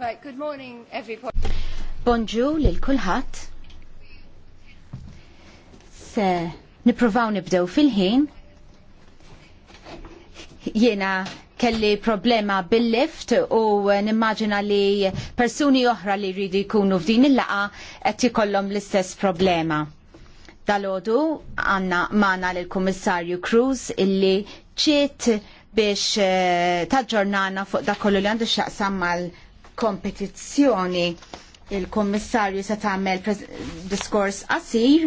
Right, good morning everybody. Bonġu lil kulħadd. Se nippruvaw nibdew fil-ħin. Jiena kelli problema bil-lift u nimmaġina li persuni oħra li jridu jkunu f'din il-laqa qed ikollhom l-istess problema. Dalodu għanna maħna l kummissarju Cruz illi ċiet biex eh, taġġornana fuq da kollu li għandu xaqsam mal kompetizzjoni. Il-Kommissarju se tagħmel diskors qasir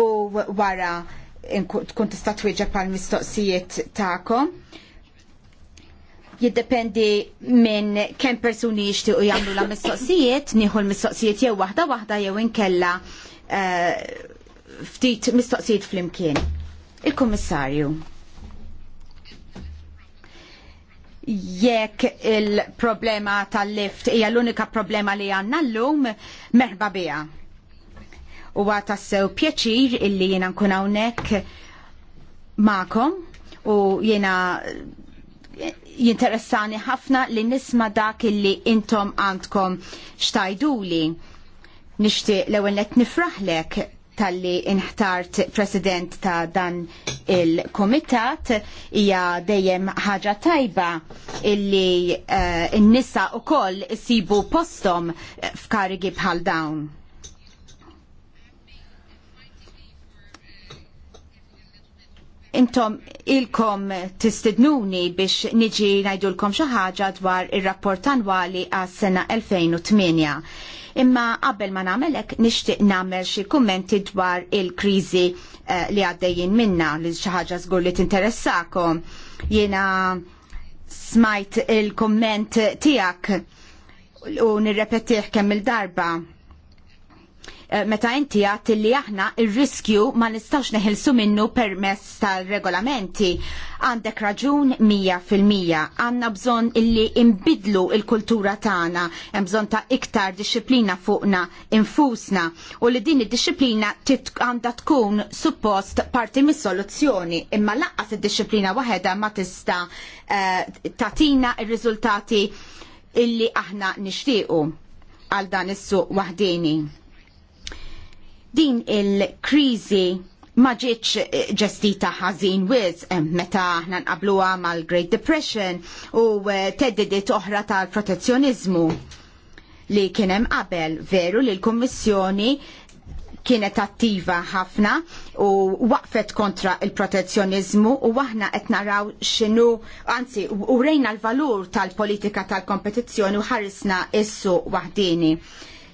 u wara tkun tista' twieġeb għal mistoqsijiet tagħkom. Jiddependi minn kemm persuni jixtiequ jagħmlu la mistoqsijiet, nieħu l-mistoqsijiet jew waħda waħda jew inkella eh, ftit mistoqsijiet flimkien. Il-Kummissarju. jekk il-problema tal-lift hija l-unika problema li għandna llum merba biha. U tassew pjaċir illi jiena nkun hawnhekk ma'kom u jiena jinteressani ħafna li nisma dak illi intom għandkom xtajduli. Nishtiq l ewwel nifraħlek tal-li inħtart president ta' dan il-komitat hija dejjem ħaġa tajba illi uh, eh, n-nisa u koll sibu postom f'karigi bħal dawn. intom ilkom tistidnuni biex niġi najdulkom ħaġa dwar ir rapport annwali għas sena 2008. Imma qabel ma namelek nixtieq nagħmel xi kummenti dwar il kriżi eh, li għaddejjin minna li xi ħaġa żgur li tinteressakom. Jiena smajt il kumment tiegħek u nirrepetih kemm il-darba Eh, meta inti għat li aħna il-riskju ma nistawx neħilsu minnu permess tal-regolamenti. Għandek raġun 100%. Għanna bżon illi imbidlu il-kultura tagħna, hemm bżon ta' iktar disciplina fuqna, infusna, u li din id-disciplina għandha tkun suppost parti mis-soluzzjoni, imma laqqas id-disciplina waħedha ma tista' eh, tatina il riżultati illi aħna nixtiequ għal dan is-suq waħdini din il-kriżi ma ġietx eh, ġestita ħażin wiz eh, meta aħna nqabluha mal-Great Depression u eh, teddidiet oħra tal-protezzjonizmu li kien hemm qabel veru li l-Kummissjoni kienet attiva ħafna u waqfet kontra il-protezzjonizmu u aħna qed naraw x'inhu anzi u rejna l-valur tal-politika tal-kompetizzjoni u ħarisna issu waħdini.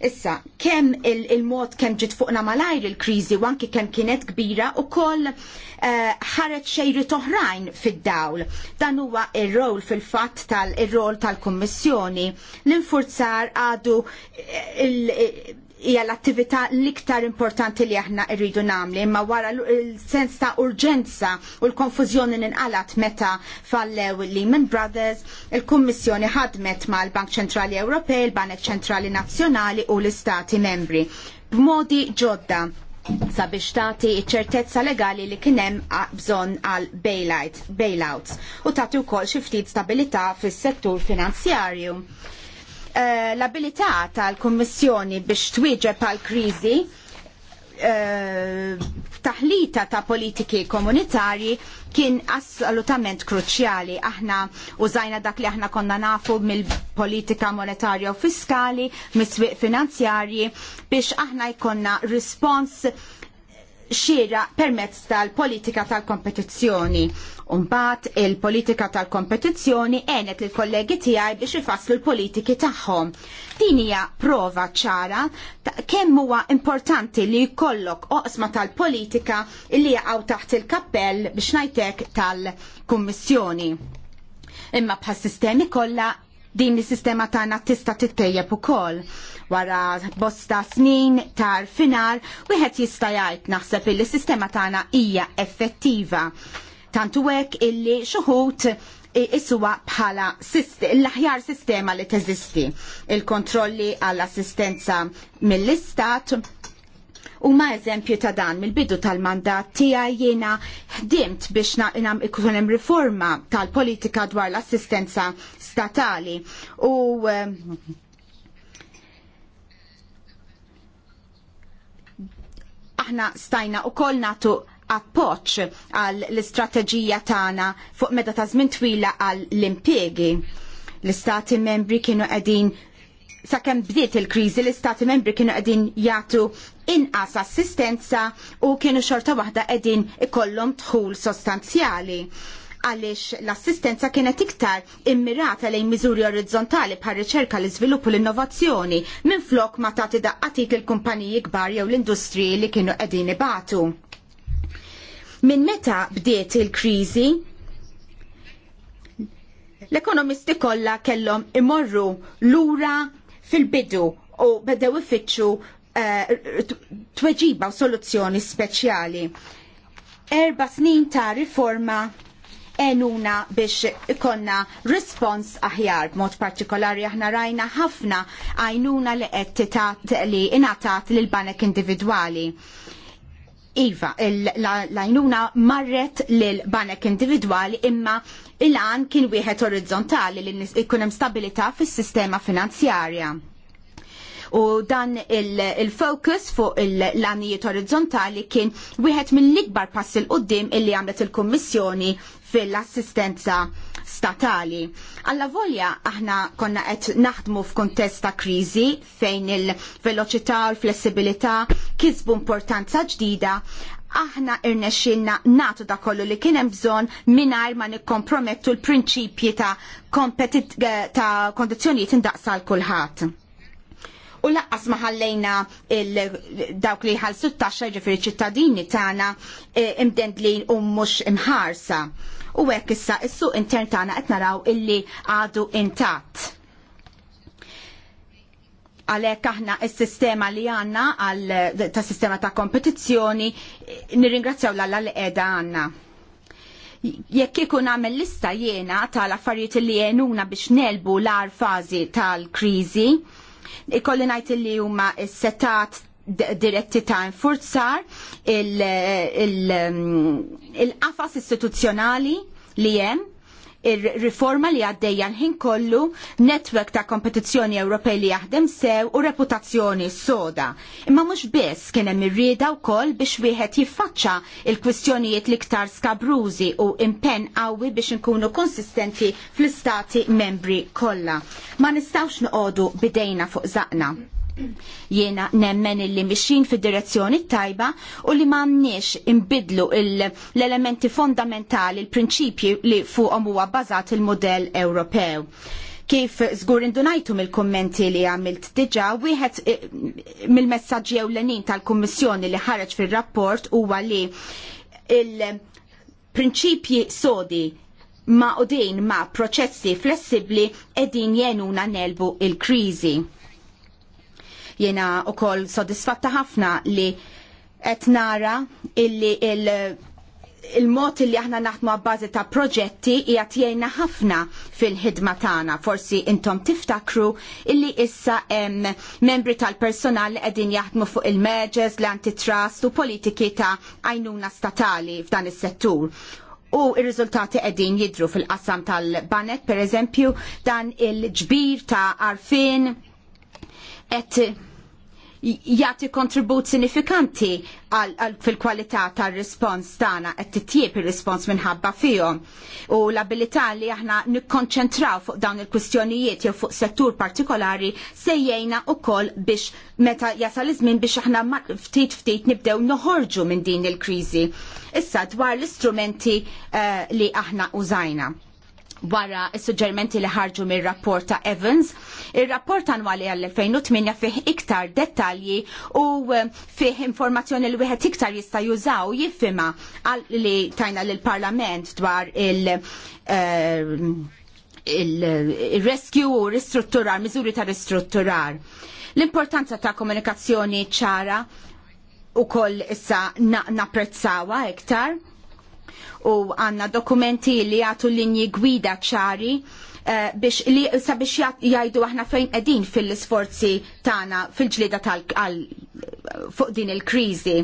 Issa, kemm il-mod il kemm ġiet fuqna malajr il-kriżi u anki kemm kienet kbira u koll eh, ħareġ uh, xejri toħrajn fid-dawl. Dan huwa il rol fil fil-fatt tal-ir-rol tal-Kummissjoni. L-infurzar għadu eh, il- hija l-attività l-iktar importanti li aħna rridu namli, imma wara l-sens ta' urġenza u l-konfużjoni ninqalat meta fallew Lehman Brothers, il-Kummissjoni ħadmet ma' l-Bank Ċentrali Ewropej, il-Banek Ċentrali Nazzjonali u l-Istati Membri. B'modi ġodda sabiex tagħti ċertezza legali li kien hemm bżonn għal bailouts u tagħti wkoll xi ftit stabilità fis-settur finanzjarju Eh, l-abilità tal-Kummissjoni biex twieġeb għal kriżi eh, taħlita ta' politiki komunitarji kien assolutament kruċjali. Aħna użajna dak li aħna konna nafu mill-politika monetarja u fiskali, mis-swieq finanzjarji biex aħna jkonna respons xira permezz tal-politika tal-kompetizzjoni. Umbat il-politika tal-kompetizzjoni enet il kollegi tijaj biex ifasslu l-politiki tagħhom. Din hija prova ċara kemm huwa importanti li jkollok oqsma tal-politika li jaqgħu taħt il-kappell biex ngħidlek tal-kummissjoni. Imma bħas sistemi kollha din is-sistema tagħna tista' tittejjeb ukoll wara bosta snin tar finar wieħed jista' jgħid naħseb li s-sistema tagħna hija effettiva. Tantu hekk illi xuħut iswa bħala l-aħjar sistema li teżisti. Il-kontrolli għall-assistenza mill-istat U ma eżempju ta' dan mill-bidu tal-mandat tiegħi jiena ħdimt biex naqinam ikun hemm riforma tal-politika dwar l-assistenza statali. U ehm, aħna stajna wkoll nagħtu appoġġ għall istrateġija tagħna fuq meta ta' żmien twila għall impjiegi L-istati membri kienu qegħdin sakemm bdiet il-kriżi l-istati membri kienu qegħdin jagħtu inqas assistenza u kienu xorta waħda qegħdin ikollhom dħul sostanzjali għaliex l-assistenza kienet iktar immirata lejn miżuri orizzontali bħal riċerka l-iżvilupp u l-innovazzjoni minflok ma tagħti daqqatit il-kumpaniji kbar jew l-industriji li kienu qegħdin ibatu. Minn meta bdiet il-kriżi, l-ekonomisti kollha kellhom imorru lura fil-bidu u bedew ifittxu eh, tweġiba u soluzzjoni speċjali. Erba snin ta' riforma enuna biex ikonna respons aħjar b'mod partikolari aħna rajna ħafna għajnuna li qed titat li ingħatat lil banek individwali. Iva, l-għajnuna marret l-banek individwali imma il-għan kien wieħed orizzontali li jkun hemm stabilità fis-sistema finanzjarja. U dan il-focus fuq l lanijiet orizzontali kien wieħed mill-ikbar passi l-qoddim illi għamlet il-Kommissjoni fil-assistenza statali. Alla volja aħna konna qed naħdmu f'kuntest ta' kriżi fejn il-veloċità u l-flessibilità kisbu importanza ġdida aħna irnexxinna natu da kollu li kien hemm bżonn mingħajr ma nikkompromettu l-prinċipji ta' ta' kondizzjonijiet indaqsa l kulħadd u laqqas ma ħallejna dawk li ħal 16 taxxa ġifiri ċittadini tagħna e, imdendlin u mhux imħarsa. U hekk issa is-suq intern tagħna qed naraw illi għadu intatt għalek aħna il-sistema li għanna għal ta' sistema ta' kompetizzjoni nirringrazzjaw l-alla li edha għanna. Jekk ikun għamil lista jena tal-affarijiet li jenuna biex nelbu l-ar fazi tal-krizi, Ikolli najt li huma setat diretti ta' infurzar il-qafas il, il, il mm, istituzzjonali li hemm ir-riforma li għaddejja l-ħin kollu, netwerk ta' kompetizzjoni Ewropej li jaħdem sew u reputazzjoni soda. Imma mhux biss kien hemm irrieda wkoll biex wieħed jiffaċċa il-kwistjonijiet l-iktar skabrużi u impenn qawwi biex inkunu konsistenti fl-istati membri kollha. Ma nistgħux noqogħdu bidejna fuq zaqna. Jiena nemmen illi mixin fi direzzjoni tajba u li m'għandniex imbidlu l-elementi fondamentali, l-prinċipji li fuqhom huwa bbażat il-modell Ewropew. Kif żgur indunajtu mill-kommenti li għamilt diġà, wieħed eh, mill-messaġġi ewlenin tal-Kummissjoni li ħareġ fir-rapport huwa li il-prinċipji sodi ma' din ma' proċessi flessibli edin jenuna nelbu il-krizi. Jena u koll sodisfatta ħafna li qed nara illi il- il-mod li aħna naħdmu għabbażi ta' proġetti hija jgħinna ħafna fil-ħidma tagħna. Forsi intom tiftakru illi issa hemm membri tal-personal li qegħdin jaħdmu fuq il-mergers, l-antitrust u politiki ta' għajnuna statali f'dan is-settur. U r-riżultati qegħdin jidhru fil-qassam tal-banet, pereżempju, dan il-ġbir ta' arfin qed jagħti kontribut sinifikanti fil-kwalità tar-rispons tagħna qed titjieb ir-rispons minħabba fihom. U l-abilità li aħna nikkonċentraw fuq dawn il-kwistjonijiet jew fuq settur partikolari sejjejna wkoll biex meta jasal iż-żmien biex aħna ftit ftit nibdew noħorġu minn din il-kriżi. Issa dwar l-istrumenti eh, li aħna użajna wara s-suġġerimenti li ħarġu mir rapport ta' Evans. Il-rapport annwali għall-2008 fih iktar dettalji u eh, fih informazzjoni li wieħed iktar jista' jużaw jiffima li tajna l-Parlament dwar il- eh, il-rescue u ristrutturar, miżuri ta' ristrutturar. L-importanza ta' komunikazzjoni ċara u koll issa naprezzawa iktar u għanna dokumenti li għatu linji gwida ċari eh, biex li sabiex jajdu aħna fejn edin fil-sforzi tana fil-ġlida tal fuq din il-krizi.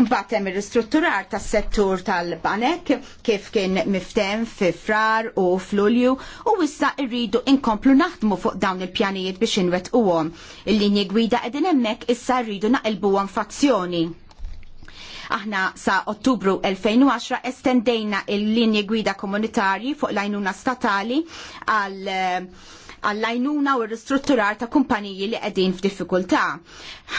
Mbagħad hemm ir-ristrutturar tas-settur tal-banek kif kien miftem fi frar u f'Lulju u issa rridu inkomplu naħdmu fuq dawn il-pjanijiet biex inwetquhom. Il-linji gwida qegħdin hemmhekk issa rridu naqilbuhom fazzjoni Aħna sa Ottubru 2010 estendejna il-linji gwida komunitarji fuq l ajnuna statali għal eh, għall-għajnuna u r-istrutturar ta' kumpaniji li qegħdin f'diffikultà.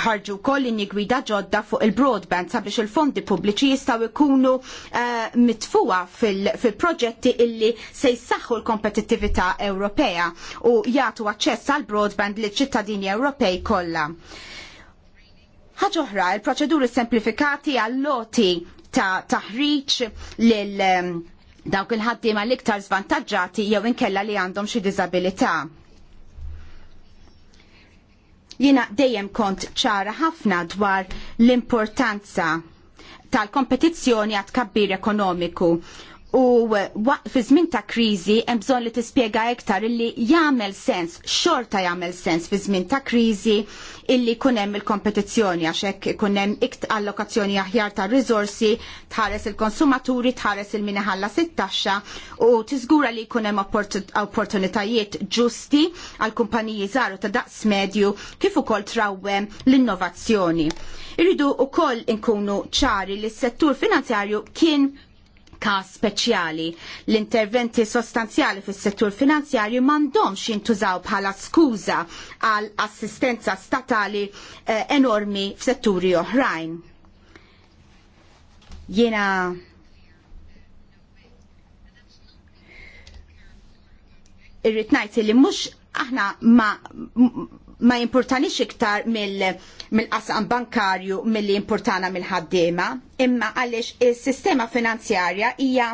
Ħarġu wkoll linji gwida ġodda fuq il-broadband sabiex il-fondi pubbliċi jistgħu jkunu uh, mitfuwa fil-proġetti fil illi se jsaħħu l-kompetittività Ewropea u jagħtu aċċess għall broadband liċ ċittadini Ewropej kollha. Ħaġa oħra, il-proċeduri semplifikati għall-loti ta' taħriġ lil ehm, dawk il-ħaddiema l-iktar svantagġati jew inkella li għandhom xi diżabilità jina dejjem kont ċara ħafna dwar l-importanza tal-kompetizzjoni għat kabbir ekonomiku U eh, fi żmien ta' kriżi hemm bżonn li tispjega iktar illi jagħmel sens, xorta jagħmel sens fi żmien ta' kriżi illi jkun hemm il-kompetizzjoni għax hekk ikun hemm ikt allokazzjoni aħjar ta' riżorsi, tħares il-konsumaturi, tħares il-min iħallas it-taxxa u tiżgura li jkun hemm opportunitajiet ġusti għal kumpaniji żaru ta' daqs medju kif ukoll trawwem l-innovazzjoni. Irridu wkoll inkunu ċari li s-settur finanzjarju kien każ speċjali. L-interventi sostanzjali fis settur finanzjarju m'għandhomx jintużaw bħala skuża għal assistenza statali eh, enormi f'setturi oħrajn. Jiena irrit ngħid li mhux aħna ma ma importanix iktar mill-qasam bankarju mill-li importana mill-ħaddima, imma għalix il-sistema finanzjarja hija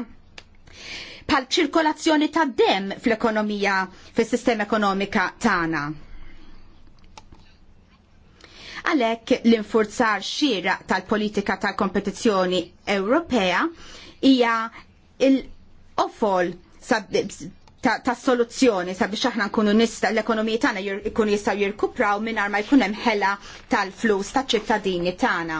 pal ċirkolazzjoni ta' dem fl-ekonomija, fil-sistema ekonomika tagħna. Għalek l-infurzar xira tal-politika tal-kompetizjoni Ewropea hija il-ofol ta', ta soluzzjoni sabiex aħna nkunu nista l-ekonomija tagħna jkunu jistgħu jirkupraw mingħajr ma jkun hemm ħela tal-flus taċ-ċittadini tagħna.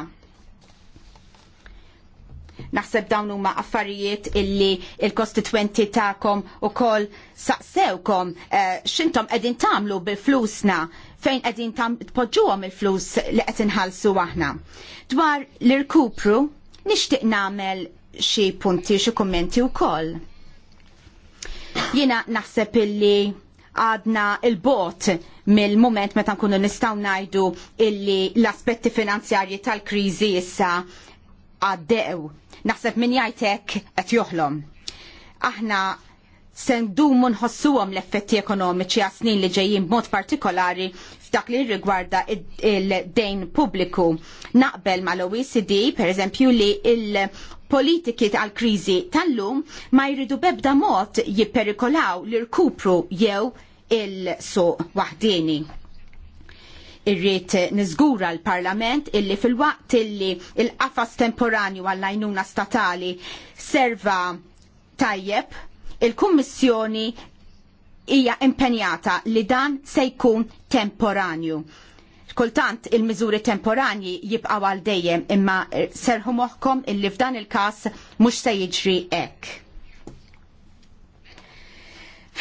Naħseb dawn huma affarijiet illi il kostitwenti tagħkom ukoll saqsewkom eh, x'intom qegħdin tagħmlu bil-flusna fejn qegħdin tpoġġuhom il-flus li qed inħallsu aħna. Dwar l-irkupru nixtieq nagħmel xi punti xi kummenti wkoll Jiena naħseb illi għadna il-bot mill-moment meta nkunu nistaw najdu illi l-aspetti finanzjarji tal-krizi issa għaddew. Naħseb min jajtek qed joħlom. Aħna se ndumu nħossuhom l-effetti ekonomiċi għasnin li ġejjin b'mod partikolari f'dak li rigwarda il-dejn pubbliku. Naqbel mal-OECD, pereżempju li il-politiki tal kriżi tal-lum ma jridu bebda mod jipperikolaw l-irkupru jew il-suq wahdini Irrid niżgura l-Parlament illi fil-waqt illi il-qafas temporanju għall-għajnuna statali serva tajjeb il-Kummissjoni hija impenjata li dan se jkun temporanju. Kultant il-miżuri temporanji jibqaw għal dejjem imma serħu moħħkom illi f'dan il-każ mhux se jiġri hekk.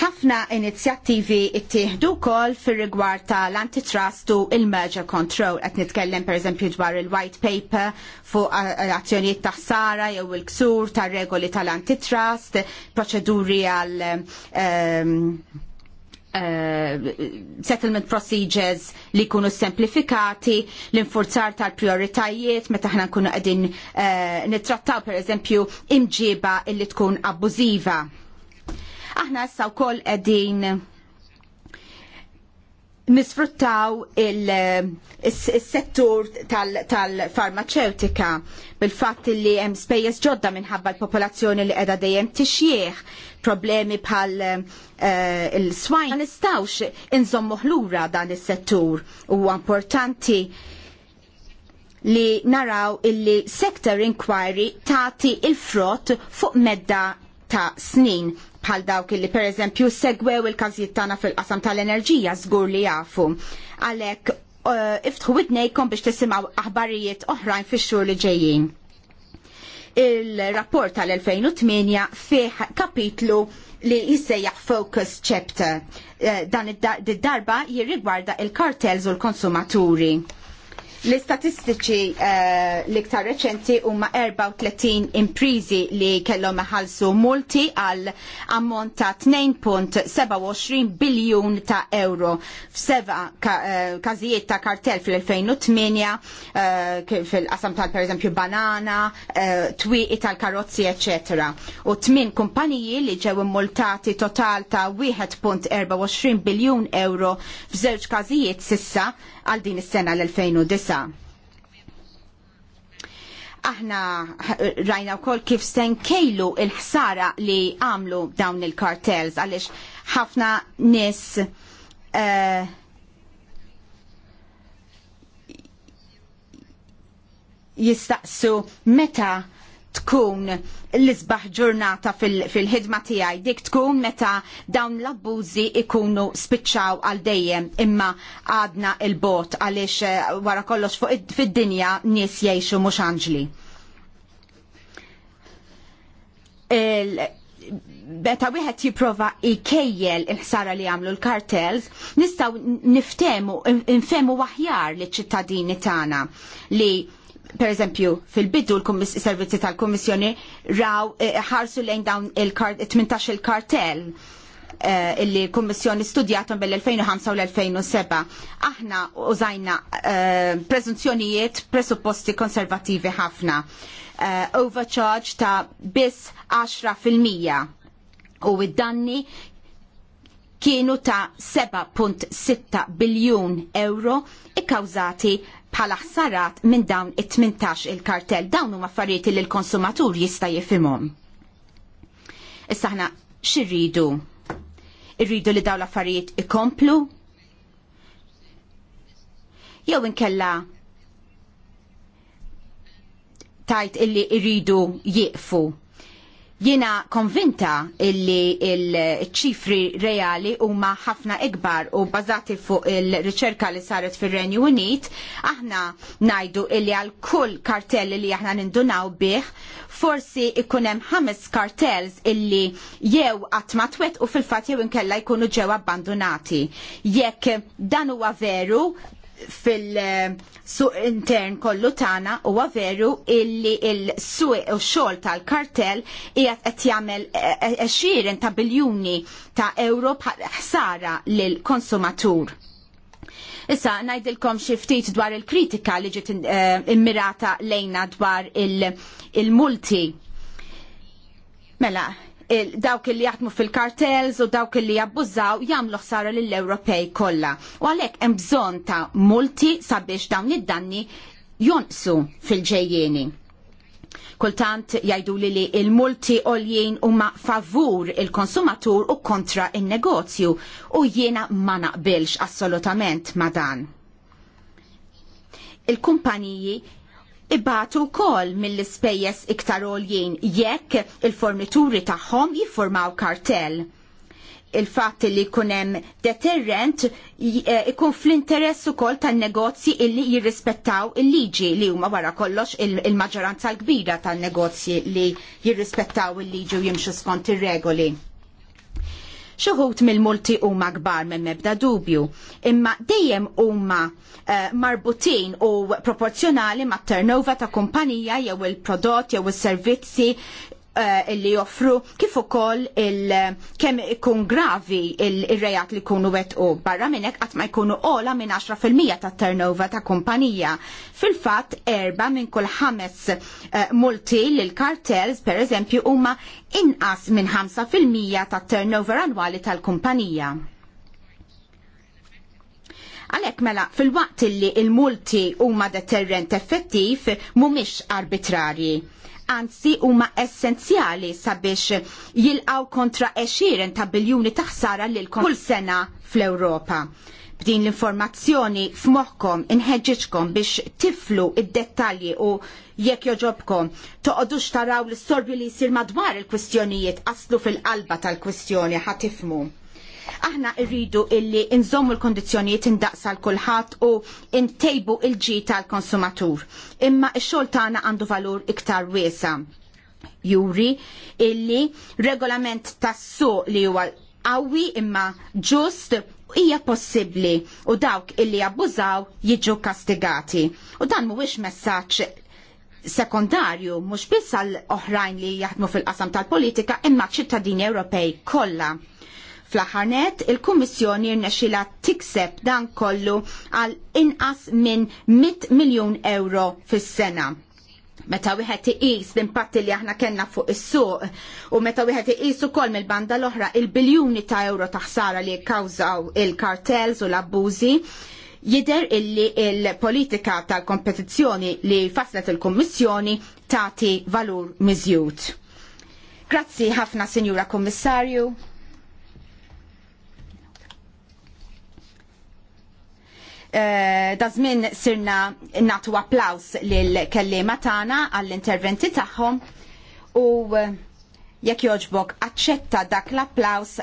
Ħafna inizjattivi ttieħdu wkoll fir rigward tal-antitrust u il-merger control. Qed nitkellem pereżempju dwar il-white paper fuq azzjonijiet ta' sara jew il-ksur tar regoli tal-antitrust, proċeduri għal uh, settlement procedures li jkunu semplifikati, l-infurzar tal-prioritajiet, meta ħna nkunu qegħdin uh, nittrattaw pereżempju imġiba illi tkun abbużiva Aħna issa wkoll qegħdin nisfruttaw il-settur tal-farmaceutika bil-fatt li hemm spejjeż ġodda minħabba l-popolazzjoni li qiegħda dejjem tixjieħ problemi bħal eh, il-swajn. Ma nistgħux inżommu ħlura dan is-settur huwa importanti li naraw illi sector inquiry tagħti il-frott fuq medda ta' snin bħal dawk li pereżempju segwew il-każijiet tagħna fil-qasam tal-enerġija żgur li jafu. Għalhekk uh, iftħu widnejkom biex tisimgħu aħbarijiet oħrajn fix-xhur li ġejjin. Il-rapport tal-2008 fih kapitlu li jissejjaħ Focus Chapter. Uh, dan id-darba jirrigwarda il-kartels u l-konsumaturi L-istatistiċi eh, l-iktar reċenti huma 34 imprizi li kellhom iħallsu multi għal ammont ta' 2.27 biljun ta' euro f'seva eh, każijiet ta' kartell fil-2008 uh, fil-qasam tal pereżempju banana, twieqi tal-karozzi, eccetera. U tmien kumpaniji li ġew immultati total ta' 1.24 biljun euro f'żewġ każijiet sissa għal din is-sena l-2009. Aħna rajna wkoll kif se nkejlu l ħsara li għamlu dawn il-kartels għaliex ħafna nies uh, jistaqsu meta tkun l-isbaħ ġurnata fil-ħidma fil tiegħi dik tkun meta dawn l-abbużi ikunu spiċċaw għal dejjem imma għadna il-bot għaliex eh, wara kollox fuq fid-dinja nies jgħixu mhux anġli. Meta wieħed jipprova jkejjel il-ħsara li għamlu l-kartels, nistgħu niftemu, infemu waħjar liċ ċittadini tagħna li per eżempju, fil-bidu l-servizzi tal-Kommissjoni raw eh, ħarsu lejn dawn il-18 il-kartel eh, illi l-Kommissjoni studjatom bel-2005 u l-2007. Aħna użajna eh, prezunzjonijiet presupposti konservativi ħafna. Overcharge ta' bis 10% u id-danni kienu ta' 7.6 biljun euro ikkawżati bħala ħsarat minn dawn it-18 il-kartell dawn huma affarijiet li l-konsumatur jista' jifhimhom. Issa aħna xirridu? Irridu li dawn l-affarijiet ikomplu? Jew inkella tajt illi irridu jieqfu Jiena konvinta illi il-ċifri reali huma ħafna ikbar u bazati fuq il-riċerka li saret fir renju Unit, aħna najdu illi għal kull kartell li aħna nindunaw bih, forsi ikunem ħames kartells illi jew għatma u fil-fat jew inkella jkunu ġew abbandonati. Jekk dan huwa veru, fil-suq intern kollu tagħna huwa veru illi il-suq u xogħol tal-kartell qiegħed qed jagħmel eh, eh, xirin ta' biljuni ta' euro ħsara lil konsumatur. Issa ngħidilkom xi ftit dwar il-kritika li ġiet eh, immirata lejna dwar il-multi. mela, dawk li jaħdmu fil-kartels u dawk li jabbużaw jagħmlu ħsara lill-Ewropej kollha. U għalhekk hemm bżonn ta' multi sabiex dawn id-danni jonqsu fil-ġejjieni. Kultant jajdu li li il-multi oljien huma favur il-konsumatur u kontra il-negozju u jiena ma naqbilx assolutament ma dan. Il-kumpaniji ibatu kol mill-ispejjeż iktar oljien jekk il-fornituri tagħhom jiffurmaw kartell il-fatt li kunem deterrent eh, ikun fl-interess ukoll tan-negozji illi jirrispettaw il-liġi li huma wara kollox il-maġġoranza l-kbira tan-negozji li jirrispettaw il-liġi u jimxu skont ir-regoli. Xuħut mill-multi huma kbar minn mebda dubju, imma dejjem huma uh, marbutin u proporzjonali mat turnover ta' kumpanija jew il-prodott jew il servizzi Eh, illi joffru kif ukoll il kemm ikun gravi il-rejat li jkunu wetqu barra minn hekk qatt ma jkunu ola minn 10% tat-turnover ta' kumpanija. Fil-fatt erba minn kull ħames eh, multi lil kartels pereżempju huma inqas minn 5% ta' turnover annwali tal-kumpanija. Għalek mela, fil-waqt illi il-multi huma deterrent effettiv mhumiex arbitrarji anzi huma essenzjali sabiex jilqaw kontra eċiren ta' biljuni ta' ħsara lil kull sena fl-Ewropa. B'din l-informazzjoni f'moħħkom inħeġġiġkom biex tiflu id-dettalji u jekk joġobkom toqgħodux taraw l-istorbju li jsir madwar il-kwistjonijiet aslu fil-qalba tal-kwistjoni ħatifmu. Aħna rridu illi nżommu l-kondizjonijiet indaqsa l-kulħadd u ntejbu il-ġi tal-konsumatur. Imma x-xogħol tagħna għandu valur iktar wiesa. Juri illi regolament tas li huwa qawwi imma ġust hija possibbli u dawk illi abbużaw jiġu kastigati. U dan mhuwiex messaġġ sekondarju mhux biss għall oħrajn li jaħdmu fil-qasam tal-politika imma ċittadini Ewropej kollha. Fl-aħarnet, il-Kummissjoni rnexxila tikseb dan kollu għal inqas minn 100 miljun euro fis-sena meta wieħed iqis l-impatti li aħna kellna fuq is-suq u meta wieħed iqis ukoll mill-banda l-oħra il-biljuni ta' euro ta' ħsara li kkawżaw il-kartels u l-abbużi, jidher illi il-politika tal-kompetizzjoni li faslet il-Kummissjoni tagħti valur miżjud. Grazzi ħafna, Sinjura Kommissarju. Eh, da żmien sirna natu applaus lil kellima tagħna għall-interventi tagħhom u eh, jekk joġbok aċċetta dak l-applaus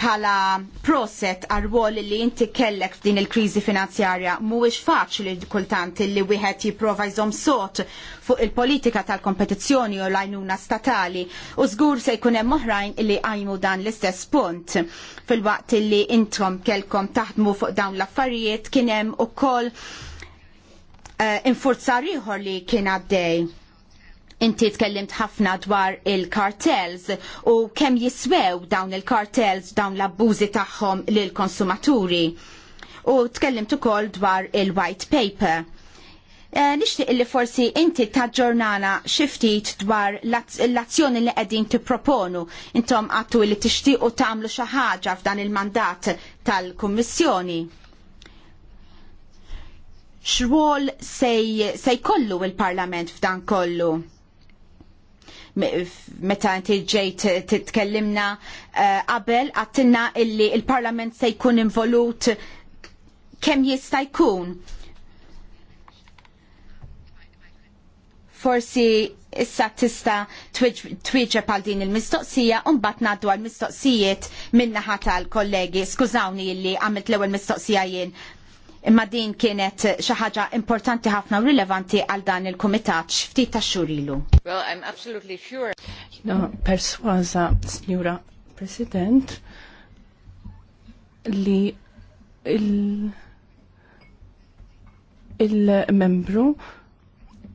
pala proset għarwol li inti kellek f'din il-krizi finanzjarja mhuwiex faċli kultant li wieħed jipprova jżomm sot fuq il-politika tal-kompetizzjoni u l-għajnuna statali u żgur se jkun hemm oħrajn li għajmu dan l-istess punt. Fil-waqt li intom kelkom taħdmu fuq dawn l-affarijiet kien hemm ukoll uh, infurzar ieħor li kien għaddej Inti tkellimt ħafna dwar il-kartels u kemm jiswew dawn il-kartels dawn l-abbużi tagħhom lill konsumaturi U tkellimt ukoll dwar il-white paper. E, Nixtieq li forsi inti taġġornana xi ftit dwar l-azzjoni li qegħdin tipproponu. Intom għattu li tixtiequ tagħmlu xi ħaġa f'dan il-mandat tal-Kummissjoni xwol se jkollu il-Parlament f'dan kollu? meta inti ġejt titkellimna eh, qabel għattinna illi il-Parlament se jkun involut kemm jista' jkun. Forsi issa tista twieġeb għal din il-mistoqsija u mbagħad ngħaddu għall mistoqsijiet min-naħa tal-kollegi. Skużawni illi għamilt l-ewwel mistoqsija jien imma din kienet xi ħaġa importanti ħafna u rilevanti għal dan il-kumitat x'ftit ta' xurilu. Well, I'm absolutely sure. No, perswaza, Signora President, li il- il-membru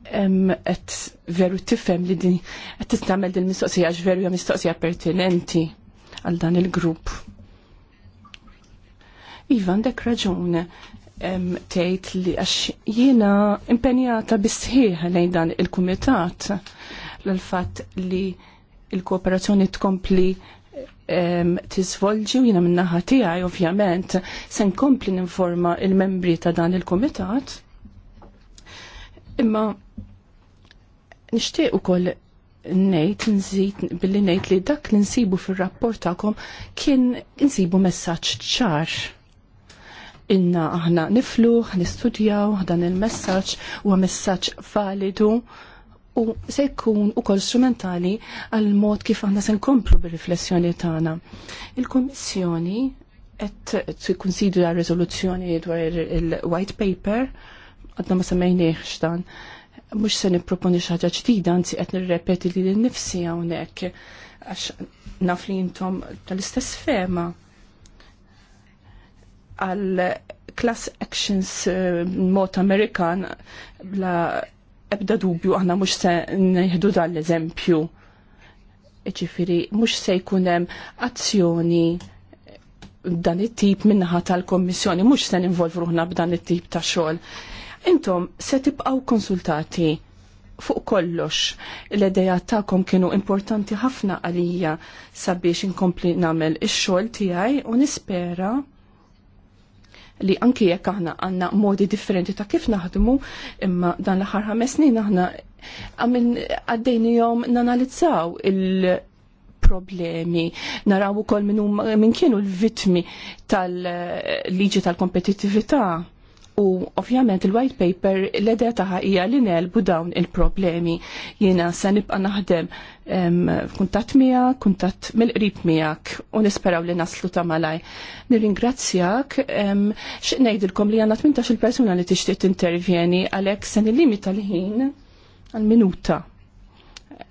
qed veru tifhem li din qed tistagħmel din mistoqsija għax veru hija mistoqsija pertinenti għal dan il-grupp. Iva, għandek raġun tgħid li għax jiena impenjata bisħieħ lejn dan il-kumitat l-fatt li il-kooperazzjoni tkompli tisvolġi u jiena minnaħa tiegħi ovvjament se nkompli ninforma il-membri ta' dan il-kumitat. Imma nixtieq ukoll nejt, nżid billi nejt li dak li nsibu fil-rapport ta'kom kien nsibu messaċ ċar inna aħna niflu, nistudjaw dan il-messaġġ huwa messaġġ validu u se jkun ukoll strumentali għal mod kif aħna se nkomplu bil riflessjoni tagħna. Il-Kummissjoni qed tikkunsidra riżoluzzjoni dwar il-white paper għadna ma semmejniex dan mhux se nipproponi xi ħaġa ġdida, anzi qed nirrepeti li l-nifsi hawnhekk għax naf li tal-istess fema għal class actions eh, mod Amerikan bla ebda dubju aħna mhux se nieħdu dan l-eżempju. Ġifieri mhux se jkun hemm azzjoni dan it-tip minnaħa tal-Kommissjoni mhux se ninvolvru ruħna b'dan it-tip ta' xogħol. Intom se tibqgħu konsultati fuq kollox l-edeja ta'kom kienu importanti ħafna għalija sabiex inkompli namel ix-xogħol tiegħi u nispera li anki jekk aħna għandna modi differenti ta' kif naħdmu, imma dan l-aħħar ħames snin aħna għamin għaddejnijom nanalizzaw il- problemi. Naraw ukoll minn min kienu l-vitmi tal-liġi tal-kompetitività. U ovvjament il-white paper l-edha taħħa hija li nelbu dawn il-problemi. Jiena se nibqa' naħdem kuntat miegħek, kuntat mill-qrib miegħek u nisperaw li naslu ta' malaj. Nirringrazzjak xiq ngħidilkom li għandna 18 persuna li tixtieq tintervjeni għalhekk se nillimita l-ħin għal-minuta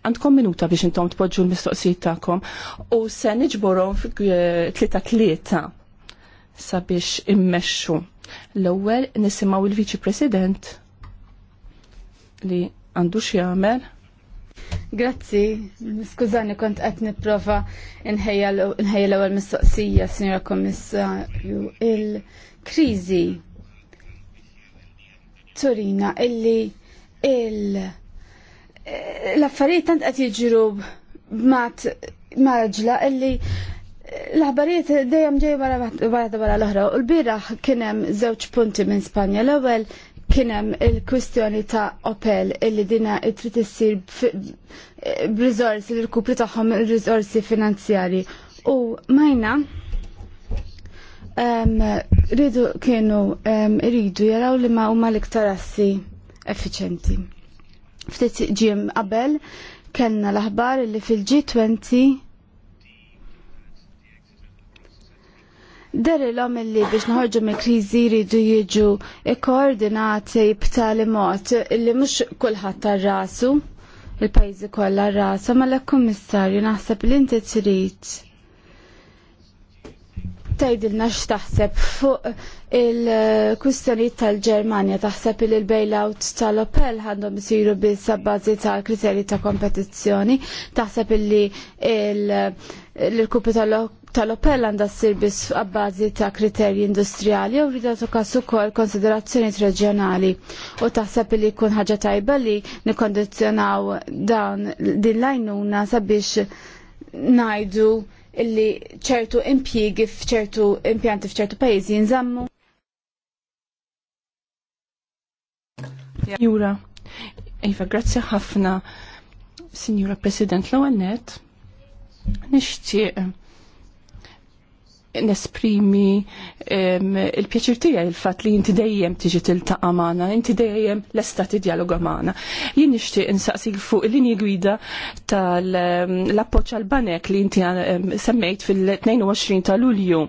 għandkom minuta biex intom tpoġġu l-mistoqsijiet tagħkom u se niġborhom eh, tlieta tlieta sabiex immexxu. L-ewwel nisimgħu il-Viċi President li għandu x'jagħmel. Grazzi, skużani kont qed nipprova nħejja l-ewwel mistoqsija, Sinjora Kommissarju, il-kriżi Turina illi il l-affarijiet tant qed jiġru b'mat maġla illi L-aħbarijiet dejjem ġej wara wara l-oħra u l-bieraħ kien hemm żewġ punti minn Spanja. L-ewwel kien hemm il-kwistjoni ta' Opel illi dina trid issir b'riżorsi li rkupri tagħhom ir-riżorsi finanzjarji. U majna rridu kienu rridu jaraw li ma huma l-iktar assi effiċenti. Ftit ġiem qabel kellna l-aħbar illi fil-G20 Dari l-om illi biex nħorġu me krizi rridu jiġu koordinati b'tali mod illi mux kullħat tar-rasu, il-pajzi kollha rasu, ma l-kummissarju naħseb li inti trid tajdilna x'taħseb fuq il-kustanijiet tal-Ġermanja taħseb li l-bailout tal-Opel għandhom isiru biss bażi tal-kriterji ta' kompetizzjoni, taħseb li il-, -il l-kupi tal-Opel għandha ssir biss għabbazi ta' kriterji industrijali u u kassu ukoll konsiderazzjonijiet reġjonali u taħseb li jkun ħaġa tajba li nikkondizzjonaw dan din lajnuna sabiex ngħidu illi ċertu impjiegi f'ċertu impjanti f'ċertu pajjiżi jinżammu. Jura, Iva, grazzi ħafna, Signora President Lawanet Nixtieq nesprimi il-pjaċir tija il-fatt li inti dejjem tiġi tiltaqa' magħna, inti dejjem lesta tidjaloga magħna. Jien nixtieq insaqsik fuq il-linji gwida tal-appoġġ għal banek li inti semmejt fil-22 ta' Lulju.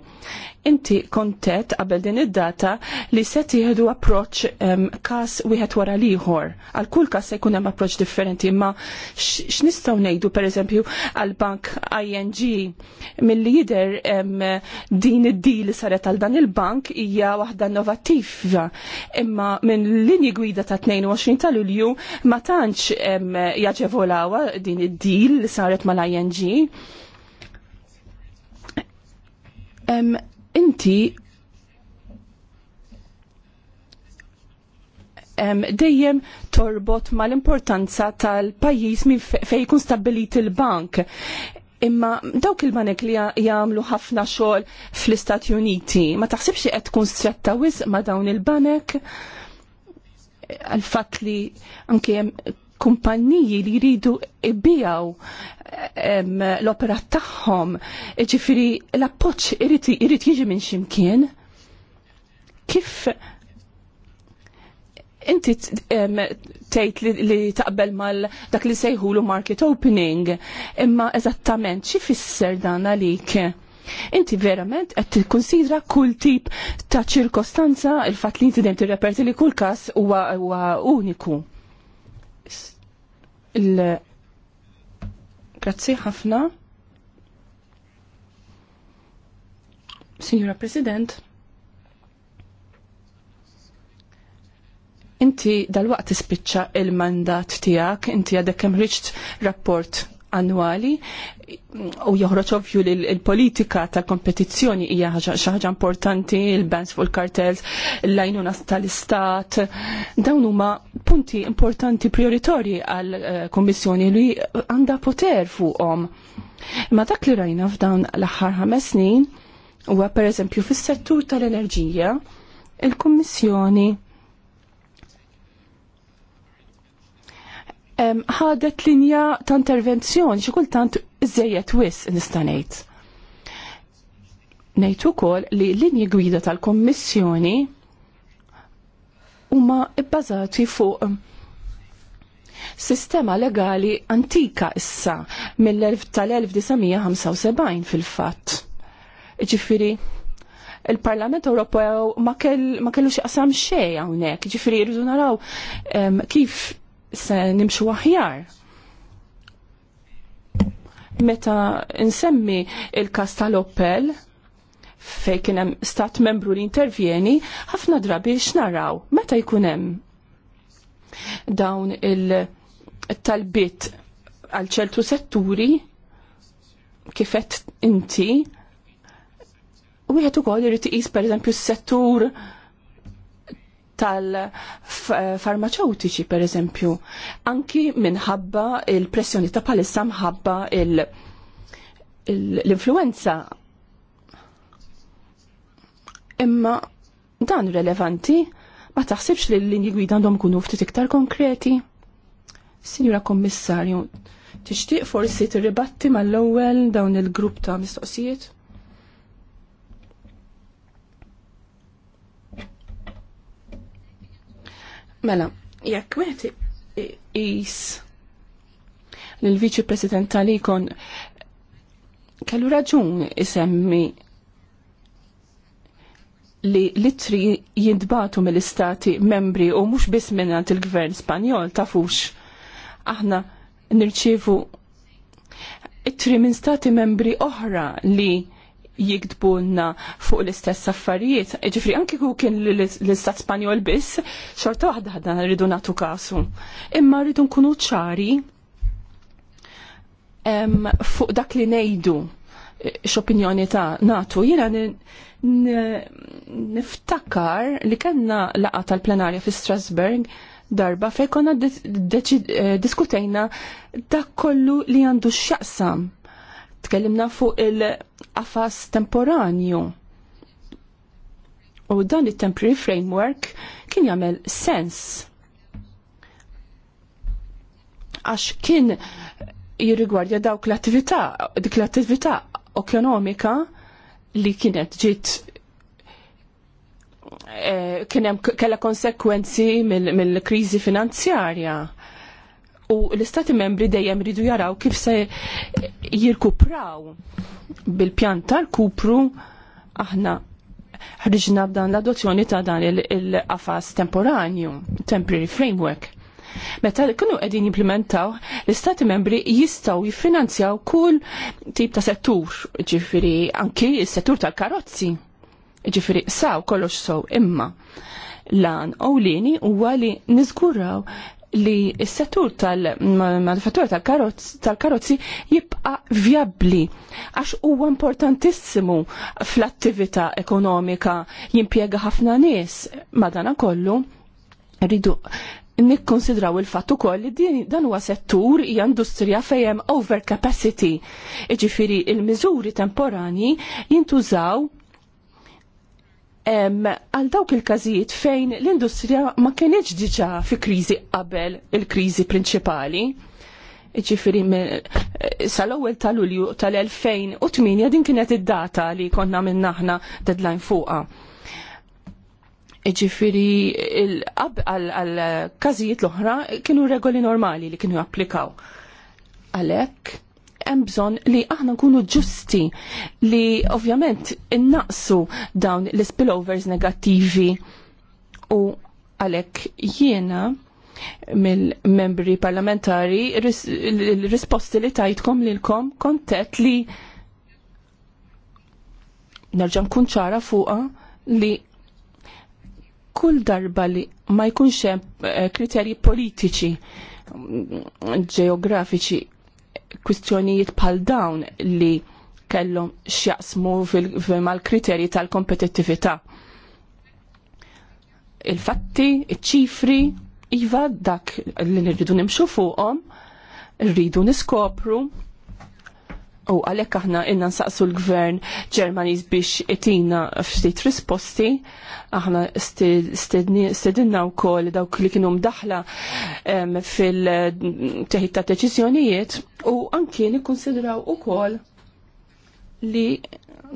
Inti kontet qabel din id-data li se tieħdu approċ um, kas wieħed wara liħor. Għal kull kas se jkun hemm approċ differenti, imma x'nistgħu ngħidu pereżempju għal bank ING milli jidher um, din id-dil saret għal dan il-bank hija waħda innovattiva. Imma minn linji gwida ta' 22 ta' Lulju ma tantx um, jaġevolawa din id-dil li saret mal-ING. Um, inti dejjem torbot mal-importanza tal-pajjiż minn fejn stabilit stabbilit il-bank. Imma dawk il-banek li jagħmlu ħafna xogħol fl-Istati Uniti, ma taħsibx qed tkun stretta wisq ma' dawn il-banek għal fatt li anke kumpanniji li jridu ibijaw l-opera tagħhom, ġifiri l-appoġġ irid jiġi minn ximkien. Kif inti tgħid li taqbel mal dak li sejħulu market opening, imma eżattament xifisser dan għalik? Inti verament qed tikkunsidra kull tip ta' ċirkostanza il-fatt li inti dejjem tirreperti li kull każ huwa uniku il- Grazzi ħafna. Signora President, inti dal-waqt tispiċċa il-mandat tijak, inti għadek kemm rapport annwali u joħroġ ovvju li l-politika tal-kompetizzjoni hija xi ħaġa importanti, il bands fuq il-kartels, l-lajnuna tal-istat. Dawn huma punti importanti prioritorji għall-Kummissjoni eh, li għandha poter fuqhom. Ma dak li rajna f'dawn l-aħħar ħames snin huwa pereżempju fis-settur tal-enerġija il-Kummissjoni ħadet linja ta' intervenzjoni xi kultant żejjed wis nista' ngħid. Ngħid ukoll li linji gwida tal-Kommissjoni huma bbażati fuq sistema legali antika issa mill tal-1975 fil-fatt. Ġifiri, il-Parlament Ewropew ma kellux jaqsam xejn hawnhekk, ġifieri jridu naraw kif se nimxu aħjar. Meta nsemmi il-kas tal-Opel, fej kien hemm stat membru li intervjeni, ħafna drabi x'naraw meta jkun hemm dawn il-talbit għal ċertu setturi kifet inti u jħet ukoll irid per pereżempju s-settur tal-farmaceutiċi per eżempju, anki minħabba il-pressjoni ta' palissa mħabba l-influenza. Imma dan relevanti ma taħsibx li l-linji gwida għandhom kunu ftit iktar konkreti? Signora Kommissarju, tixtieq forsi tirribatti mal-ewwel dawn il-grupp ta' mistoqsijiet? Mela, jekk wieħed is l-Viċi President tal-Ikon kellu raġun isemmi li litri jintbatu mill-istati membri u mhux biss minnant il-gvern Spanjol tafux. Aħna nirċievu ittri minn stati membri oħra li jikdbulna fuq l-istess affarijiet. Ġifri, anki ku kien l-istat Spanjol biss, xorta waħda ħadna rridu natu kasu. Imma rridu nkunu ċari fuq dak li nejdu e, x'opinjoni ta' natu. Jiena niftakar li kellna laqa tal-plenarja fi Strasburg darba fej konna e, diskutejna dak kollu li għandu x'jaqsam Tkellimna fuq il-qafas temporanju. U dan il-temporary framework kien jagħmel sens għax kien jirrigwardja dawk l-attività, dik l-attività ekonomika li kienet ġiet eh, kienem kella konsekwenzi mill kriżi finanzjarja u l-istati membri dejjem ridu jaraw kif se jirkupraw bil-pjan tal-kupru aħna ħriġna b'dan l-adozzjoni ta' dan il-qafas temporanju, temporary framework. Meta kunu qegħdin implementaw, l-istati membri jistgħu jiffinanzjaw kull tip ta' settur, ġifieri anki s-settur tal-karozzi. Ġifieri saw kollox sow imma lan ewlieni huwa li niżguraw li s-settur tal-manufattura tal-karozzi jibqa vjabbli, għax huwa importantissimu fl-attività ekonomika jimpjega ħafna nies madana kollu rridu nikkonsidraw il-fatt ukoll li din dan huwa settur hija industrija fejn overcapacity. Iġifieri il-miżuri temporani jintużaw għal dawk il-każijiet fejn l-industrija ma kienieċ diġa fi kriżi qabel il-kriżi prinċipali. Ġifiri, eh, sal-ewwel ta' Lulju tal-2008 din kienet id-data li konna minn aħna deadline fuqa. Ġifiri, għal-każijiet l-oħra kienu regoli normali li kienu japplikaw. Għalhekk hemm bżonn li aħna nkunu ġusti li ovvjament innaqsu dawn l-spillovers negattivi u għalhekk jiena mill-membri parlamentari l-risposti li tajtkom lilkom kontet li nerġa' nkun ċara fuqha li kull darba li ma jkunx hemm eh, kriterji politiċi ġeografiċi kwistjonijiet pal dawn li kellhom x'jaqsmu mal-kriterji tal-kompetittività. Il-fatti, iċ-ċifri, il iva dak li nirridu nimxu fuqhom, rridu niskopru U għalhekk aħna inna nsaqsu l-gvern Ġermaniż biex itina ftit risposti, aħna stedinna wkoll dawk li kienu mdaħla fil-teħid ta' deċiżjonijiet u anki nikkonsidraw ukoll li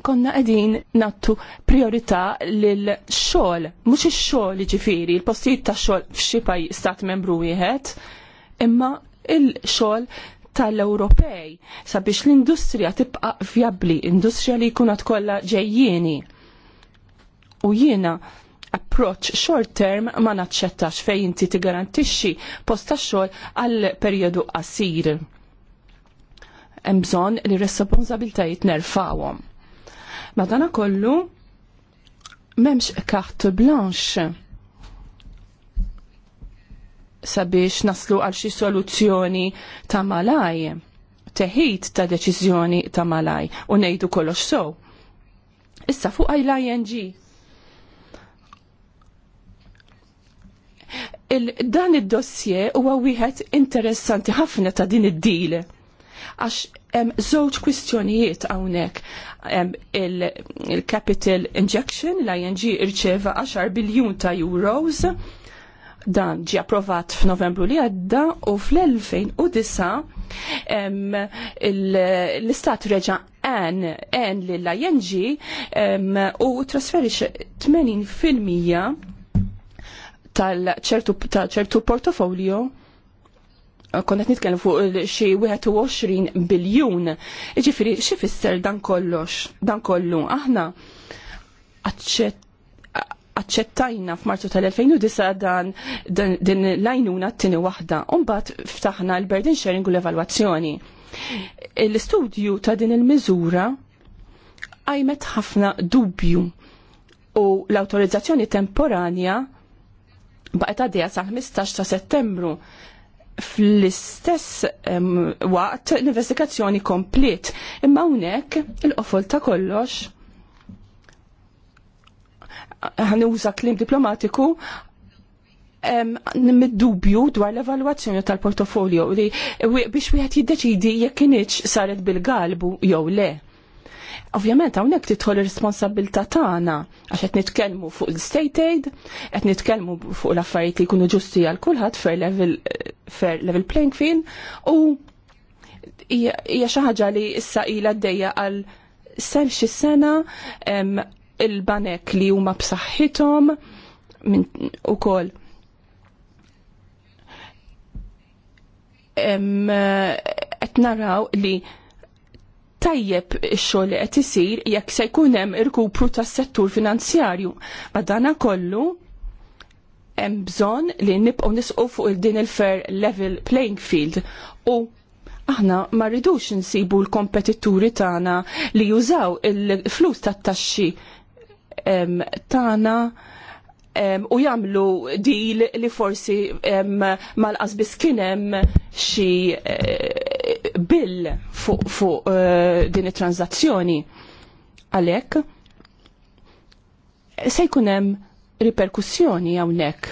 konna qegħdin nattu priorità lil xogħol, mhux ix-xogħol ġifiri, l postijiet ta' xogħol f'xi stat membru wieħed, imma il-xogħol tal-Ewropej sabiex l-industrija tibqa' fjabbli, industrija li jkun kollha ġejjieni. U jiena approach short term ma naċċettax fejn inti tigarantixxi post tax-xogħol għal perjodu qasir. Hemm bżonn li responsabbiltajiet nerfawhom. Madana kollu memx carte blanche sabiex naslu għal xi soluzzjoni ta' malaj, teħid ta' deċiżjoni ta' malaj u ngħidu kollox so. Issa fuq l-ING. dan id-dossier huwa wieħed interessanti ħafna ta' din id-dil. Għax hemm żewġ kwistjonijiet hawnhekk il-capital injection l-ING irċeva 10 biljun ta' euros dan ġi approvat f'Novembru li għadda u fl-2009 l-Istat reġa' għan għan li l-ING u trasferix 80% tal-ċertu tal portofolio konnet nitkellem fuq xi 21 biljun. Ġifieri xi fisser dan kollox, dan kollu aħna aċċett aċċettajna f'Martu tal-2009 dan din l-għajnuna t-tini waħda. Umbat ftaħna l-burden sharing u l-evalwazzjoni. L-istudju ta' din il-miżura għajmet ħafna dubju u l-autorizzazzjoni temporanja baqet għaddija sa' 15 ta' settembru fl-istess waqt l-investigazzjoni komplet. Imma hawnhekk il-qofol ta' kollox ħanuża klim diplomatiku mid-dubju dwar l-evalwazzjoni tal-portofolio li biex wieħed jiddeċidi jekk kienx saret bil-galbu jew le. Ovvjament hawnhekk tidħol ir-responsabilità tagħna għax qed nitkellmu fuq l-state aid, qed nitkellmu fuq l-affarijiet li jkunu ġusti għal kulħadd fair level fair level playing field u hija xi ħaġa li issa ilha għal sem xi sena il-banek li huma b'saħħithom ukoll. Qed naraw li tajjeb ix-xogħol qed isir jekk se jkun hemm irkupru tas-settur finanzjarju. Madana kollu hemm bżonn li nibqgħu nisqu fuq il din il-fair level playing field u aħna ma rridux nsibu l-kompetitturi tagħna li jużaw il-flus tat-taxxi um, u jagħmlu dil li forsi mal qasbis biss kien hemm xi eh, bill fuq fu, uh, eh, din it transazzjoni Għalhekk se jkun hemm riperkussjoni hawnhekk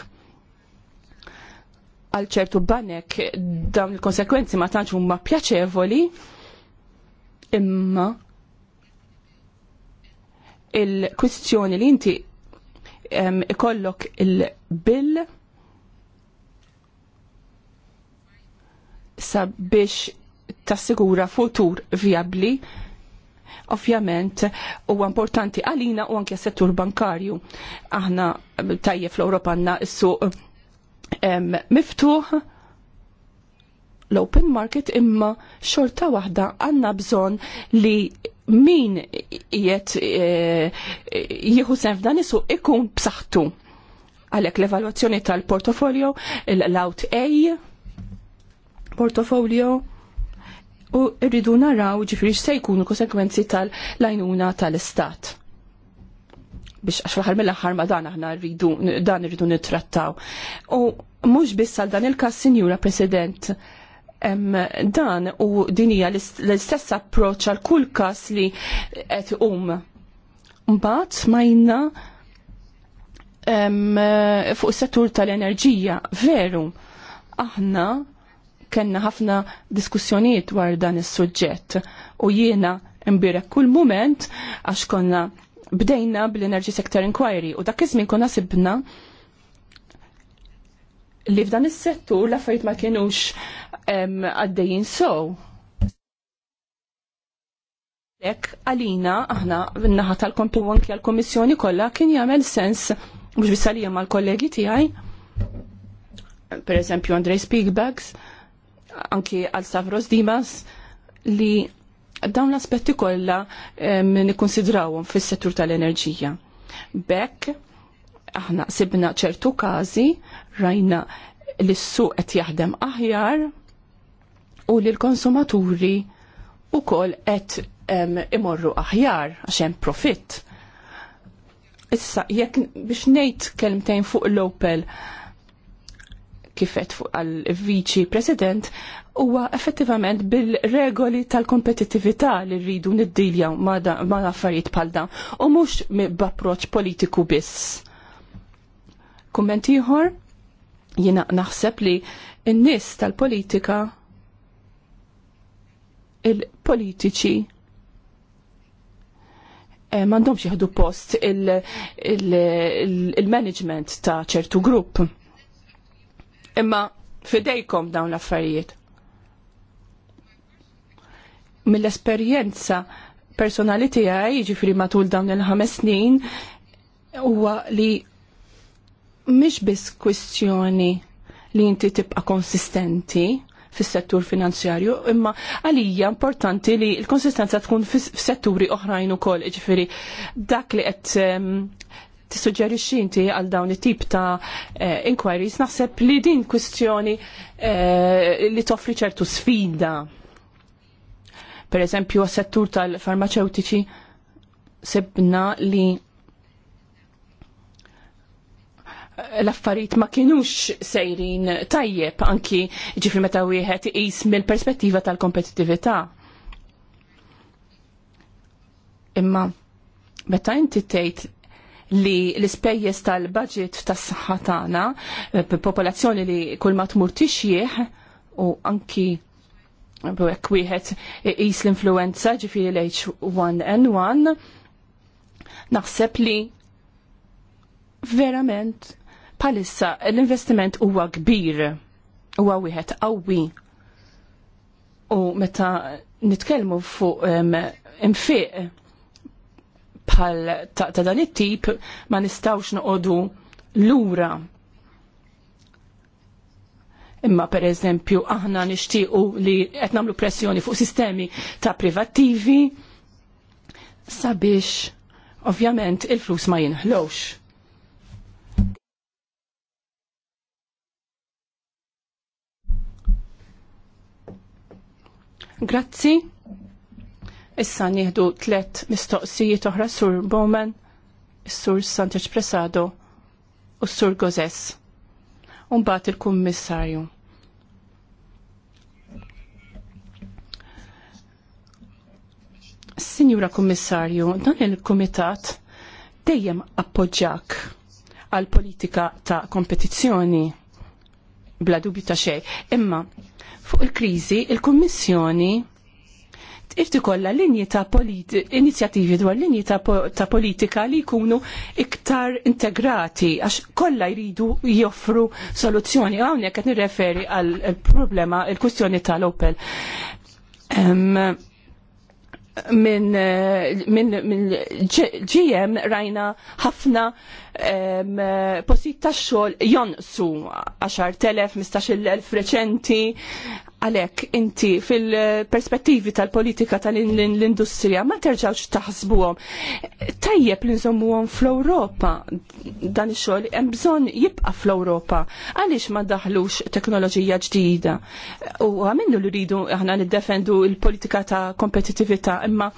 għal ċertu banek dawn il-konsekwenzi ma tantx huma pjaċevoli imma il-kwistjoni li inti ikollok il-bill sabiex tassigura futur viabli ovvjament huwa importanti għalina u anke settur bankarju. Aħna tajje fl europa għanna s-suq miftuħ l-open market imma xorta waħda għanna bżon li min jiet e, e, jieħu sen dan isu ikun b'saħħtu għalek l-evaluazzjoni tal-portofolio, l-out A portofolio, u rridu naraw ġifiri se jkunu konsekwenzi tal-lajnuna tal-istat. Biex għax fl mill-aħħar ma dan aħna rridu dan rridu nittrattaw. U mhux biss għal dan il-każ Sinjura President dan u dinija l-istess approċ għal kull kas li qed um. Mbagħad smajna fuq settur tal-enerġija, veru, aħna kenna ħafna diskussjonijiet dwar dan is-suġġett u jiena imbirek kull moment għax konna bdejna bl-Energy Sector Inquiry u dak iż-żmien konna sibna li f'dan is-settur l-affarijiet ma kienux għaddejjin so. Lek għalina aħna naħa tal-kompi anki għal-komissjoni kollha kien jagħmel sens mhux bisalija mal-kollegi tiegħi. Per eżempju Andrej Spigbags, anki għal Savros Dimas li dawn l-aspetti kollha nikkonsidrawhom fis-settur tal-enerġija. Bekk aħna sibna ċertu każi rajna l-issu suq qed jaħdem aħjar u li l-konsumaturi u kol et um, imorru aħjar għaxem profit. Issa, jekk biex nejt kelmtejn fuq l-Opel kifet fuq għal-Viċi President, huwa effettivament bil-regoli tal-kompetitività li rridu niddilja ma' affarijiet bħal dan u mhux b'approċċ politiku biss. Kumment ieħor, jiena naħseb li n-nies tal-politika il-politiċi eh, mandomx jihdu post il-management ta' ċertu grupp. Imma fidejkom dawn l-affarijiet. Mill-esperjenza personali tiegħi ġifri matul dawn il-ħames snin huwa li mhix biss kwistjoni li inti tibqa' konsistenti, fis-settur finanzjarju, imma għalija importanti li l-konsistenza tkun fis-setturi oħrajn ukoll, ġifieri dak li qed tissuġġerixxi inti għal dawn it-tip ta' eh, inquiries naħseb li din kwistjoni eh, li toffri ċertu sfida. Per eżempju, għas-settur tal-farmaceutiċi sebna li l-affarijiet ma kienux sejrin tajjeb anki ġifri meta wieħed iqis mill-perspettiva tal-kompetittività. Imma meta inti tgħid li l-ispejjeż tal-budget tas-saħħa tagħna eh, popolazzjoni li kull ma tmur tixjieħ u anki hekk wieħed qis l-influenza ġifieri l-H1N1 naħseb li verament Palissa l-investiment huwa kbir, huwa wieħed qawwi. U meta nitkellmu fuq infiq bħal ta', dan it-tip ma nistawx noqogħdu lura imma per eżempju aħna nixtiequ li qed nagħmlu pressjoni fuq sistemi ta' privattivi sabiex ovvjament il-flus ma jinħlowx. Grazzi. Issa nieħdu tlet mistoqsijiet oħra sur Bowman, sur Santiċ Presado u sur Gozes. Umbat il-kummissarju. Sinjura Kummissarju, dan il-Kumitat dejjem appoġġjak għal politika ta' kompetizzjoni bla dubju ta' xejn. Imma Fuq il-kriżi, il-Kummissjoni tifti kolla linji ta' inizjattivi dwar linji ta', po ta politika li jkunu iktar integrati għax kollha jridu joffru soluzzjoni. Hawnhekk qed nirreferi għal problema il-kwistjoni tal-Opel. Um, minn eh, min, min GM rajna ħafna um, posit ta' xol jonsu 10.000, 15.000 reċenti għalek inti fil-perspettivi tal-politika tal-industrija ma terġawx taħsbuhom. Tajjeb li nżommuhom fl-Ewropa dan ix-xogħol hemm bżonn jibqa' fl-Ewropa. Għaliex ma daħlux teknoloġija ġdida? U għamennu li rridu aħna niddefendu l-politika ta' kompetitività imma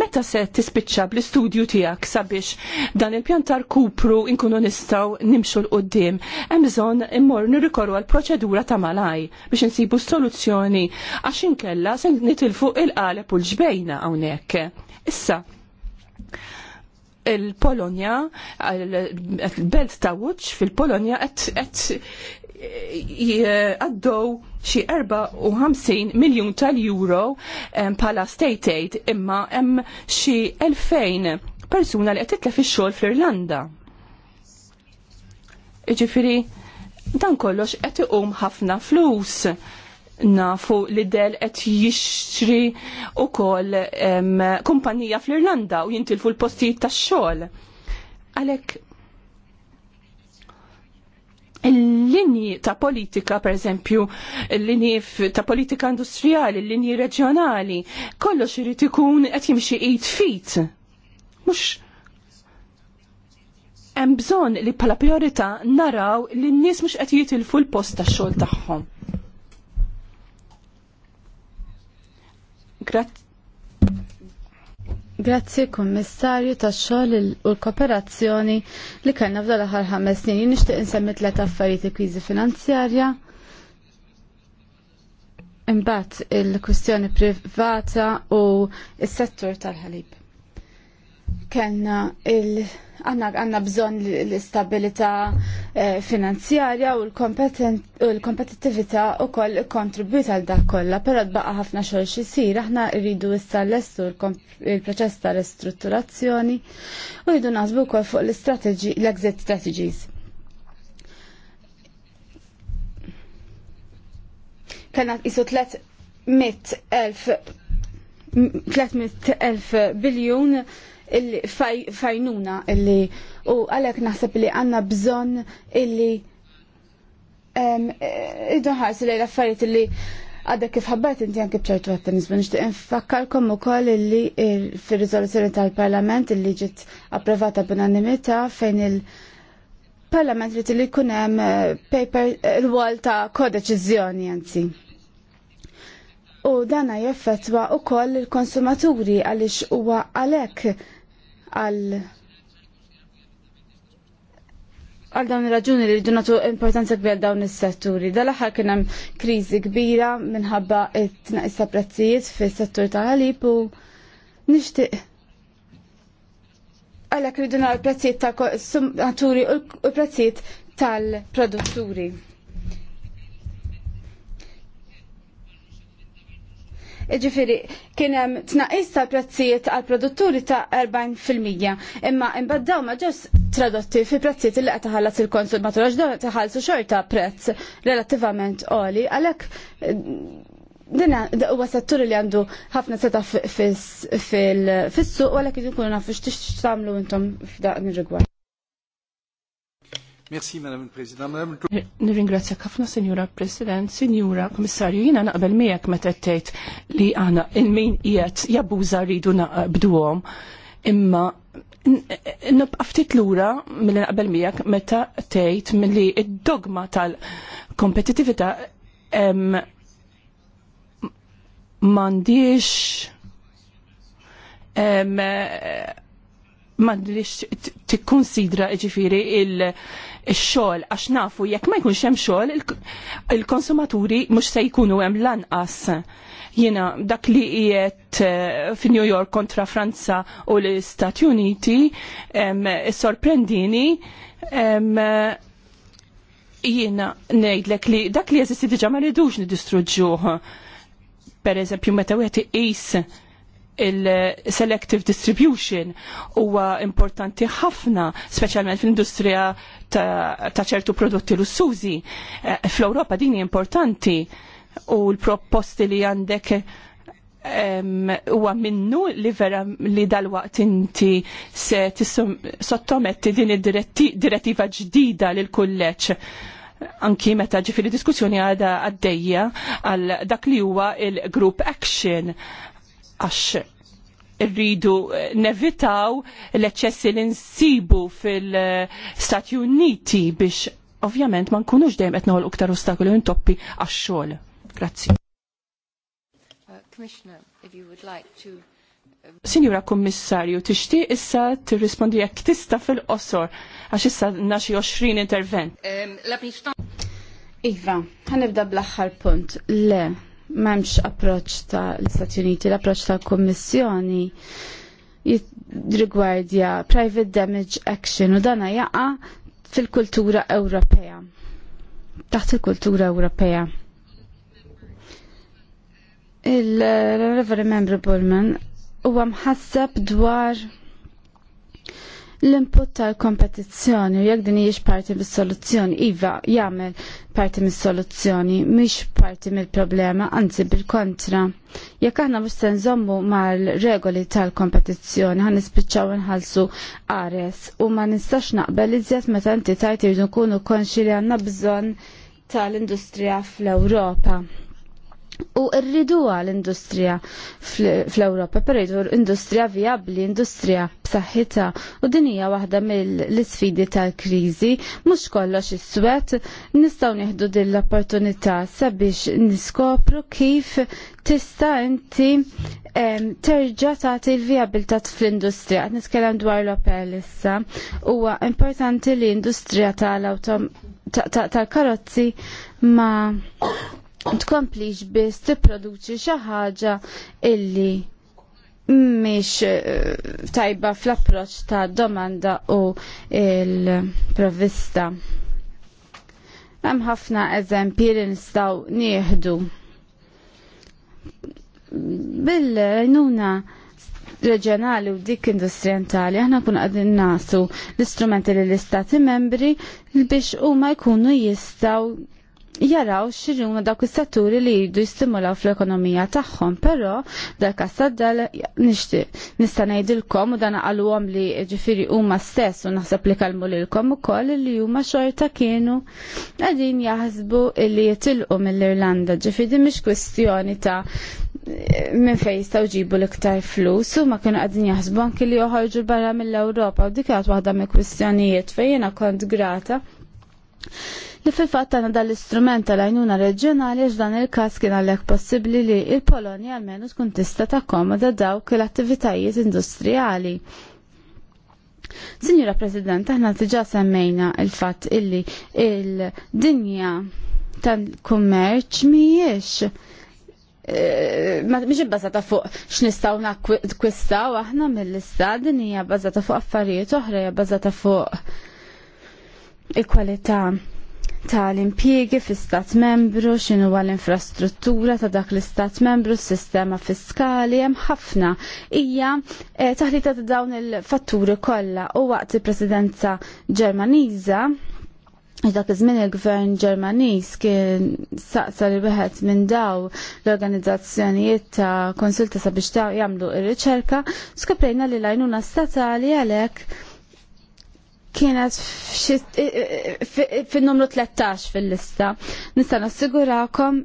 Meta se tispiċċa bl-istudju tiegħek sabiex dan il-pjantar kupru nkunu nistgħu nimxu l qudiem hemm bżonn immor nirrikorru għal proċedura ta' malaj biex insibu soluzzjoni għax inkella se nitilfu il-qalep u l-ġbejna hawnhekk. Issa, il-Polonja, il-belt ta' Wuċ fil-Polonja qed eh, għaddew xi 54 miljun tal-euro pala state aid imma hemm xi 2000 persuna li qed titlef ix-xogħol fl-Irlanda. Iġifieri dan kollox qed iqum ħafna flus nafu li del qed jixtri ukoll kumpanija fl-Irlanda u jintilfu l-postijiet tax-xogħol. Għalhekk il linji ta' politika, per eżempju, l-linji ta' politika industrijali, l-linji reġjonali, kollox irid ikun qed jimxi eight feet. Mhux hemm bżonn li bħala priorità naraw li n-nies mhux qed jitilfu l-post tax-xogħol tagħhom. Grazzi Grazzi kummissarju tax xogħol u l-kooperazzjoni li kellna f'dal aħħar ħames snin. Jien nixtieq insemmi tliet affarijiet il-kriżi finanzjarja. Imbagħad il-kwistjoni privata u s-settur tal-ħalib kellna il- għanna għanna bżon l-istabilita eh, finanzjarja u l-kompetitivita u koll kontribuita għal dak kolla, pero baqa ħafna xogħol xisir, aħna rridu issa l-estu il-proċess ta' ristrutturazzjoni u rridu naħsbu koll fuq l-exit strategies. Kellna jisu 300.000 300.000 biljun fajnuna illi u għalek naħseb li għanna bżon illi id donħas li l-affarijiet illi għadda kif ħabbat inti għanki bċertu għattimizmu, nishtiq infakkarkom u koll illi fil rizoluzjoni tal-parlament illi ġit approvata b'unanimità fejn il-parlament li t-li kunem eh, paper eh, l wall ta' kodeċizjoni għanzi. U dana jaffetwa u koll il-konsumaturi għalix huwa għalek għal għal dawn ir-raġuni li rridu nagħtu importanza kbira dawn is-setturi. Dal-aħħar kien hemm kriżi kbira minħabba t tnaqisa prezzijiet fis-settur tal-ħalib u nixtieq għalhekk rridu nara l-prezzijiet ta' konsumaturi u prezzijiet tal-produtturi. Ġifiri, kienem tnaqis ta' prezzijiet għal produtturi ta' 40% imma imbaddaw ma ġos tradotti fi prezzijiet li għataħallas il-konsumatur għax dawn taħallsu xorta prezz relativament oli għalek Dina, huwa settur li għandu ħafna seta fis-suq, għalek jidin kunu nafux t tamlu intom f'daqni rigward. Merci, Madame Nirringrazzja ħafna, Sinjura President, Sinjura Komissarju, jina naqbel miegħek meta tgħid li għana il-min qiegħed jabbuża rridu naqbduhom. Imma nibqa' ftit lura milli naqbel miegħek meta tgħid milli id-dogma tal-kompetittività m'għandix m'għandix tikkunsidra ġifiri il- ix-xogħol għax nafu jekk ma jkunx hemm xogħol il-konsumaturi mhux se jkunu hemm lanqas. Jiena dak li qiegħed eh, fi New York kontra Franza u l-Istati Uniti sorprendini jiena ngħidlek li dak li jeżisti diġà ma rridux nidistruġġuh. Per eżempju meta wieħed iqis il-selective distribution huwa importanti ħafna, speċjalment fl-industrija ta' ċertu prodotti lussużi. Eh, Fl-Ewropa din importanti u l-proposti li għandek huwa minnu li vera li dal-waqt inti se sottometti din id-direttiva ġdida l kulleċ anki meta ġifiri diskussjoni għadha għaddejja għal dak li huwa il-group action għax rridu eh, nevitaw l-eċessi li nsibu fil-Stati Uniti biex ovvjament ma nkunux dejjem qed noħolqu iktar ostakoli u ntoppi għax-xogħol. Grazzi. Uh, Sinjura uh, Kommissarju, tixtieq issa tirrispondi jekk tista' fil-qosor għax issa naxi 20 intervent. Um, iva, ħanibda bl-aħħar punt. Le, memx approċ ta' l-Istati Uniti, l-approċ ta' kommissjoni rigwardja private damage action u dana jaqa fil-kultura Ewropea. Taħt il-kultura Ewropea. Il-Reverend Member Bullman huwa mħassab dwar l-input tal-kompetizzjoni u jekk din hijiex parti mis-soluzzjoni, iva jagħmel parti mis-soluzzjoni, mhix parti mill-problema, anzi bil-kontra. Jekk aħna mhux se nżommu mal-regoli tal-kompetizzjoni ħan nispiċċaw inħallsu ares u ma nistax naqbel iżjed meta inti tajt irdu nkunu konxi li għandna bżonn tal-industrija fl-Ewropa. U rriduha l-industrija fl-Ewropa, per industrija viabli, industrija b'saħħitha u din hija waħda mill-isfidi tal-kriżi, mhux kollox is-swed, nistgħu nieħdu din l-opportunità sabiex niskopru kif tista' inti terġa' tagħti l-vijabilità fl-industrija. Qed niskellem dwar l-Opel issa. Huwa importanti li l-industrija tal-karozzi ma' tkomplix biss tipproduċi xi ħaġa illi mhix eh, tajba fl-approċċ ta' domanda u l-provvista. Hemm ħafna eżempji li nistgħu nieħdu. Bil-għajnuna reġjonali u dik industrijentali aħna kun qegħdin nasu l-istrumenti li l-istati membri biex huma jkunu jistgħu jaraw xirruma dawk is-setturi li jridu jistimulaw fl-ekonomija tagħhom, però dak għas nixti nista' ngħidilkom u dan qaluhom li ġifieri huma stess u naħseb li kalmu lilkom ukoll li huma xorta kienu qegħdin jaħsbu li jitilqu mill-Irlanda, ġifieri mhix kwestjoni ta' minn fejn jistgħu ġibu l-iktar flus u ma kienu qegħdin jaħsbu anki li joħorġu barra mill-Ewropa u dik waħda mill-kwistjonijiet fejn jiena kont grata li fil-fatt għandna dal-istrument tal-għajnuna reġjonali għax dan il-każ kien għalhekk possibbli li il-Polonja almenu tkun tista' komoda dawk l-attivitajiet industrijali. Signora President, aħna diġà semmejna il-fatt illi il-dinja tal-kummerċ mhijiex eh, ma mhix bbażata fuq x'nistgħu nakkwistaw aħna mill-lista din hija bbażata fuq affarijiet oħra hija fuq il-kwalità tal-impjiegi fl stat membru, xinu għal-infrastruttura ta' dak l-istat membru, s-sistema fiskali, hemm ħafna. Ija eh, taħlita ta' dawn il-fatturi kollha u waqt il-presidenza ġermaniża dak iż-żmien il-gvern Ġermaniż kien saqsa li wieħed minn daw l-organizzazzjonijiet ta' konsulta sabiex jagħmlu r-riċerka, skoprejna li l-għajnuna statali għalhekk kienet eh, eh, eh, fin-numru 13 fil-lista. Nista' nassigurakom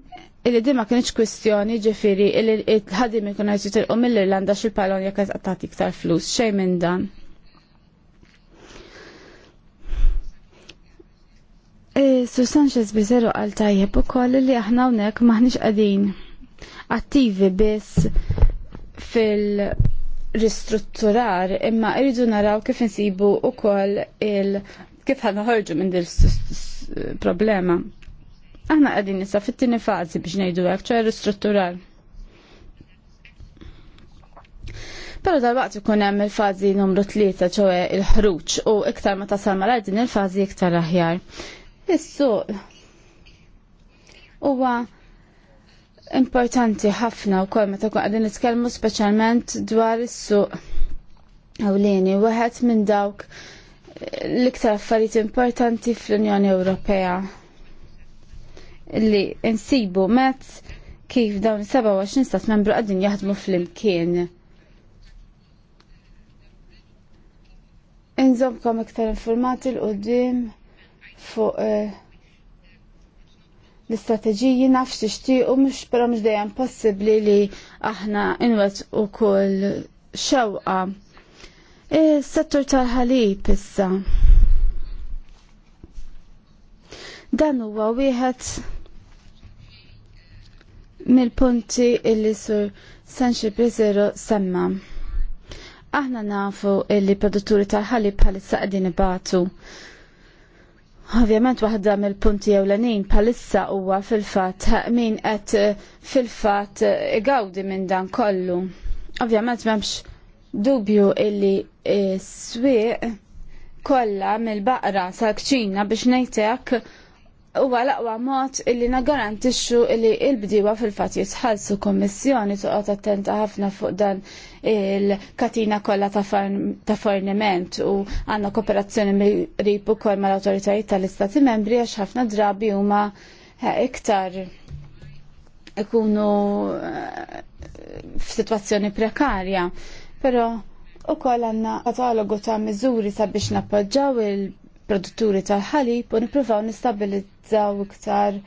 li din ma kienx kwistjoni ġifiri il-ħaddi minn ikun qed jitilqu mill-Irlanda xi palonja kienet qed tagħti iktar flus, xejn minn dan. Sur Sanchez bizeru għal tajjeb ukoll li aħna hawnhekk maħniex qegħdin attivi biss fil- ristrutturar imma irridu naraw kif insibu wkoll il kif ħanħorġu minn dil problema. Aħna qegħdin nisa fit-tieni fażi biex ngħidu hekk ċe ristrutturar. Pero dal-waqt ikun hemm il-fażi numru tlieta ċewwe il-ħruġ u iktar ma tasal mara din il-fażi iktar aħjar. Is-suq huwa importanti ħafna u kol meta kun għadin nitkellmu speċjalment dwar is-suq ewlieni wieħed minn dawk l-iktar affarijiet importanti fl-Unjoni Ewropea li insibu mezz kif dawn 27 stat membru għaddin jaħdmu fl-imkien. Inżomkom iktar informati l-qoddim fuq uh, l-istrateġiji nafx tixtiequ mhux però mhux dejjem possibbli li aħna inwet ukoll xewqa. settur tal-ħalib issa. Dan huwa wieħed mill-punti illi sur Sanxi Pizero semma. Aħna nafu illi produtturi tal-ħalib bħalissa qegħdin ibatu. Ovvjament waħda mill-punti ewlenin bħalissa huwa fil-fatt min qed eh, fil-fatt eh, igawdi minn dan kollu. Ovvjament m'hemmx dubju illi eh, s swieq kollha mill-baqra sal-kċina biex ngħidlek huwa l-aqwa mod illi nagarantixxu li l-bdiewa fil-fatt jitħallsu kommissjoni toqgħod attenta ħafna fuq dan il-katina kollha ta' forniment u għandna kooperazzjoni mill-qrib ukoll mal-awtoritajiet tal-Istati Membri għax ħafna drabi huma eh, iktar ikunu eh, f'sitwazzjoni prekarja. Però u għandna għanna katalogu ta' miżuri sabiex nappoġġaw il produtturi tal-ħalib u nippruvaw nistabilizzaw iktar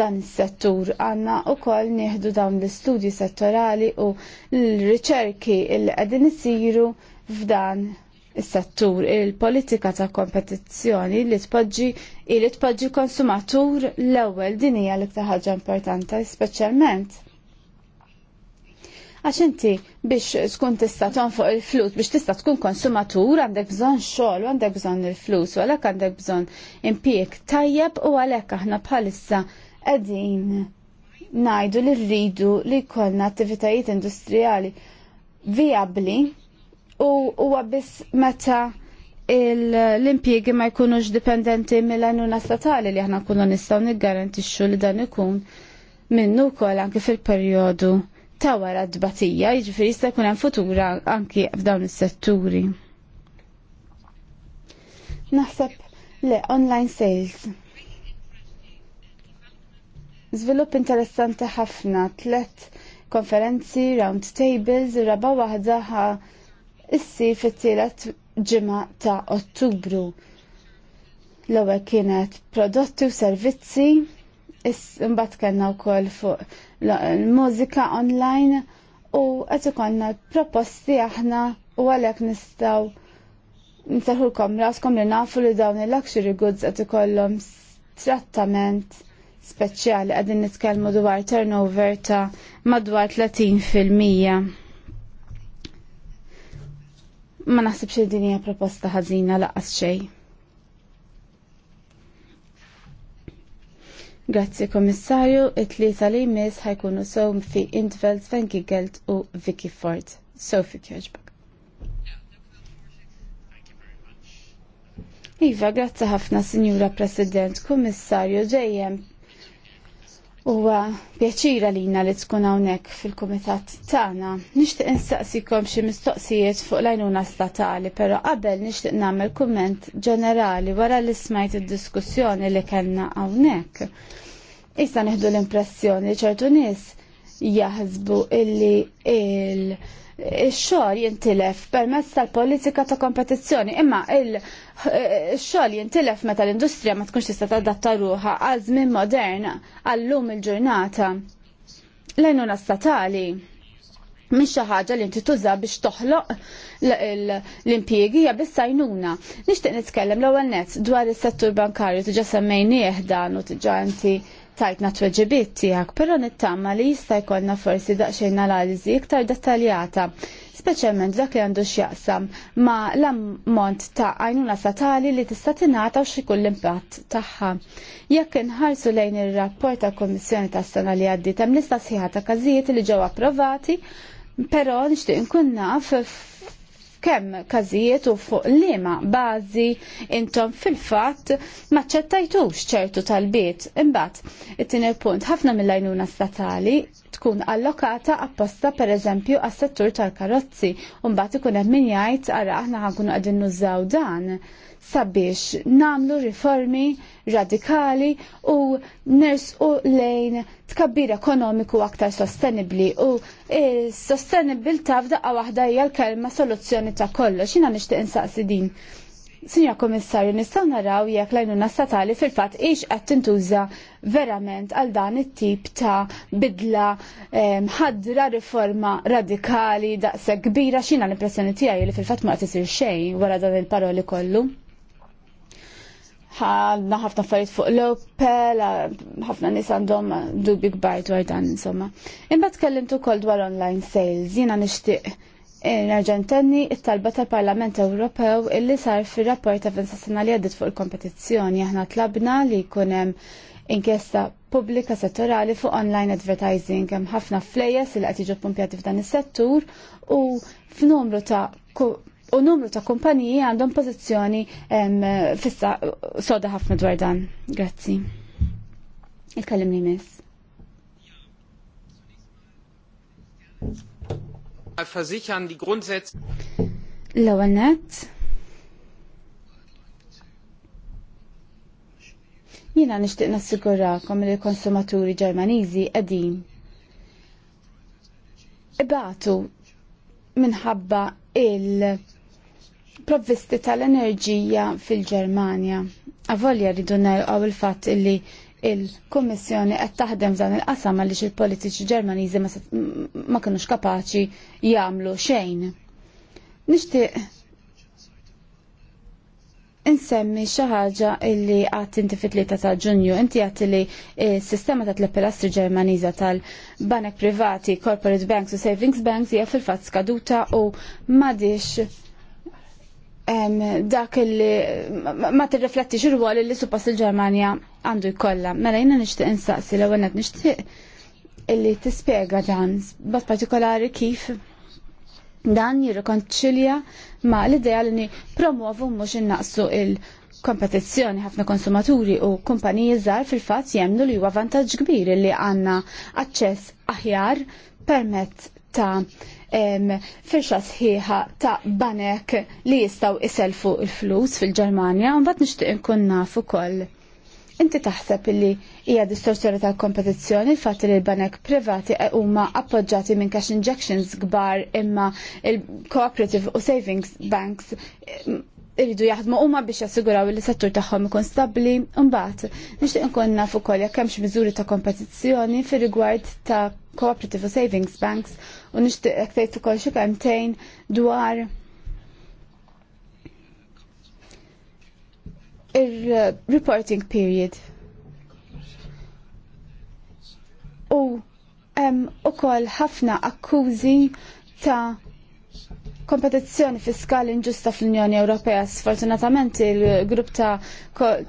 dan is-settur. Għandna wkoll nieħdu dawn l-istudji settorali u l-riċerki il qegħdin isiru f'dan is-settur il-politika ta' kompetizzjoni li tpoġġi li tpoġġi konsumatur l-ewwel din hija l-iktar ħaġa importanti speċjalment. Għax inti biex skun tista' tonfoq il-flus biex tista' tkun konsumatur għandek bżonn xogħol għandek bżonn il-flus u għalhekk għandek bżonn impjieg tajjeb u għalhekk aħna bħalissa qegħdin ngħidu li rridu li jkollna attivitajiet industrijali viabli u huwa biss meta l-impjiegi ma jkunux dipendenti mill-għajnuna statali li aħna kunu nistgħu niggarantixxu li dan ikun minnu wkoll anke fil-perjodu ta' wara d-batija, jiġifieri jista' jkun hemm futura anki f'dawn is-setturi. Naħseb le online sales. Żvilupp interessanti ħafna tlet konferenzi, round tables, raba waħda ħa issir fit-tielet ġimgħa ta' Ottubru. L-ewwel kienet prodotti u servizzi, imbagħad kellna wkoll fuq l-mużika online u qed ikonna proposti aħna u għalhekk nistgħu nserħulkom raskom li nafu li dawn il-luxury goods qed ikollhom trattament speċjali qegħdin nitkellmu dwar turnover ta' madwar 30 fil-mija. Ma naħsibx li din hija proposta ħażina laqqas xejn. Grazzi Komissarju, it-tlieta li mis ħajkunu sowm fi Intveld, Sven Gigelt u Vicky Ford. Sophie Kirchberg. Iva, grazzi ħafna, Sinjura President, Komissarju, ġejjem Uwa, pjaċira jina li tkun hawnhekk fil-kumitat tagħna. Nixtieq nistaqsikom xi mistoqsijiet fuq l-għajnuna statali, però qabel nixtieq nagħmel kumment ġenerali wara li smajt id-diskussjoni li kellna hawnhekk. Issa nieħdu l-impressjoni ċertu nies jaħsbu illi il-, -il xogħol jintilef permezz tal-politika ta' kompetizzjoni, imma il-xogħol jintilef meta l-industrija ma tkunx tista' tadatta ruħha għal żmien modern għallum il-ġurnata. L-għajnuna statali mhix xi ħaġa li inti tuża biex toħloq l-impjiegi hija biss għajnuna. Nixtieq nitkellem l-ewwel nett dwar is-settur bankarju tiġa semmejnieh dan u tiġa inti tajtna tweġibiet tiegħek, però nittama li jista' jkollna forsi daqsxejn analiżi iktar dettaljata, speċjalment dak li għandu x'jaqsam ma l-ammont ta' għajnuna statali li tista' tingħata u x'ikun l-impatt tagħha. Jekk inħarsu lejn ir-rapport tal kummissjoni tas-sena li għaddiet hemm lista sħiħa ta' każijiet li ġew approvati, però nixtieq inkun naf Kemm każijiet u fuq liema bażi intom fil-fatt maċċettajtux ċertu tal-bit. Imbagħad, it-tieni punt ħafna mill-għajnuna statali tkun allokata apposta pereżempju għas-settur tal-karozzi u mbagħad ikun hemm min jgħid ara aħna ħankunu qegħdin nużaw dan sabiex namlu riformi radikali u nersqu lejn tkabbir ekonomiku aktar sostenibli u sostenibil tafda waħda hija l-kelma soluzzjoni ta' kollox. Xina nixtieq insaqsi din. Sinja Komissarju, nistaw naraw jekk l-għajnuna statali fil-fat ix qed tintuża verament għal dan it-tip ta' bidla ħadra riforma radikali daqse kbira xina l-impressjoni tiegħi li fil-fatt ma tisir xejn wara dan il-paroli kollu ħadna ħafna affarijiet fuq l-Opel, ħafna nies għandhom dubi kbar dwar dan insomma. Imbagħad tkellimt ukoll dwar online sales, jiena nixtieq eh, Nerġentenni it-talba tal-Parlament Ewropew illi sar fir-rapport ta' sena li għaddit fuq il-kompetizzjoni aħna tlabna li jkun hemm inkjesta pubblika settorali fuq online advertising hemm ħafna flejjes li qed jiġu pumpjati f'dan is-settur u f'numru ta' u numru ta' kumpaniji għandhom pożizzjoni fissa soda ħafna dwar dan. Grazzi. Il-kallimni miss. Versichern die Grundsätze. L-ewwel nett. Jiena nixtieq nassigurakom li l-konsumaturi Ġermaniżi qegħdin ibatu minħabba il- provvisti tal-enerġija fil-Ġermanja. Avolja rridu għaw il-fatt illi il-Kummissjoni qed taħdem dan il-qasam għaliex il-politiċi Ġermaniżi ma kinux kapaċi jagħmlu xejn. Nixtieq Insemmi xi ħaġa illi għat inti fit ta' Ġunju, inti għat li s-sistema ta' tleppilastri Ġermaniża tal-banek privati, corporate banks u savings banks hija fil-fatt skaduta u m'għadix dak li ma tirrifletti xirwol li suppost il-Ġermanja għandu jkolla. Mela jina nixtieq instaqsi l għonet nixtieq illi tispjega dan, bat partikolari kif dan jirrikonċilja ma l-ideja li promuovu mhux innaqsu il-kompetizzjoni ħafna konsumaturi u kumpaniji żgħar fil-fatt jemnu li huwa vantaġġ kbir li għandna aċċess aħjar permezz ta' firxa sħiħa ta' banek li jistaw iselfu il-flus fil-Ġermanja, un bat nishtiq nkun naf ukoll. Inti taħseb li hija distorsjoni tal-kompetizzjoni fatt li l-banek privati huma appoġġati minn cash injections kbar imma il-cooperative u savings banks irridu jaħdmu huma biex jassiguraw li settur tagħhom ikun stabbli mbagħad nixtieq inkun naf ukoll jekk hemmx miżuri ta' kompetizzjoni fir-rigward ta' cooperative savings banks u nixtieq jekk tgħid ukoll xi tgħin dwar ir-reporting period. U hemm ukoll ħafna akkużi ta' kompetizzjoni fiskali inġusta fl-Unjoni Ewropea. Sfortunatament il-grupp ta',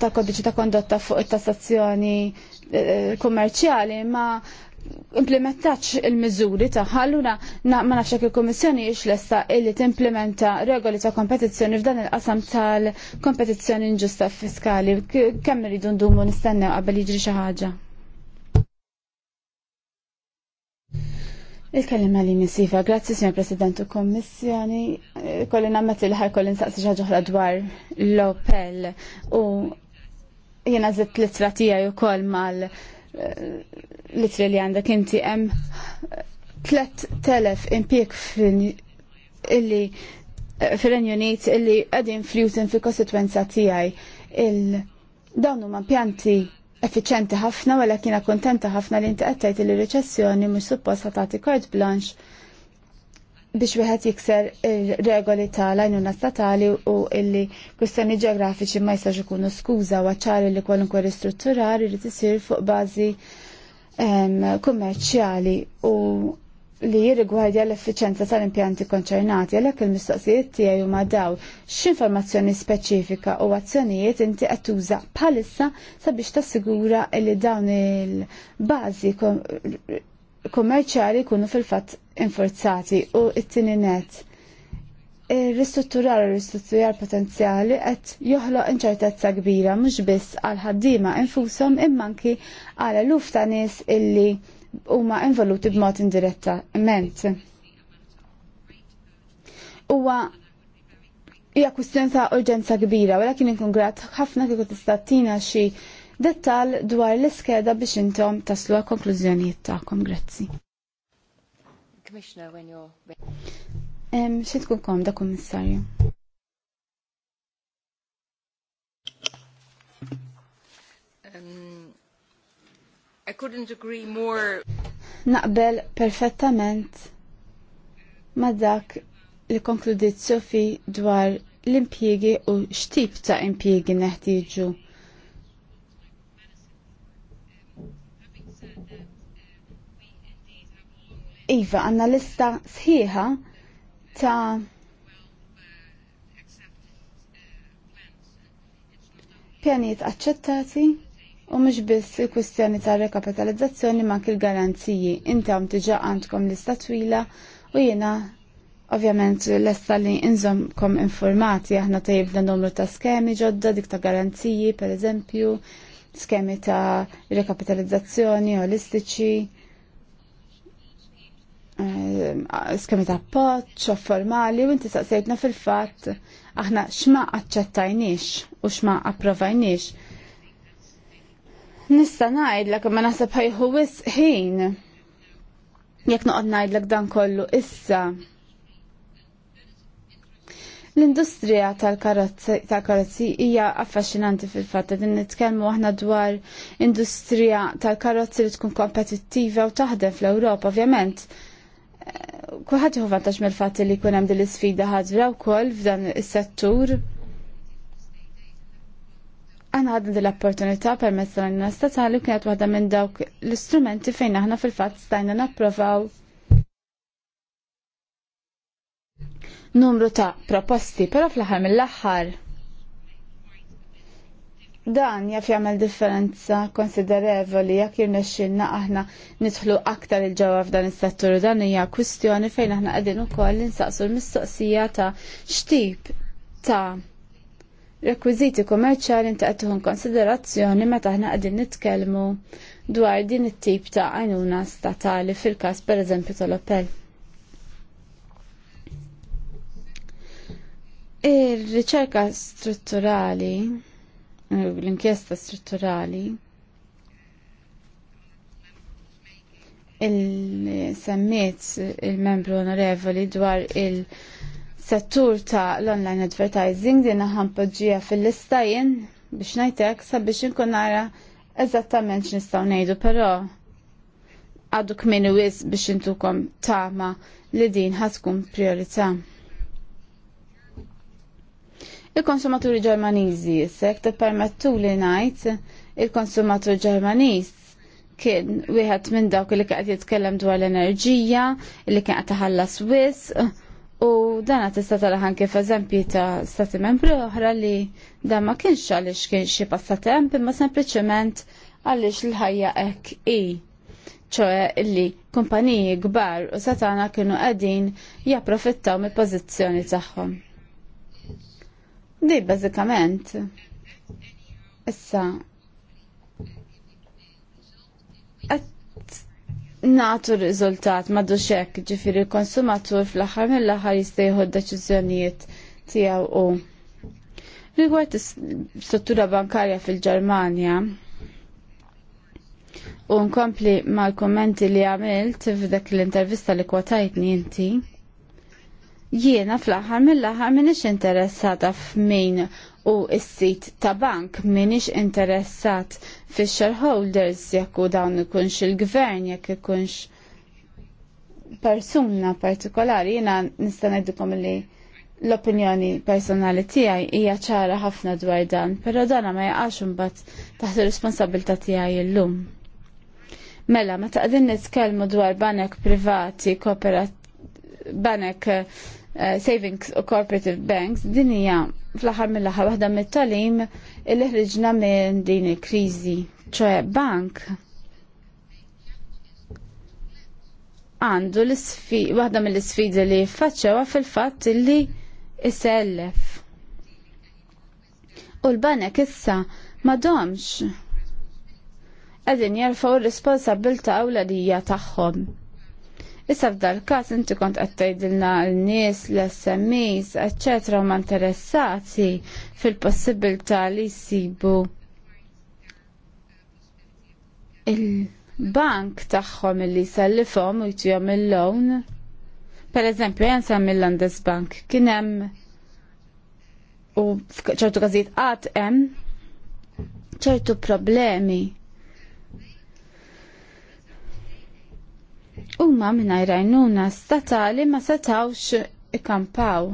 ta kodiċi ta' kondotta fuq it-tassazzjoni eh, kummerċjali ma implementax il-mizuri ta' allura na ma nafx il-Kummissjoni jiex lesta illi timplementa regoli ta' kompetizzjoni f'dan il-qasam tal-kompetizzjoni inġusta fiskali. Kemm irridu ndumu nistennew qabel jiġri xi ħaġa. il kellima li misiva, grazzi signor President u Kommissjoni, eh, kolli nammet il-ħar kolli nsaqsi ġaġuħra dwar l-Opel u jena zitt litratija ju kol mal eh, litri li għandak inti em 3000 impiek illi eh, fil Unit illi għadin fl-Jutin fil-Kostituenza tijaj il-dawnu ma pjanti effiċenti ħafna, wala kina kontenta ħafna li inti qed tgħid li riċessjoni mhux suppost ħa tagħti kord blanx biex wieħed jikser ir-regoli tal-għajnuna statali u illi kwistjoni ġeografiċi ma jistax ikunu skuża u għaċċari li kwalunkwe ristrutturar irid isir fuq bażi kummerċjali u li jirrigwardja l-effiċenza tal-impjanti konċernati għalhekk il-mistoqsijiet tiegħi huma daw x'informazzjoni speċifika u azzjonijiet inti qed tuża bħalissa sabiex tassigura li dawn il-bażi kummerċjali jkunu fil-fatt infurzati u t-tieni net. ristrutturar u ristrutturar potenzjali qed joħloq inċertezza kbira mhux biss għal ħaddiema infushom imma anki għal eluf ta' nies illi huma involuti b'mod indirettament. Huwa hija kwistjoni ta' urġenza kbira, wara kien inkun grat ħafna kieku tista' tina xi dettal dwar l-iskeda biex intom taslu għal konklużjonijiet tagħkom. Grazzi. Commissioner, when you're... da kummissarju. I couldn't agree more. Naqbel perfettament ma dak li konkludiet Sofi dwar l-impjiegi u x'tip ta' impjiegi neħtieġu. Iva, għanna lista sħiħa ta' pjaniet aċċettati. U mhux biss il-kwistjoni ta' rekapitalizzazzjoni ma' kil garanziji intom diġa għandkom lista twila u jiena ovvjament lesta li inżomkom informati aħna tajibna numru ta' skemi ġodda dik ta' garanziji per eżempju, skemi ta' rekapitalizzazzjoni holistiċi, eh, skemi ta' poċ, formali, u inti saqsejtna fil fatt aħna xma aċċettajniex u xma approvajniex Nista ngħidlek ma naħseb ħajħu wis ħin. Jekk noqgħod ngħidlek dan kollu issa. L-industrija tal-karozzi hija affaxxinanti fil-fatt din nitkellmu aħna dwar industrija tal-karozzi li tkun kompetittiva u taħdem fl-Ewropa, ovvjament. Eh, kulħadd jieħu vantaġġ mill-fatt li jkun hemm din l-isfida ħadra wkoll f'dan is-settur. Għana għadna l opportunità permezz tal-għanna statali kienet waħda minn dawk l-istrumenti fejn aħna fil-fatt stajna napprovaw numru ta' proposti, pero fl-aħħar mill-aħħar Dan jaf jagħmel differenza konsiderevoli jekk jirnexxilna aħna nidħlu aktar il-ġewwa f'dan is-settur dan hija kwistjoni fejn aħna qegħdin ukoll insaqsu l-mistoqsija ta' x'tip ta' rekwiżiti kummerċjali intaqtuħun konsiderazzjoni meta aħna qegħdin nitkellmu dwar din it-tip ta' għajnuna statali fil-każ pereżempju tal-Opel. Ir-riċerka strutturali, l-inkjesta strutturali, il-semmiet il-membru onorevoli dwar il- settur ta' l-online advertising din podġija fil-lista jien biex najtek sabiex inkun nara eżattament x'nistgħu ngħidu però għadu kmieni wis biex intukom tama li din ħatkun priorità. Il-konsumaturi Ġermaniżi jissek tippermettu li ngħid il-konsumatur Ġermaniż kien wieħed minn dawk li kien qed jitkellem dwar l-enerġija, li kien qed taħallas wisq U dana tista' talaħan kif eżempji ta' stati membri oħra li dan ma kienx għaliex kien xi passatemp imma sempliċement għaliex l-ħajja hekk hi. ċoħe illi kumpaniji kbar u satana kienu qegħdin japprofittaw mill-pożizzjoni tagħhom. Di bażikament issa natu r-riżultat maddu xek ġifiri l-konsumatur fl-axar mill-axar jistajħu d-deċizjonijiet tijaw u. Rigward struttura bankarja fil ġermania u nkompli mal kommenti li għamilt f'dak l-intervista li kwatajtni inti, jiena fl-axar mill-axar minix interessata f'min u s-sit ta' bank minix interessat fi shareholders jekk u dawn ikunx il-gvern jekk ikunx persuna partikolari jina nista' eddukom li l-opinjoni personali tiegħi hija ċara ħafna dwar dan, però dana ma jaqax bat taħt ir tijaj tiegħi llum. Mela, meta taqdin nitkellmu dwar banek privati, banek Eh, savings u cooperative banks din hija fl-aħħar mill-aħħar waħda mit-talim illi ħriġna minn din il-kriżi, ċoe bank għandu l-isfid waħda mill-isfidi li faċċewa fil-fatt li isellef. U l-banek issa domx. qegħdin jerfgħu r-responsabilta' għadija tagħhom Issa f'dal każ inti kont qed tgħidilna l-nies, l-SMEs, eċċetra, huma interessati fil-possibilità li jsibu il-bank tagħhom li jsellifhom u jtihom il-lown. Pereżempju, jen sa mill-Landesbank kien hemm u f'ċertu każijiet qatt hemm ċertu problemi huma mingħajr għajnuna statali ma setawx ikampaw.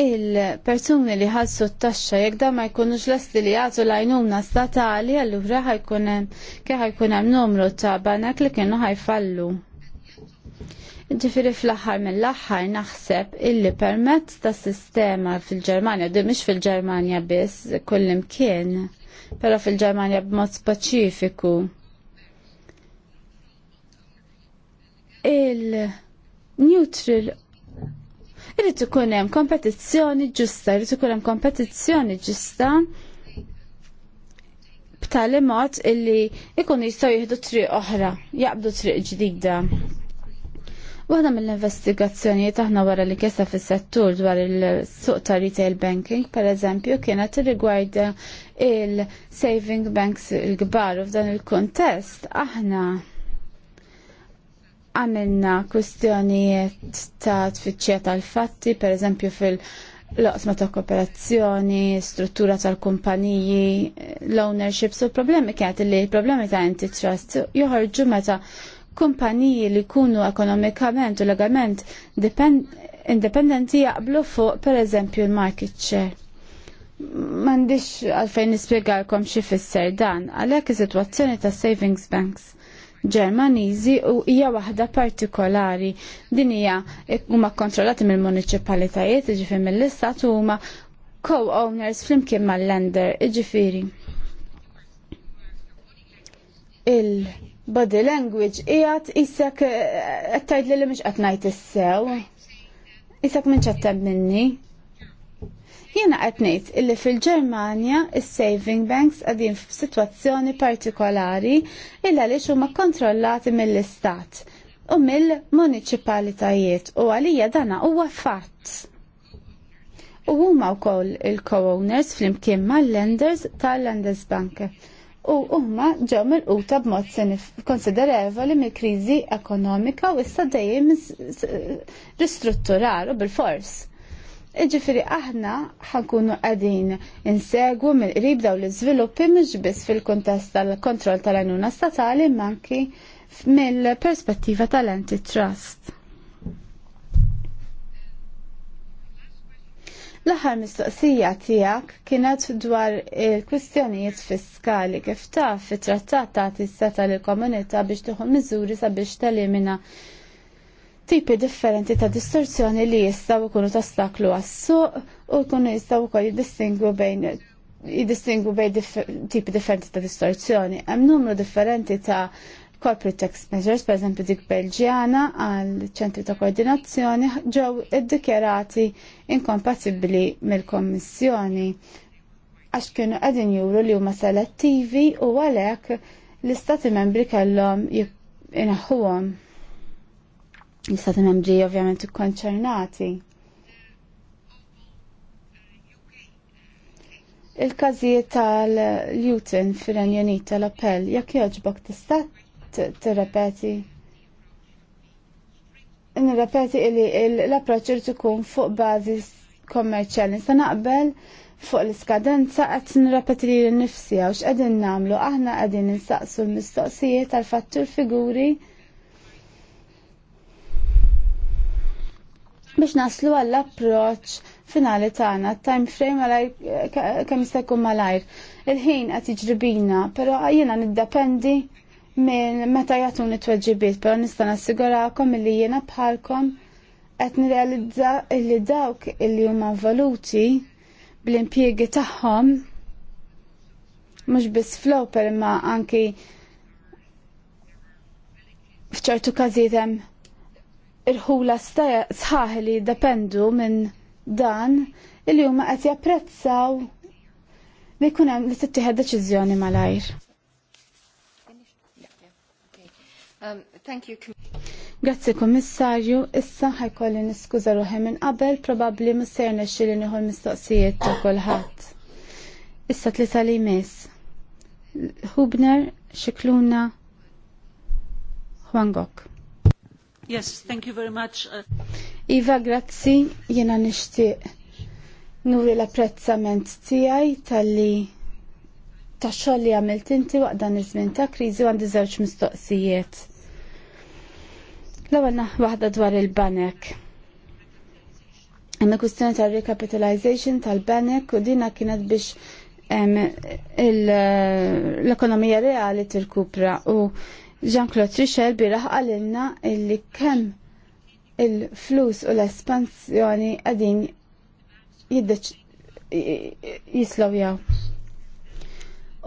Il-persuni li ħassu t-taxxa jekk da ma jkunux lesti li jagħtu l-għajnuna statali għallura ħajkunem hemm kif hemm numru ta' banek li kienu ħajfallu. Ġifiri fl-axar mill-axar naħseb illi permezz ta' sistema fil-Ġermanja, di mish fil-Ġermanja biss kullim kien, pero fil-Ġermanja b'mod speċifiku il-neutral Irrid ikun hemm kompetizzjoni ġusta, jrid ikun hemm kompetizzjoni ġusta b'tali mod illi ikun jistgħu jieħdu triq oħra, jaqbdu triq ġdida. Waħda mill-investigazzjonijiet aħna wara li kesa fis-settur dwar il-suq ta' retail banking, per eżempju, kienet irrigward il-saving banks il-kbar u f'dan il-kontest aħna għamilna kwestjonijiet ta' tfittxija tal-fatti, per eżempju fil-loqsma ta' kooperazzjoni, struttura tal-kumpaniji, l-ownership, so problemi kienet li problemi ta' antitrust joħorġu meta kumpaniji li kunu ekonomikament u legament independenti jaqblu fuq per eżempju l-market share. Mandiċ għalfejn nispiegalkom xie fisser dan, għalek situazzjoni ta' savings banks Ġermaniżi u hija waħda partikolari. Din hija huma kontrollati mill-municipalitajiet, iġifier mill-istat u huma co-owners flimkien mal-lender, jiġifieri. Il-body language qiegħed isek eh, qed tgħidli li mhux qed ngħid issew. Isek minn ċattab minni. Jiena qed ngħid illi fil-Ġermanja is-saving banks qegħdin f'sitwazzjoni partikolari illa għaliex huma kontrollati mill-istat u mill-municipalitajiet u għalija dana huwa fatt. U huma wkoll il-co-owners flimkien mal-lenders tal Bank u huma ġew mill-quta b'mod konsiderevoli mill-kriżi ekonomika u issa dejjem ristrutturar u bil-fors. Iġifiri aħna ħankunu għadin insegwu mill-qrib daw l-izviluppi mux biss fil kontest tal-kontroll tal-għanuna statali manki mill-perspettiva tal-antitrust. L-aħħar mistoqsija tiegħek kienet dwar il-kwistjonijiet fiskali kif taf fit-trattat ta' seta' lill-komunità biex tieħu miżuri sabiex telimina tipi differenti ta' distorsjoni li jistaw ikunu tastaklu għas-suq u jkunu jistaw kol jiddistingu bejn jiddistingu bejn dif tipi differenti ta' distorsjoni. Hemm numru differenti ta' corporate tax measures, per esempio dik Belġjana għal ċentri ta' koordinazzjoni ġew iddikjerati inkompatibbli mill-Kommissjoni għax kienu qegħdin juru li huma selettivi u għalhekk l-istati membri kellhom inaħħuhom l-istati membri ovvjament konċernati. Il-każijiet tal-Lutin fil-Renju tal-appell, jekk jogħġbok tista' tirrepeti? repeti li l-approċċ irid ikun fuq bażi kommerċjali. Nista' naqbel fuq l-iskadenza qed repeti li nnifsi u qegħdin nagħmlu aħna qegħdin saqsu l-mistoqsijiet tal-fattur figuri biex naslu għall approċ finali tagħna time frame għal kemm jista' jkun malajr. Il-ħin qed jiġribina, però jiena niddependi minn meta jagħtuni tweġibiet, però nista' nassigurakom li jiena bħalkom qed nirrealizza li dawk illi huma valuti bl-impjiegi tagħhom mhux biss flow imma anki f'ċertu każijiet hemm irħula sħaħ li dependu minn dan il huma qed japprezzaw li jkun hemm li tittieħed deċiżjoni malajr. Grazzi Kummissarju, issa ħajkolli niskuża ruħi minn qabel probabbli ma nexxi li nieħu mistoqsijiet ta' kulħadd. Issa tlieta li jmiss. Hubner, Xikluna, Huangok. Yes, thank you very much. Uh, iva, grazzi, jena nishtiq nuri l-apprezzament tijaj tal-li taxxol li għamilt inti waqt dan ta' krizi għan dizawċ mistoqsijiet. L-ewwel wahda dwar il-banek. Għanna kustjoni tal-recapitalization tal-banek u dina kienet biex l-ekonomija reali tirkupra u Jean-Claude Trichel biraħ għalilna illi kemm il-flus u l-espansjoni għadin jaw.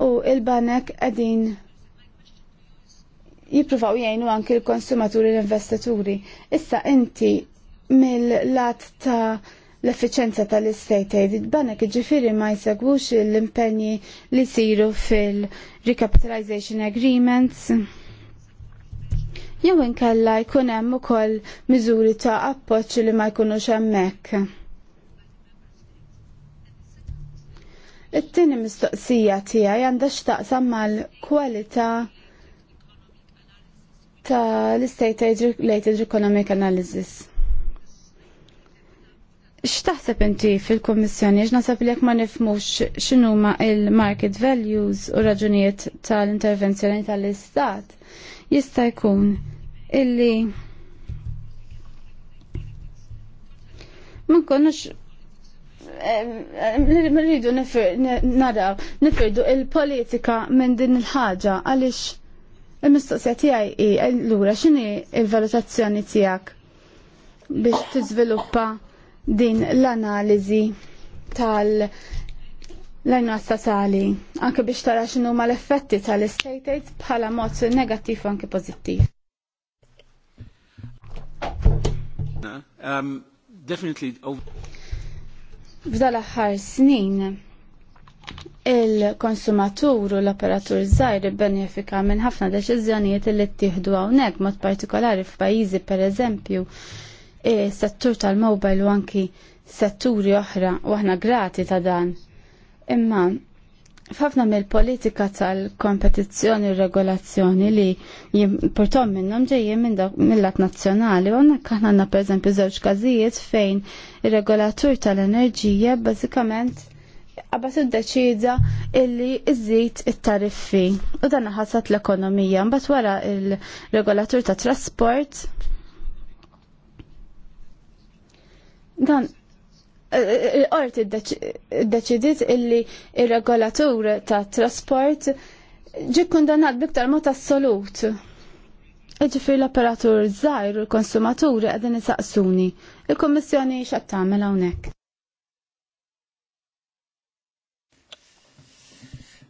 U il-banek għadin jipruvaw jgħinu anki l-konsumaturi l investaturi Issa inti mill-lat ta' l-effiċenza tal-estate aid, banek ġifiri ma jsegwux l-impenji li siru fil-recapitalization agreements jew inkella jkun hemm ukoll miżuri ta' appoġġ li ma jkunux hemmhekk. It-tieni mistoqsija tiegħi għandha x'taqsam mal-kwalità ta' l-State Related Economic Analysis. X'taħseb inti fil-Kommissjoni x'naħseb li jekk ma nifhmux x'inhuma il-market values u raġunijiet tal-intervenzjoni tal-Istat? jista' jkun illi ma nkunux nridu naraw nifirdu il-politika minn din il-ħaġa għaliex il-mistoqsija tiegħi hi lura x'inhi l-valutazzjoni tiegħek biex tiżviluppa din l-analiżi tal- Lajna għajna statali, anke biex tara xinu ma l-effetti tal-estate aid bħala mod negattiv anke pozittiv. Um, F'dal aħħar snin, il-konsumatur u l-operatur żgħir benefika minn ħafna deċiżjonijiet li ttieħdu hawnhekk mod partikolari f'pajjiżi pereżempju is e, settur tal-mobile u anki setturi oħra u aħna grati ta' dan Imma fafna mill-politika tal-kompetizzjoni u regolazzjoni li jimportom minnhom ġejjin minn mill-lat nazzjonali u għandek aħna għandna pereżempju żewġ każijiet fejn ir-regolatur tal-enerġija bażikament qabad iddeċida illi iżżid it-tariffi u dan ħassat l-ekonomija mbagħad wara il-regolatur tat trasport dan il-qorti deċidiet illi il-regolatur ta' trasport ġi kundanat biktar mod assolut. Iġifir l-operatur zaħir u l konsumatur għedin saqsuni Il-Kommissjoni xat tagħmel hawnhekk.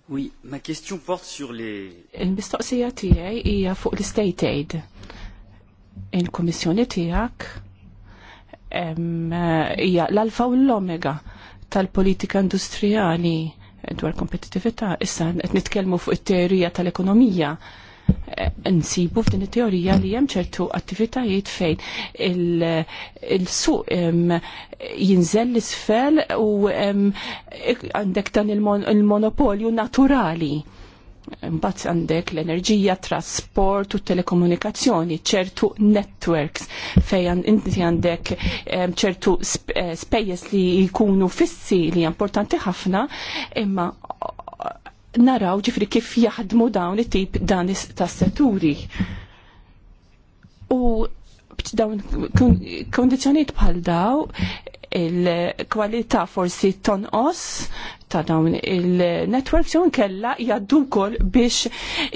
Oui, ma question porte sur les... Il-mistoqsija tiegħi hija fuq l-state aid. Il-Kommissjoni tiegħek Eh, hija l-alfa u l-omega tal-politika industrijali dwar kompetitività. Issa qed nitkellmu fuq it-teorija tal-ekonomija eh, nsibu f'din it-teorija li hemm ċertu attivitajiet fejn il-suq jinżel l-isfel u għandek dan il-monopolju naturali Mbazz għandek l-enerġija, trasport u telekomunikazzjoni, ċertu networks fejn inti għandek ċertu eh, spejjeż li jkunu fissi li importanti ħafna, imma naraw ġifri kif jaħdmu dawn it-tip dan ta' setturi. U dawn kondizjoniet bħal daw il-kwalità forsi tonqos ta' dawn il-networks jew inkella jgħaddu wkoll biex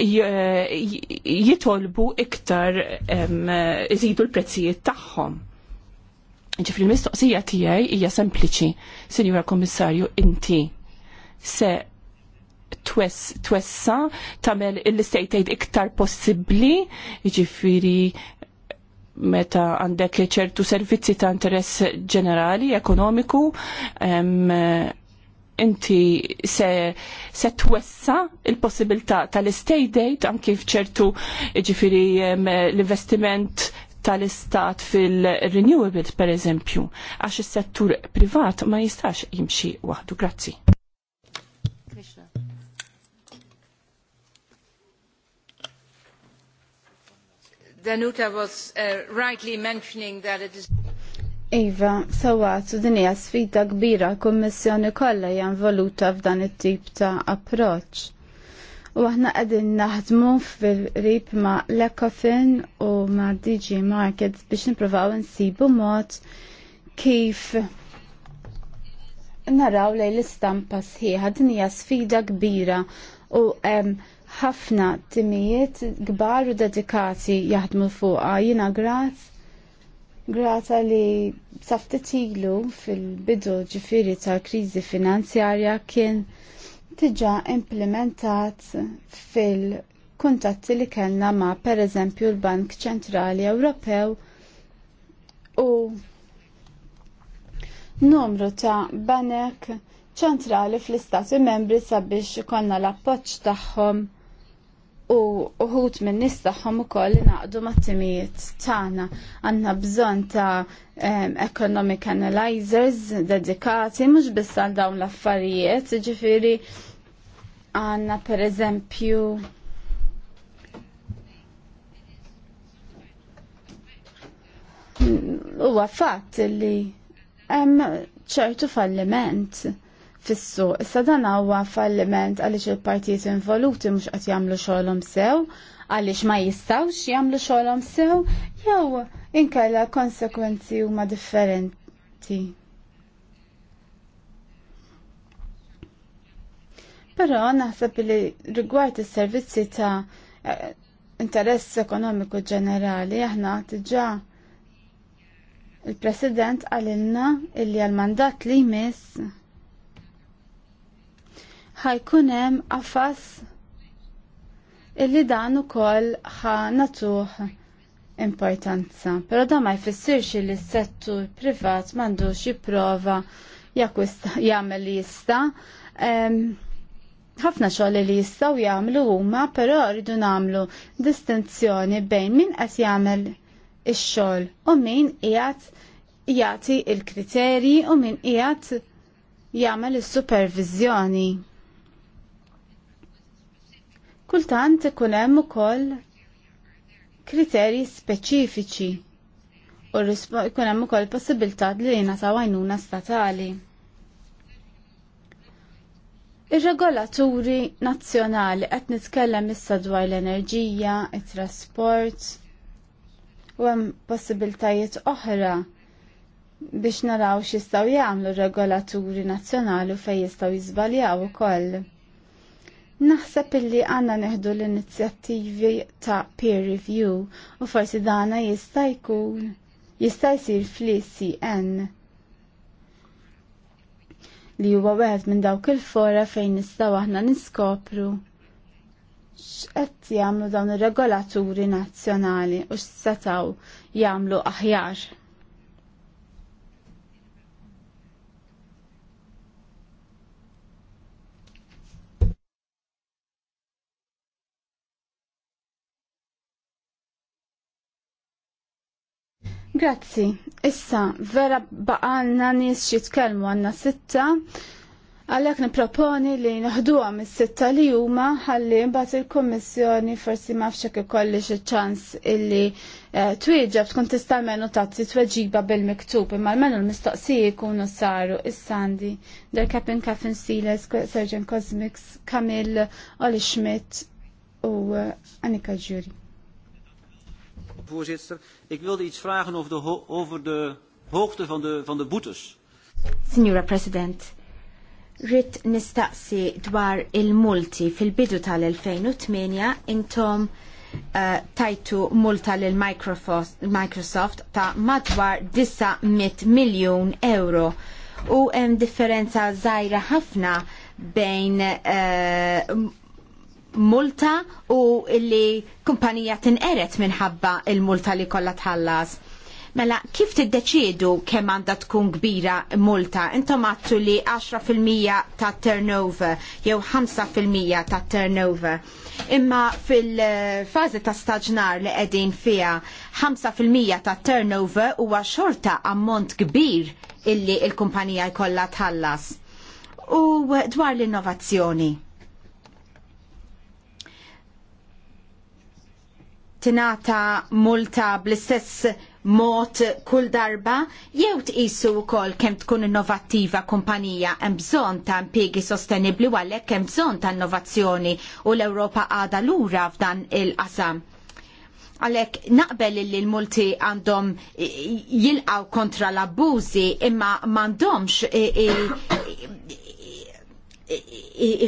jitolbu iktar iżidu l-prezzijiet tagħhom. Ġifri l-mistoqsija tiegħi hija sempliċi, Sinjura Kommissarju, inti se twessa tagħmel l-istejtejt iktar possibbli, ġifiri meta għandek ċertu servizzi ta' interess ġenerali, ekonomiku, inti se, se twessa il-possibilità tal-estate date anki fċertu ġifiri l-investiment tal-istat fil-renewables per eżempju, għax is-settur privat ma jistax jimxi waħdu. Grazzi. Danuta was uh, rightly mentioning that it is Iva, sawat, din hija sfida kbira l-Kummissjoni kollha hija f'dan it-tip ta' approċċ. U aħna qegħdin naħdmu fil-qrib ma' l-Ecofin u ma' DG Markets biex nippruvaw insibu mod kif naraw lej l-istampa sħiħa din hija sfida kbira u um, ħafna timijiet gbar u dedikati jaħdmu fuqha. Jiena grazz grata li saftetilu fil-bidu ġifiri ta' krizi finanzjarja kien tiġa implementat fil-kuntatti li kellna ma' per eżempju l-Bank Ċentrali Ewropew u numru ta' banek ċentrali fl-istati membri sabiex konna l-appoċ tagħhom u uħut minn nis tagħhom ukoll naqdu mat-timijiet tagħna għandna bżonn ta' economic analyzers dedikati mhux biss għal dawn l-affarijiet, ġifieri għandna pereżempju huwa fatt li hemm ċertu falliment fissu. Issa dan huwa falliment għaliex il-partijiet involuti mhux qed jagħmlu xogħolhom sew, għaliex ma jistawx jagħmlu xogħolhom sew, jew inkella konsekwenzi huma differenti. Però naħseb li rigward is-servizzi ta' interess ekonomiku ġenerali aħna diġà il-President għalilna illi għal-mandat li jmiss ħajkun hemm qafas illi dan ukoll ħa natuħ importanza. Però da ma jfissirx li s-settur privat m'għandux jipprova jakwista jagħmel li jista' ħafna xogħol li jistgħu jagħmlu huma, però rridu nagħmlu distinzjoni bejn min qed jagħmel ix-xogħol u min qiegħed jagħti l-kriterji u min qiegħed jagħmel is-supervizjoni kultant ikun hemm ukoll kriterji speċifiċi u jkun hemm ukoll possibilità li jingħataw għajnuna statali. Ir-regolaturi nazzjonali qed nitkellem issa dwar l-enerġija, it-trasport u hemm possibiltajiet oħra biex naraw x'jistgħu jagħmlu r-regolaturi nazzjonali u fejn jistgħu jiżbaljaw ukoll. Naħseb illi għanna neħdu l-inizjattivi ta' peer review u forsi dana jista' jkun jista' jsir fl-ICN li huwa wieħed minn dawk il-fora fejn nistgħu aħna niskopru x'qed jagħmlu dawn ir-regolaturi nazzjonali u x'setgħu jagħmlu aħjar. Grazzi. Issa, vera baqalna nis xitkellmu għanna sitta, għalek niproponi li nħduwa mis sitta li juma ħalli mbaħt il-kommissjoni forsi mafxek ikolli ċans illi eh, twieġeb tkun tista' menu tazzi tweġiba bil-miktub imma l-menu l mistoqsiji jkunu saru is-sandi der Captain Caffin Siles, Sergeant Cosmics, Kamil, Oli Schmidt u eh, Annika Ġuri voorzitter. Ik wilde iets vragen over de, ho over de hoogte van de, van de boetes. Signora President, rit nistaqsi dwar il-multi fil-bidu tal-2008 intom uh, tajtu multa l Microsoft ta' madwar 900 miljon euro u hemm differenza żgħira ħafna bejn uh, multa u li kumpanija tinqeret minħabba il-multa li kollha tħallas. Mela, kif tiddeċiedu kemm għandha tkun kbira multa? Intom għattu li 10% ta' turnover jew 5% ta' turnover. Imma fil-fazi ta' staġnar li qegħdin fiha 5% ta' turnover huwa xorta ammont kbir illi il-kumpanija jkollha tħallas. U dwar l-innovazzjoni tinata multa bl-istess mod kull darba jew tqisu wkoll kemm tkun innovattiva kumpanija hemm bżonn ta' impjiegi sostenibbli u għalhekk hemm bżonn ta' innovazzjoni u l-Ewropa għadha lura f'dan il-qasam. Għalhekk naqbel li l-multi għandhom jilqgħu kontra l-abbużi imma m'għandhomx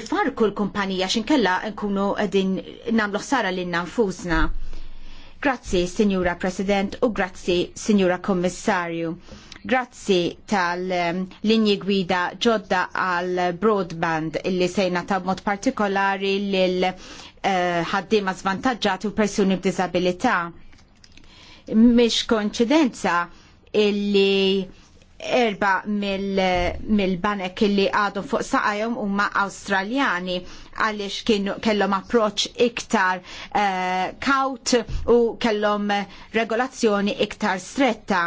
ifarku l-kumpanija xinkella nkunu qegħdin nagħmlu ħsara lil nfusna. Grazzi, Signora President, u grazzi, Signora Kommissarju. Grazzi tal-linji ehm, gwida ġodda għal broadband illi sejna ta' mod partikolari lil eh, ħaddiema uh, u persuni b'disabilità. Mish konċidenza illi erba mill-banek mil illi għadhom fuq saqajhom huma Awstraljani għaliex kienu kellhom approċ iktar uh, kaut u kellhom regolazzjoni iktar stretta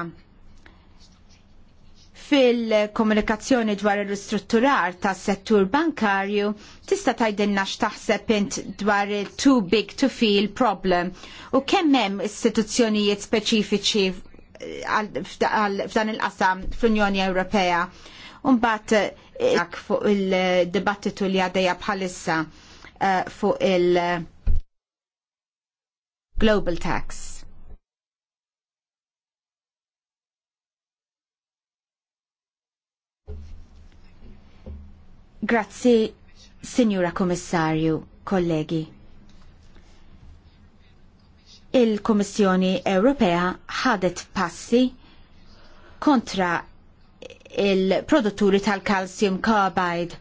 fil-komunikazzjoni dwar ir-ristrutturar tas settur bankarju tista' tgħidilna x'taħseb int dwar il too big to feel problem u kemm hemm istituzzjonijiet speċifiċi f'dan il-qasam fl-Unjoni Ewropea. Umbat jak eh, fuq il-dibattitu li għadeja bħalissa eh, fuq il-Global Tax. Grazzi, Signora Kommissarju, kollegi il kummissjoni Ewropea ħadet passi kontra il-produtturi tal-calcium carbide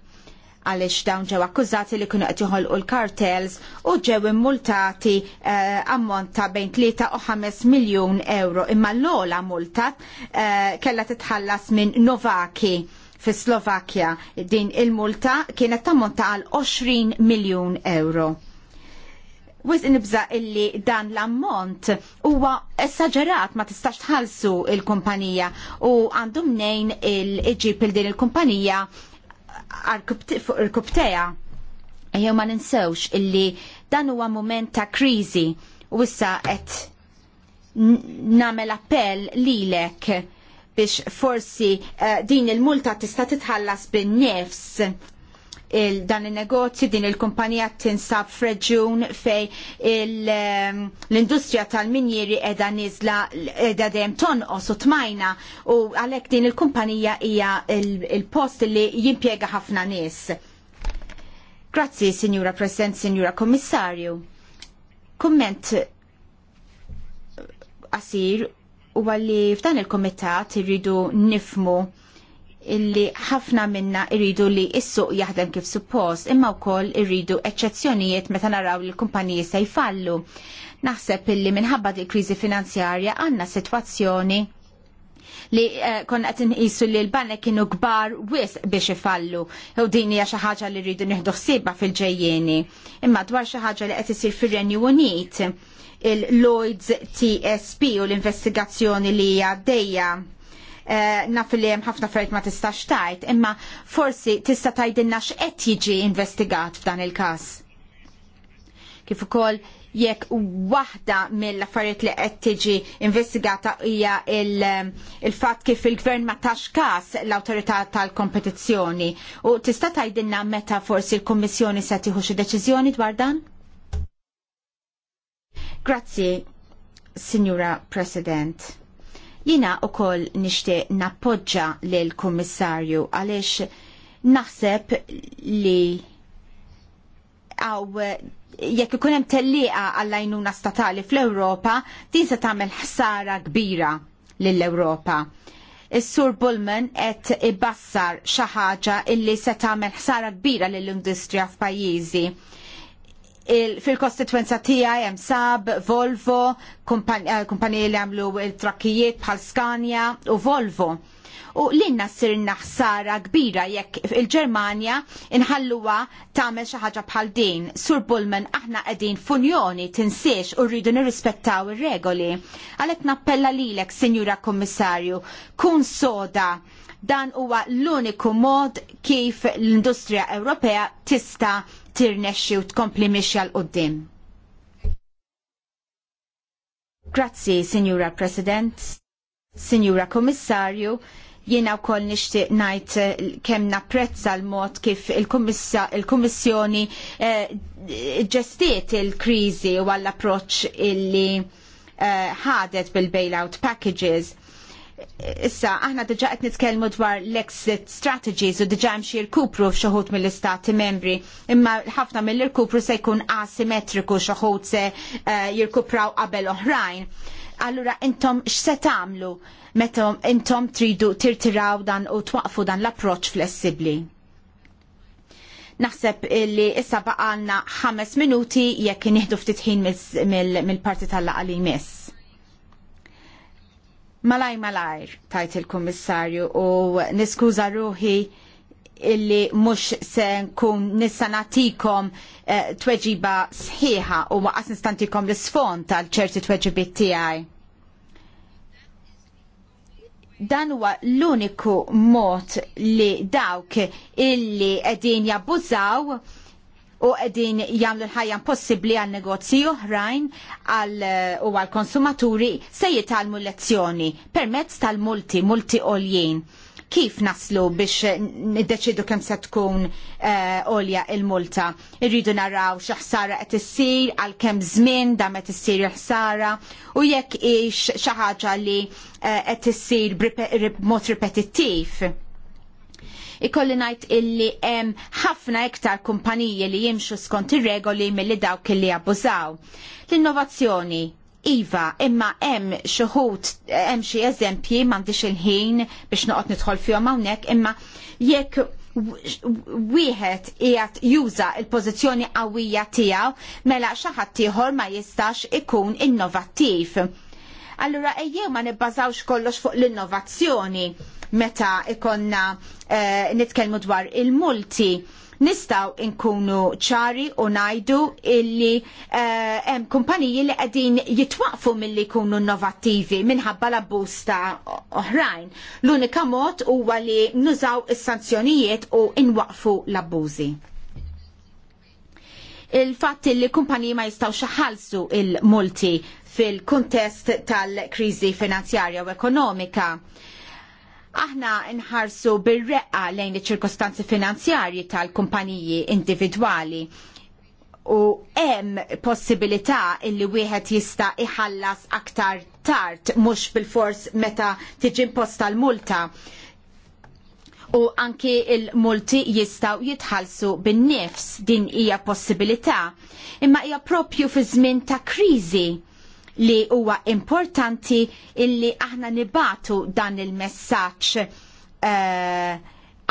għalix dawn ġew akkużati li kienu qed joħolqu l-kartels u ġew immultati uh, ammont ta' bejn 3 u 5 miljun euro imma l-ola multa uh, eh, kellha titħallas minn Novaki fi Slovakkja. Din il-multa kienet tammonta għal 20 miljun euro. Wis nibża illi dan l-ammont huwa esaġerat ma tistax tħallsu il-kumpanija u għandu mnejn il-ġib il-din il-kumpanija fuq il-kubteja. Ejjew ma ninsewx illi dan huwa moment ta' kriżi u issa qed namel appell lilek biex forsi uh, din il-multa tista' titħallas bin-nefs dan il-negozji, din il-kumpanija tinsab f'reġjun fej ehm, l-industrija tal-minjeri edha nizla edha dem tonqos u tmajna u għalek din il-kumpanija hija il-post li jimpiega ħafna nies. Grazzi, Signora President, Signora Kommissarju. Komment qasir u għalli f'dan il-komitat irridu nifmu illi ħafna minna irridu li s-suq jaħdem kif suppost, imma wkoll irridu eċċezzjonijiet meta naraw li l-kumpaniji se jfallu. Naħseb illi minħabba di kriżi finanzjarja għandna sitwazzjoni li eh, kon qed inqisu li l bane kienu kbar wis biex ifallu. U din hija xi ħaġa li rridu nieħdu ħsiebha fil-ġejjieni. Imma dwar xi ħaġa li qed isir fir-Renju Unit il-Lloyds TSP u l-investigazzjoni li hija dejja Eh, naf li hemm ħafna affarijiet ma tistax tajt, imma forsi tista' tgħidilna x'qed jiġi investigat f'dan il-każ. Kif ukoll jekk waħda mill-affarijiet li qed tiġi investigata hija il-fatt kif il-gvern ma tax każ l-awtorità tal-kompetizzjoni. U tista' tgħidilna meta forsi l-Kummissjoni se tieħu xi deċiżjoni dwar dan? Grazzi, Signora President. Jina u koll nishti nappoġġa l-Kummissarju għalix naħseb li għaw jekk ikun hemm tellieqa għall-għajnuna statali fl-Ewropa, din se tagħmel ħsara kbira lill-Ewropa. Is-Sur Bullman qed ibassar xi ħaġa illi se tagħmel ħsara kbira lill-industrija f'pajjiżi fil-kostituenza tiegħi hemm Saab, Volvo, eh, kumpaniji li għamlu trakkijiet bħal Skania u Volvo. U l-inna sir naħsara kbira jekk il-Germania inħalluwa tagħmel xi ħaġa bħal din. Sur Bullman aħna qegħdin funjoni tinsiex u rridu nirrispettaw ir-regoli. Għalhekk nappella lilek, Sinjura Kommissarju, kun soda dan huwa l-uniku mod kif l-industrija Ewropea tista' tirnexxi u tkompli mixja l qoddim Grazzi, Signora President, Signora Kommissarju, jiena wkoll nixtieq ngħid eh, kemm napprezza l-mod kif il-Kummissjoni eh, ġestiet il-kriżi u għall-approċċ illi eh, ħadet bil-bailout packages Issa, aħna diġa qed nitkellmu dwar l-exit strategies u diġa hemm xi rkupru f'xi mill-istati membri, imma ħafna mill kupru se jkun asimetriku xoħut se eh, jirkupraw qabel oħrajn. Allura intom x'se tagħmlu meta intom tridu tirtiraw dan u twaqfu dan l-approċċ flessibbli? Naħseb li issa baqalna ħames minuti jekk nieħdu ftit ħin mill-parti tal laqalimis Malaj malajr, tajt il-Kummissarju, u niskuża ruħi illi mhux se nkun nista' nagħtikom eh, tweġiba sħiħa u waqas nistantikom l isfond tal ċerti tweġibiet tiegħi dan huwa l-uniku mod li dawk illi qegħdin jabbużaw u qegħdin jagħmlu l-ħajja impossibbli għal negozji oħrajn eh, u għal konsumaturi se jitalmu lezzjoni permezz tal-multi, multi oljien. Kif naslu biex niddeċidu kemm se tkun eh, olja il-multa? Irridu naraw x'aħsara qed issir għal kemm żmien dam qed issir ħsara u jekk ix xi ħaġa li eh, qed issir b'mod ripetittiv Ikolli ngħid illi hemm ħafna iktar kumpaniji li jimxu skont ir-regoli milli dawk li abbużaw. L-innovazzjoni Iva, imma hemm xi ħud hemm xi eżempji m'għandix il-ħin biex noqgħod nidħol fihom hawnhekk, imma jekk wieħed qiegħed juża l-pożizzjoni qawwija tiegħu mela xi ħadd ieħor ma jistax ikun innovattiv. Allura ejjew ma nibbażawx kollox fuq l-innovazzjoni meta ikonna eh, nitkellmu dwar il-multi nistaw inkunu ċari u najdu illi eh, hemm uh, kumpaniji li qegħdin jitwaqfu milli jkunu innovattivi minħabba l-abbuż ta' oħrajn. L-unika mod huwa li nużaw is-sanzjonijiet u inwaqfu l-abbużi. Il-fatt li kumpaniji ma jistaw xaħalsu il-multi fil-kuntest tal-krizi finanzjarja u ekonomika Aħna nħarsu bil reqqa lejn iċ-ċirkostanzi finanzjarji tal-kumpaniji individwali u hemm possibilità illi wieħed jista' iħallas aktar tard mhux bil-fors meta tiġi imposta l-multa u anki il-multi jistaw jitħalsu bin-nifs din hija possibilità imma hija propju fi żmien ta' kriżi li huwa importanti illi aħna nibatu dan il-messaġġ eh,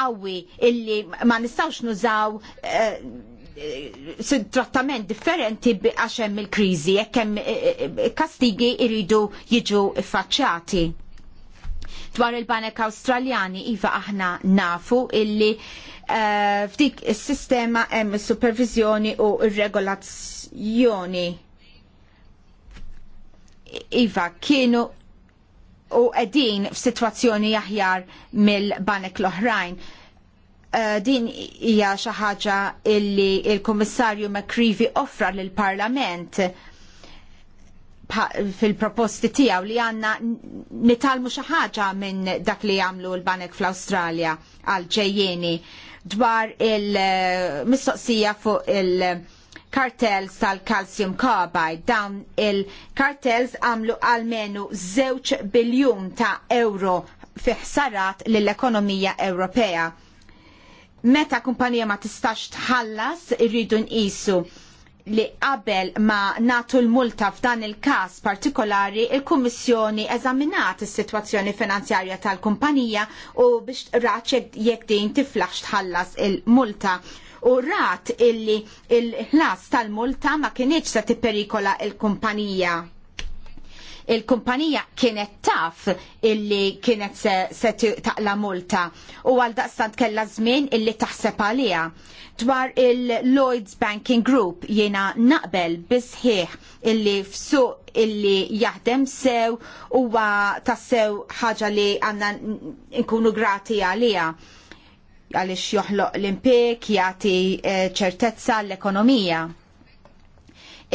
qawwi uh, illi ma nistawx nużaw uh, trattament differenti għax hemm il-kriżi, jekk hemm eh, kastigi iridu jiġu faċċati. Dwar il-Banek Awstraljani iva aħna nafu illi uh, f'dik is-sistema hemm is-supervizjoni u r-regolazzjoni iva kienu u qegħdin f'sitwazzjoni aħjar mill-banek l-oħrajn. Uh, din hija xi ħaġa illi il-Kummissarju McCreevy offra lill parlament fil-proposti tiegħu li għandna nitalmu xi ħaġa minn dak li jagħmlu l-banek fl-Awstralja għal ġejjeni dwar il-mistoqsija eh, fuq il-, -mistoqsija il kartels tal-calcium carbide. Dawn il-kartels għamlu għalmenu żewġ biljun ta' euro fi ħsarat lill-ekonomija Ewropea. Meta kumpanija ma tistax tħallas irridu nqisu li qabel ma natu l-multa f'dan il-kas partikolari il-Kummissjoni eżaminat is-sitwazzjoni finanzjarja tal-kumpanija u biex raċ jekk din tiflax tħallas il-multa. il multa u rat illi il-ħlas tal-multa ma kienieċ se tipperikola il-kumpanija. Il-kumpanija kienet taf illi kienet se, taqla multa u għal daqstant kella żmien illi taħseb għalija. Dwar il-Lloyds Banking Group jiena naqbel bisħiħ illi f'suq illi jaħdem sew huwa tassew ħaġa li għanna nkunu grati għaliha għaliex joħloq l-impik, jagħti eh, ċertezza l-ekonomija.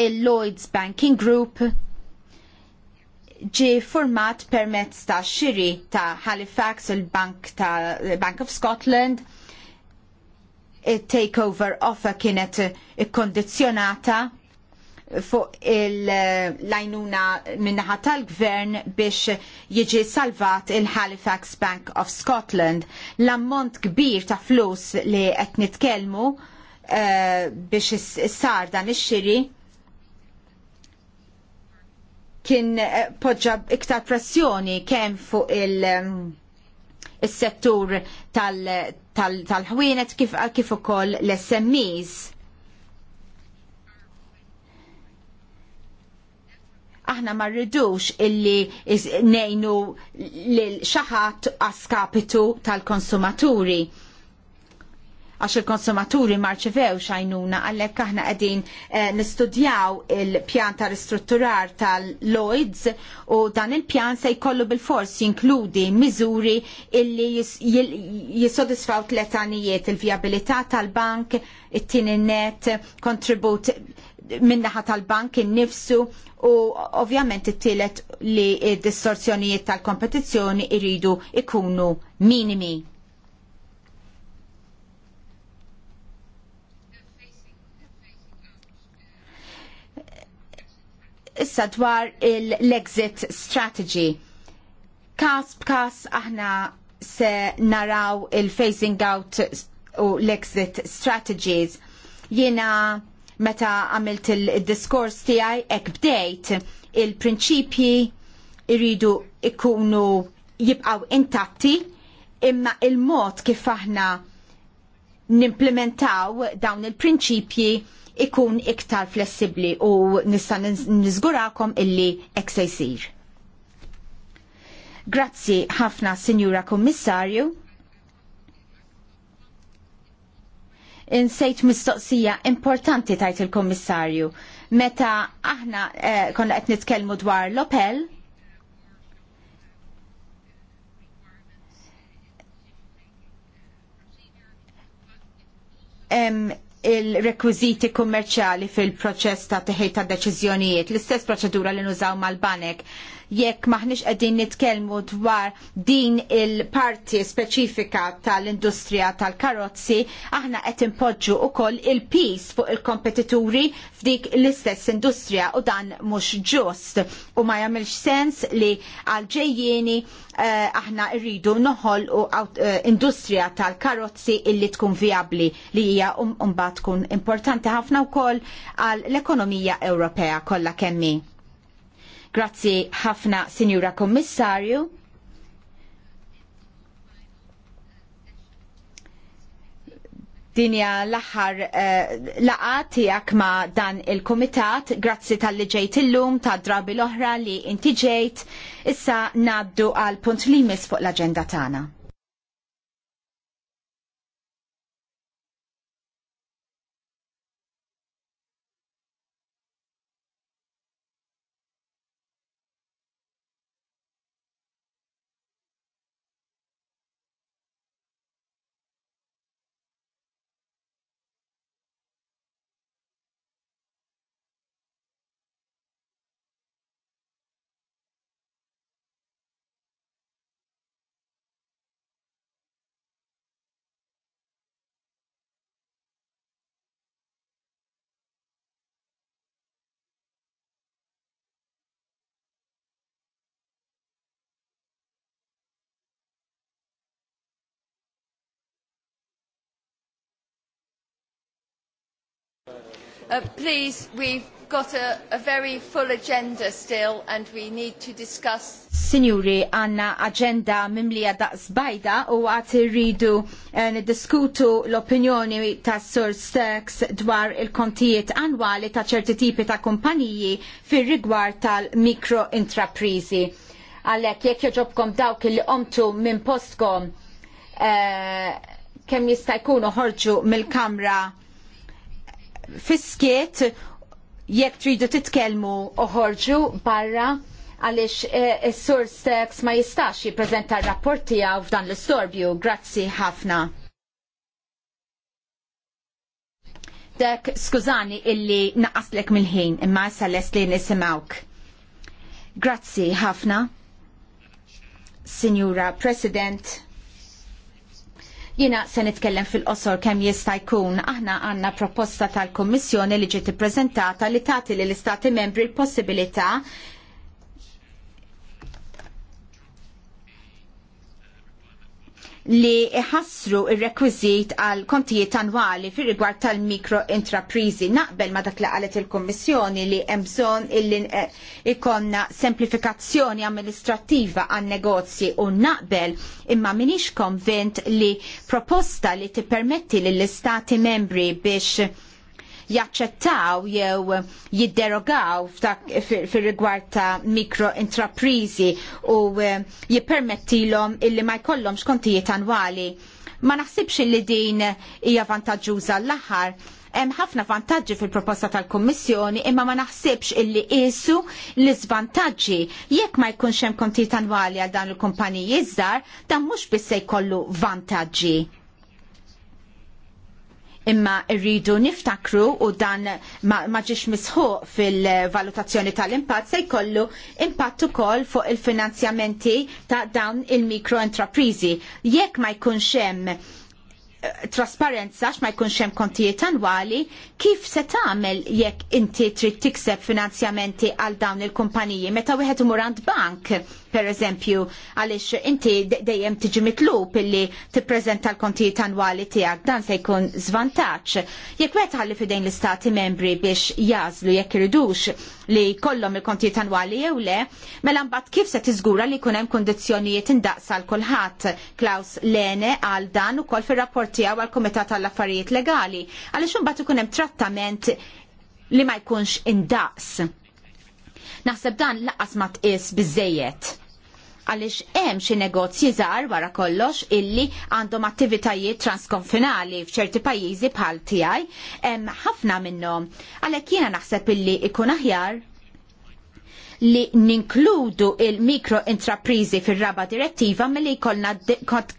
Il-Lloyds Banking Group ġi format permezz ta' xiri ta' Halifax, il-Bank ta' Bank of Scotland. Il-takeover offer kienet ikkondizjonata fuq il-lajnuna minnaħa tal-gvern biex jiġi salvat il-Halifax Bank of Scotland. L-ammont kbir ta' flus li qed nitkellmu uh, biex sar dan ix-xiri kien eh, poġġa iktar pressjoni kemm fuq il- mm, is settur tal-ħwienet tal, tal kif, kif ukoll l-SMEs aħna ma rridux illi nejnu lil xaħat għaskapitu tal-konsumaturi għax il-konsumaturi marċivew xajnuna għallek aħna għedin eh, nistudjaw il-pjan ta' ristrutturar tal-Lloyds u dan il-pjan se jkollu bil-fors jinkludi miżuri illi jisodisfaw t-letanijiet il-vjabilità tal-bank, it tininet net, kontribut minnaħa tal-bank innifsu u ovvjament it-tielet li d distorsjonijiet tal-kompetizzjoni iridu ikunu minimi. Issa dwar l-exit strategy. Kas b'kas aħna se naraw il-phasing out u l-exit strategies. Jiena meta għamilt il-diskors tiegħi ek bdejt il-prinċipji iridu ikunu jibqaw intatti imma il-mod kif aħna nimplementaw dawn il-prinċipji ikun iktar flessibli u nista nizgurakom illi eksejsir. Grazzi ħafna, Sinjura Kommissarju. insejt mistoqsija importanti tajt il-Kommissarju. Meta aħna eh, konna qed nitkellmu dwar l-Opel, il-rekwiziti kummerċali fil-proċess ta' teħej ta' deċiżjonijiet, l-istess proċedura li nużaw mal-banek jekk maħniex qegħdin nitkellmu dwar din il-parti speċifika tal-industrija tal-karozzi, aħna qed impoġġu ukoll il-pis fuq il-kompetituri f'dik l-istess industrija u dan mhux ġust u ma jagħmilx sens li għal ġejjieni uh, aħna rridu noħol u uh, industrija tal-karozzi illi tkun viabli li hija um-, mbagħad um tkun importanti ħafna wkoll għall ekonomija Ewropea kollha kemmi. Grazzi ħafna, Sinjura Kommissarju. dinja l-axar uh, eh, laqa tijak ma dan il-komitat, grazzi tal-li ġejt il-lum, ta' drabi l-oħra li inti ġejt, issa naddu għal punt li jmiss fuq l-agenda tana. Uh, please, we've got a, a very full agenda still and we need to discuss. Signori, għanna agenda mimlija daqsbajda u għat irridu eh, diskutu l-opinjoni ta' Sur Stex dwar il-kontijiet annwali ta' ċerti tipi ta' kumpaniji fir rigward tal-mikro intraprizi. Għalek, jek joġobkom dawk li omtu minn postkom uh, eh, kem jista' jkunu ħorġu mill-kamra fiskiet jekk tridu titkellmu oħorġu barra għaliex eh, is-sur Stex ma jistax jiprezenta r-rapport tiegħu f'dan l-istorbju. Grazzi ħafna. Dek, skużani illi naqaslek mill-ħin imma issa lest li nisimawk. Grazzi ħafna. Signora President, Jiena se nitkellem fil-qosor kemm jista' jkun aħna għandna proposta tal-Kummissjoni li ġiet ippreżentata li tagħti lill istati membri l-possibilità li iħassru il-rekwizit għal kontijiet annwali fir rigward tal-mikro intraprizi naqbel ma dak li qalet il-Kommissjoni li hemm bżonn illi eh, ikonna semplifikazzjoni amministrattiva għan negozji u naqbel imma minix konvint li proposta li tippermetti lill-istati membri biex jaċċettaw jew jidderogaw fir-rigward ta' intraprizi u eh, jippermettilhom illi ma jkollhomx kontijiet annwali. Ma naħsibx li din hija vantaġġuża l-aħħar hemm ħafna vantaġġi fil-proposta tal-Kummissjoni imma ma naħsibx illi qisu l-iżvantaġġi jekk ma jkunx hemm kontijiet annwali għal dan il-kumpaniji iżgħar dan mhux biss se jkollu vantaġġi imma rridu niftakru u dan ma ġiex misħuq fil-valutazzjoni tal-impatt se jkollu impatt ukoll fuq il-finanzjamenti ta' dawn il-mikro Jekk ma jkunx hemm eh, trasparenza x'ma jkunx hemm kontijiet annwali, kif se tagħmel jekk inti trid tikseb finanzjamenti għal dawn il-kumpaniji meta wieħed imur għand bank per eżempju, għalix inti dejjem tiġi mitlub illi tippreżenta l-kontijiet annwali tiegħek dan se jkun żvantaġġ. Jekk wieħed ħalli fidejn l-istati membri biex jażlu jekk iridux li jkollhom il-kontijiet annwali jew le, mela mbagħad kif se tiżgura li jkun hemm kundizzjonijiet indaqsa l kulħadd. Klaus Lene għal dan ukoll fir-rapport tiegħu għall-Kumitat tal-Affarijiet Legali għaliex imbagħad ikun hemm trattament li ma jkunx indaqs. Naħseb dan laqqas ma tqis biżejjed għaliex hemm xi negozji żgħar wara kollox illi għandhom attivitajiet transkonfinali f'ċerti pajjiżi bħal tiegħi hemm ħafna minnhom. Għalhekk jiena naħseb illi ikun aħjar li ninkludu il-mikro intraprizi fil-raba direttiva mill-li kolna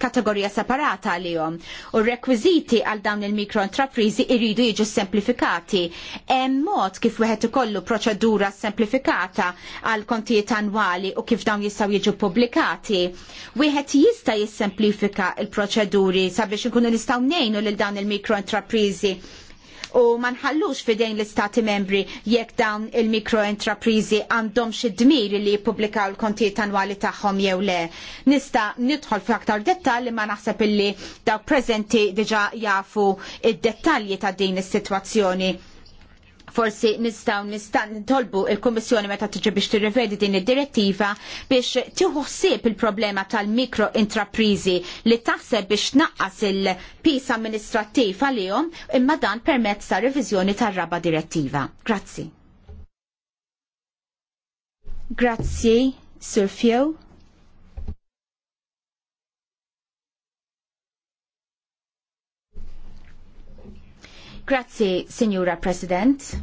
kategorija separata għalihom. U rekwiziti għal dawn il-mikro intraprizi irridu jiġu semplifikati. Hemm mod kif wieħed ikollu proċedura semplifikata għal kontijiet annwali u kif dawn jistgħu jiġu publikati. Wieħed jista' jissemplifika il-proċeduri sabiex nkunu nistgħu ngħinu lil dawn il-mikro intraprizi u ma nħallux fidejn l-istati membri jekk dawn il-mikroentreprizi għandhom xi dmir li jippubblikaw l-kontijiet annwali tagħhom jew le. Nista' nidħol f'aktar dettalji ma naħseb illi dawk preżenti diġà jafu id-dettalji ta' din is-sitwazzjoni forsi nistaw nistaw nitolbu il-Kommissjoni meta tiġi biex tirrevedi din id-direttiva biex ħsieb il-problema tal-mikro intraprizi li taħseb biex naqqas il-pis amministrattiv għalihom imma dan permezz ta' reviżjoni tar-raba direttiva. Grazzi. Grazzi, Sir Fio. Grazzi, Signora President.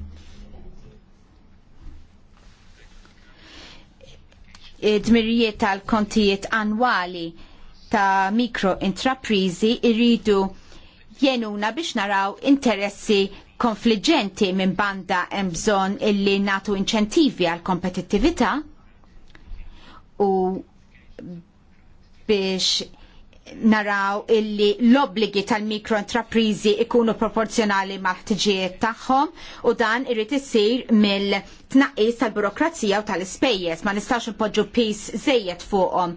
Dmirijiet tal-kontijiet annwali ta' mikro-intraprizi irridu jenuna biex naraw interessi konfliġenti minn banda hemm bżonn illi natu inċentivi għal kompetittività u biex naraw illi l-obbligi tal-mikroentreprizi mikro ikunu proporzjonali mal ħtiġijiet tagħhom u dan irid isir mill-tnaqqis tal-burokrazija u tal-ispejjeż ma nistax impoġġu pis żejjed fuqhom.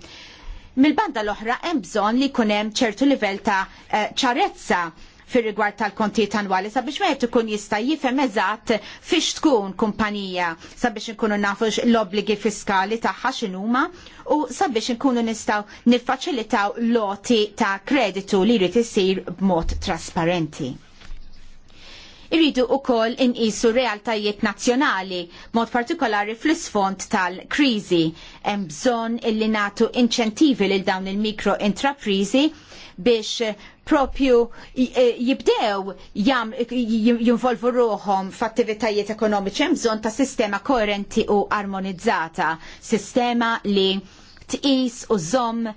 mil banda l-oħra hemm bżonn li jkun hemm ċertu livell ta' eh, ċarezza uh, fir rigward tal-kontijiet tanwali sabiex ma ikun jista' jifhem eżatt fiex tkun kumpanija sabiex inkunu nafu l-obbligi fiskali tagħha x'inhuma u sabiex inkunu nistgħu niffaċilitaw loti ta' kreditu li jrid isir b'mod trasparenti irridu u koll inqisu realtajiet nazzjonali, mod partikolari fl isfond tal-krizi. Hemm bżonn illi nagħtu inċentivi lil dawn il-mikro intraprizi biex propju e, jibdew jam jinvolvu ruħom f'attivitajiet ekonomiċi hemm bżonn ta' sistema koerenti u armonizzata, sistema li tqis u żomm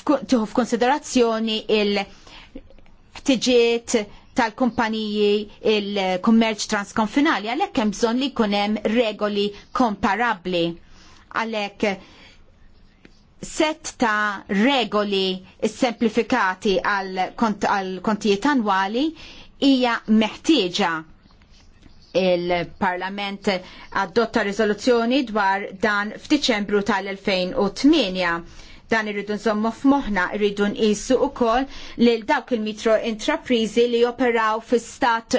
tieħu f'konsiderazzjoni il-ħtiġiet tal-kumpaniji il-kummerċ transkonfinali għalhekk hemm bżonn li jkun hemm regoli komparabbli għalhekk set ta' regoli semplifikati għal kontijiet annwali hija meħtieġa il-Parlament adotta rizoluzzjoni dwar dan f'Diċembru tal-2008 Dan irridu nżommu f'moħħna irridu nqisu wkoll lil dawk il-mitro intraprizi li joperaw fi stat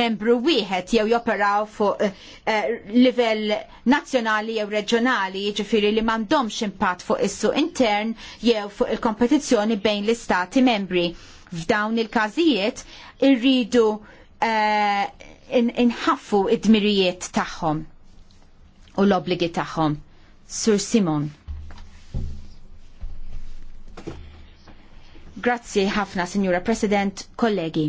membru wieħed jew joperaw fuq eh, livell nazzjonali jew reġjonali, jiġifieri li m'għandhomx impatt fuq is-suq intern jew fuq il-kompetizzjoni bejn l-istati membri. F'dawn il-każijiet irridu eh, inħaffu id-dmirijiet tagħhom u l obbligi tagħhom. Sur Simon. Grazzi ħafna, Signora President, kollegi.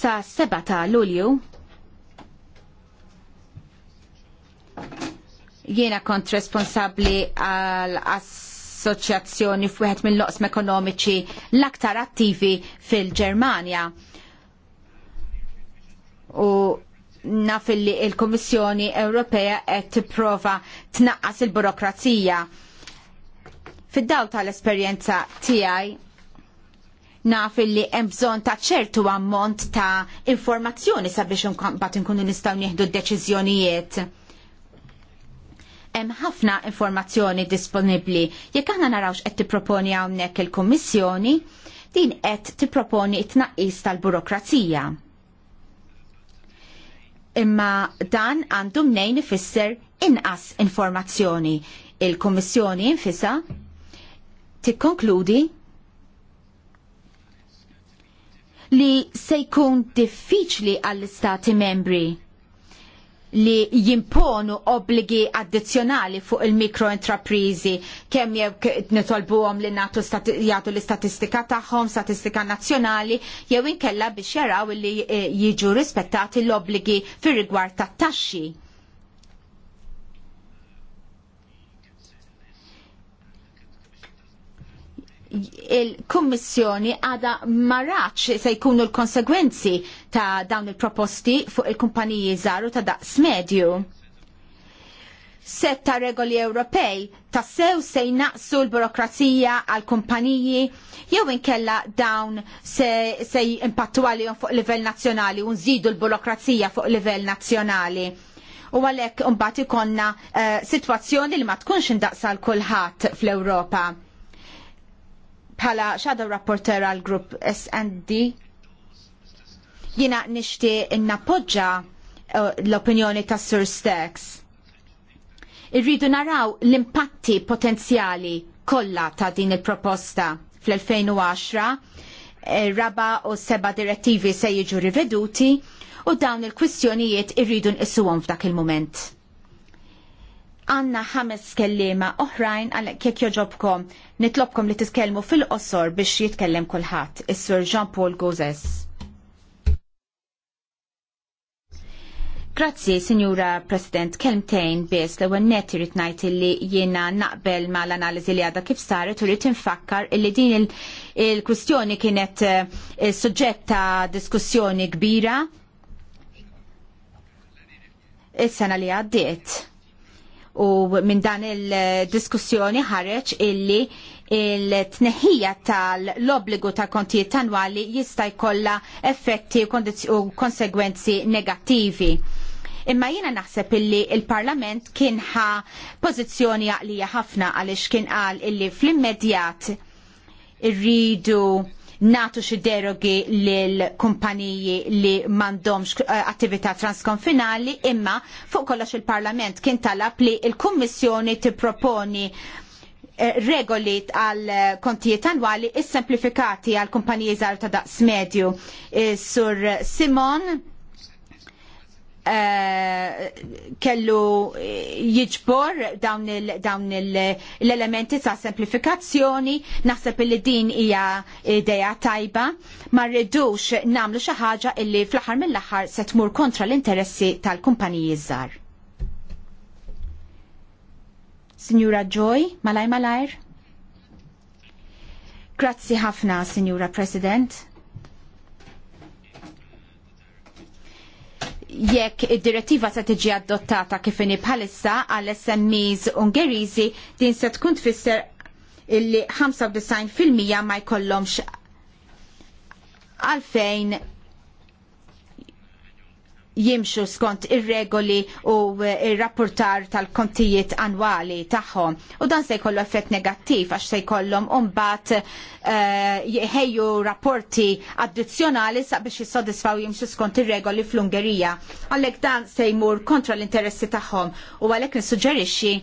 Sa 7 ta' Lulju, jiena kont responsabli għal assoċjazzjoni f'wieħed mill-loqsm ekonomiċi l-aktar attivi fil-Ġermanja. U naf li l-Kummissjoni Ewropea qed tipprova tnaqqas il-burokrazija Fid-daw tal-esperjenza tiegħi naf li hemm bżonn ta' ċertu ammont ta' informazzjoni sabiex imbagħad inkunu nistgħu nieħdu d-deċiżjonijiet. Hemm ħafna informazzjoni disponibbli. Jekk aħna narawx qed tipproponi hawnhekk il-Kummissjoni, din qed tipproponi t tnaqqis tal-burokrazija. Imma dan għandu mnejn ifisser inqas informazzjoni. Il-Kummissjoni infisa tikkonkludi li se jkun diffiċli għall-istati membri li jimponu obbligi addizzjonali fuq il-mikroentreprizi kemm jew nitolbuhom li nagħtu jagħtu l-istatistika tagħhom, statistika nazzjonali, jew inkella biex jaraw li eh, jiġu rispettati l-obbligi fir-rigward tat-taxxi. il-Kummissjoni għada marraċ se jkunu l-konsegwenzi ta' dawn il-proposti fuq il-kumpaniji zaru ta' daqs medju. Setta regoli Ewropej ta' sew se jnaqsu l-burokrazija għal kumpaniji jew inkella dawn se, se impattu għalihom fuq livell nazzjonali u nżidu l-burokrazija fuq livell nazzjonali u għalek unbat konna uh, eh, situazzjoni li ma tkunx indaqsa l-kulħat fl-Europa bħala shadow rapporter għal grupp S&D jina nishti nappoġġa uh, l-opinjoni ta' Sir Stax. Irridu naraw l-impatti potenzjali kollha ta' din il-proposta fl-2010 eh, raba u seba direttivi se jiġu riveduti u dawn il-kwistjonijiet irridu nqissuhom f'dak il-moment. Għanna ħames kellima oħrajn għal kek joġobkom. Nitlobkom li tiskelmu fil-qosor biex jitkellem kulħadd. Is-Sur Jean-Paul Gozes. Grazzi, Signora President, kelmtejn biss l ewwel net irrit li jiena naqbel mal analiżi li għadha kif saret u rrid infakkar illi din il-kwistjoni kienet eh, il suġġetta diskussjoni kbira is-sena li għaddiet u minn dan il-diskussjoni ħareġ illi il-tneħija tal-obligu ta' kontijiet annwali jista' jkollha effetti u konsegwenzi negattivi. Imma jiena naħseb illi il-Parlament kien ħa pożizzjoni għaqlija ħafna għaliex kien qal illi fl-immedjat irridu natu xi derogi lil kumpaniji li m'għandhomx eh, attività transkonfinali imma fuq kollox il-Parlament kien talab li l kummissjoni tipproponi eh, regoli għal kontijiet annwali is-semplifikati għal kumpaniji żgħar ta' daqs medju. Eh, Sur Simon Eh, kellu jiġbor dawn l-elementi ta' semplifikazzjoni, naħseb li din hija ideja tajba, ma rridux nagħmlu xi ħaġa illi fl-aħħar mill-aħħar se tmur kontra l-interessi tal-kumpaniji żgħar. Signora Joy, malaj malajr. Grazzi ħafna, Signora President. jekk id-direttiva se tiġi adottata kif inhi bħalissa għall SMEs Ungeriżi din se tkun tfisser li 95% ma jkollhomx għalfejn jimxu skont ir-regoli u e, ir-rapportar tal-kontijiet annwali tagħhom. U dan se jkollu effett negattiv għax se jkollhom mbagħad uh, e, jħejju rapporti addizzjonali sa biex jissodisfaw jimxu skont ir-regoli fl-Ungerija. Għalhekk dan se jmur kontra l-interessi tagħhom u għalhekk nissuġġerixxi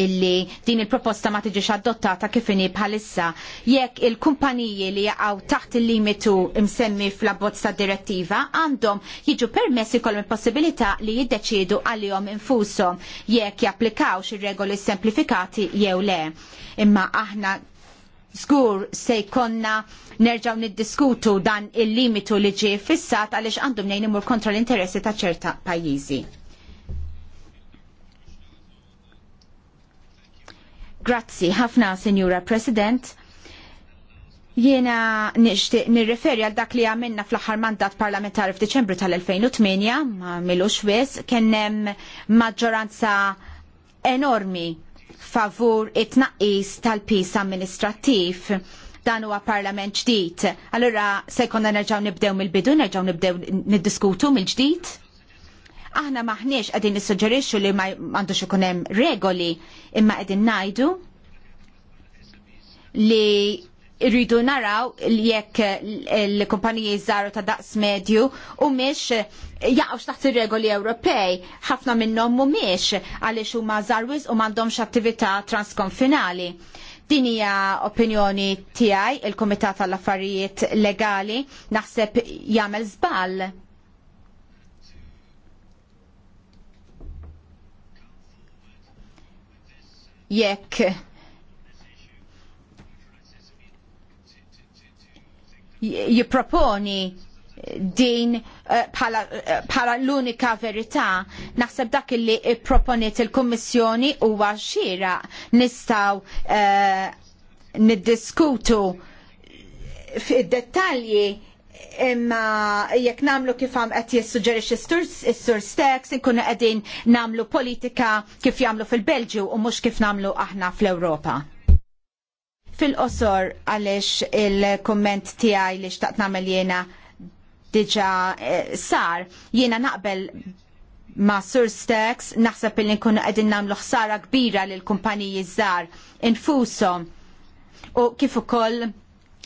illi din il-proposta ma tiġix adottata kifini bħalissa jekk il-kumpaniji li jaqgħu taħt il-limitu msemmi fl-abbozz direttiva għandhom jiġu permessi kol possibilità li jiddeċiedu għalihom infushom jekk japplikawx ir-regoli semplifikati jew le. Imma aħna Zgur se jkonna nerġaw niddiskutu dan il-limitu li ġie fissat għaliex għandhom nejn imur kontra l-interessi ta' ċerta pajjiżi. Grazzi ħafna, Senjura President. Jiena nixtieq nirreferi għal dak li għamilna fl-aħħar mandat parlamentari f'Diċembru tal-2008, ma milux wis, kien hemm maġġoranza enormi favur it-tnaqqis tal-pis amministrattiv dan huwa parlament ġdid. Allura se jkollna nerġgħu nibdew mill-bidu, nerġgħu nibdew niddiskutu mill-ġdid? Aħna maħniex qegħdin nissuġġerixxu li ma għandux ikun hemm regoli imma qegħdin ngħidu li rridu naraw jekk l-kumpaniji żaru ta' daqs medju u mhix jaqgħu taħt ir-regoli Ewropej, ħafna minnhom mhumiex għaliex huma żarwis u m'għandhomx attività transkonfinali. Din hija opinjoni tiegħi il-Kumitat tal-Affarijiet Legali naħseb jagħmel żball jekk jipproponi din eh, eh, bħala l-unika verità naħseb dak li proponiet il-Kummissjoni huwa xira nistgħu uh, eh, niddiskutu fid-dettalji imma jekk namlu kif għam qed jissuġġeri s-sur steks inkunu qegħdin namlu politika kif jagħmlu fil-Belġju u mhux kif namlu aħna fl-Ewropa. Fil-qosor għaliex il-komment tiegħi li xtaqt nagħmel jiena diġà eh, sar, jiena naqbel ma' Sur Stex naħseb illi nkunu qegħdin nagħmlu ħsara kbira lil kumpaniji żgħar infuso. u kif ukoll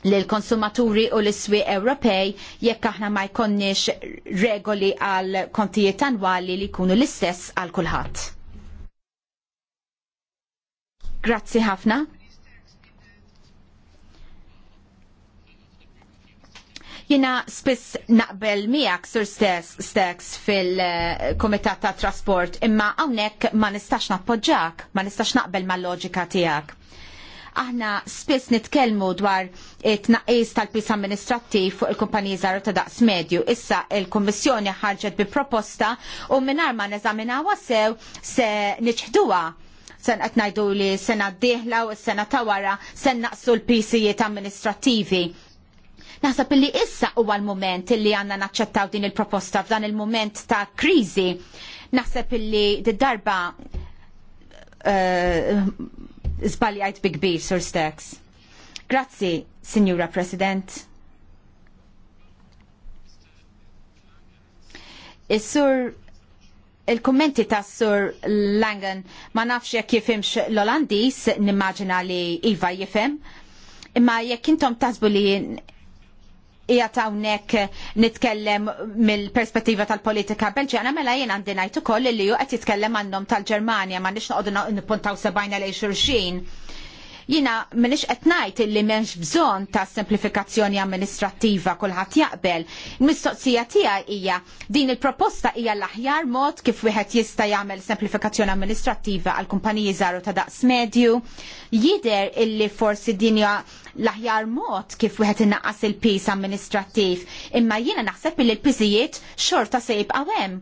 l-konsumaturi u l-iswi Ewropej jekk aħna ma jkonniex regoli għal kontijiet annwali li jkunu l-istess għal kulħadd. Grazzi ħafna. jina spiss naqbel miegħek sur steks fil-Komitat ta' Trasport imma hawnhekk ma nistax nappoġġak, ma nistax naqbel mal-loġika tiegħek. Aħna spiss nitkellmu dwar it-naqis tal-pis amministrattiv fuq il-kumpaniji żgħar ta' daqs medju. Issa il-Kummissjoni ħarġet bi proposta u minnar ma neżaminawha sew se niċħduha sen qed ngħidu li sena d-dieħla u s-sena ta' wara se naqsu l-pisijiet amministrattivi. Naħseb illi issa huwa l mument illi għandna naċċettaw din il-proposta f'dan il mument ta' kriżi. Naħseb illi d-darba uh, zbaljajt bi kbir, Sur Stax. Grazzi, Signora President. Is-sur il-kommenti ta' sur Langen ma nafx jekk jifimx l-Olandis, nimmaġina li Iva jifem, imma jekk intom tasbu li hija hawnhekk nitkellem mill-perspettiva tal-politika Belġana, mela jien għandi ngħid ukoll li hu qed jitkellem għandhom tal-Ġermanja ma nix noqogħdu nippuntaw sebajna lejn xulxin. Jina minix etnajt illi menx bżon ta' semplifikazzjoni amministrativa kullħat jaqbel. Mistoqsija tija hija din il-proposta hija l-aħjar mod kif wieħed jista' jagħmel semplifikazzjoni amministrativa għal kumpaniji żaru ta' daqs medju. Jider illi forsi din l-aħjar mod kif wieħed innaqqas il-pis amministrattiv, imma jiena naħseb li l-piżijiet xorta se jibqa' hemm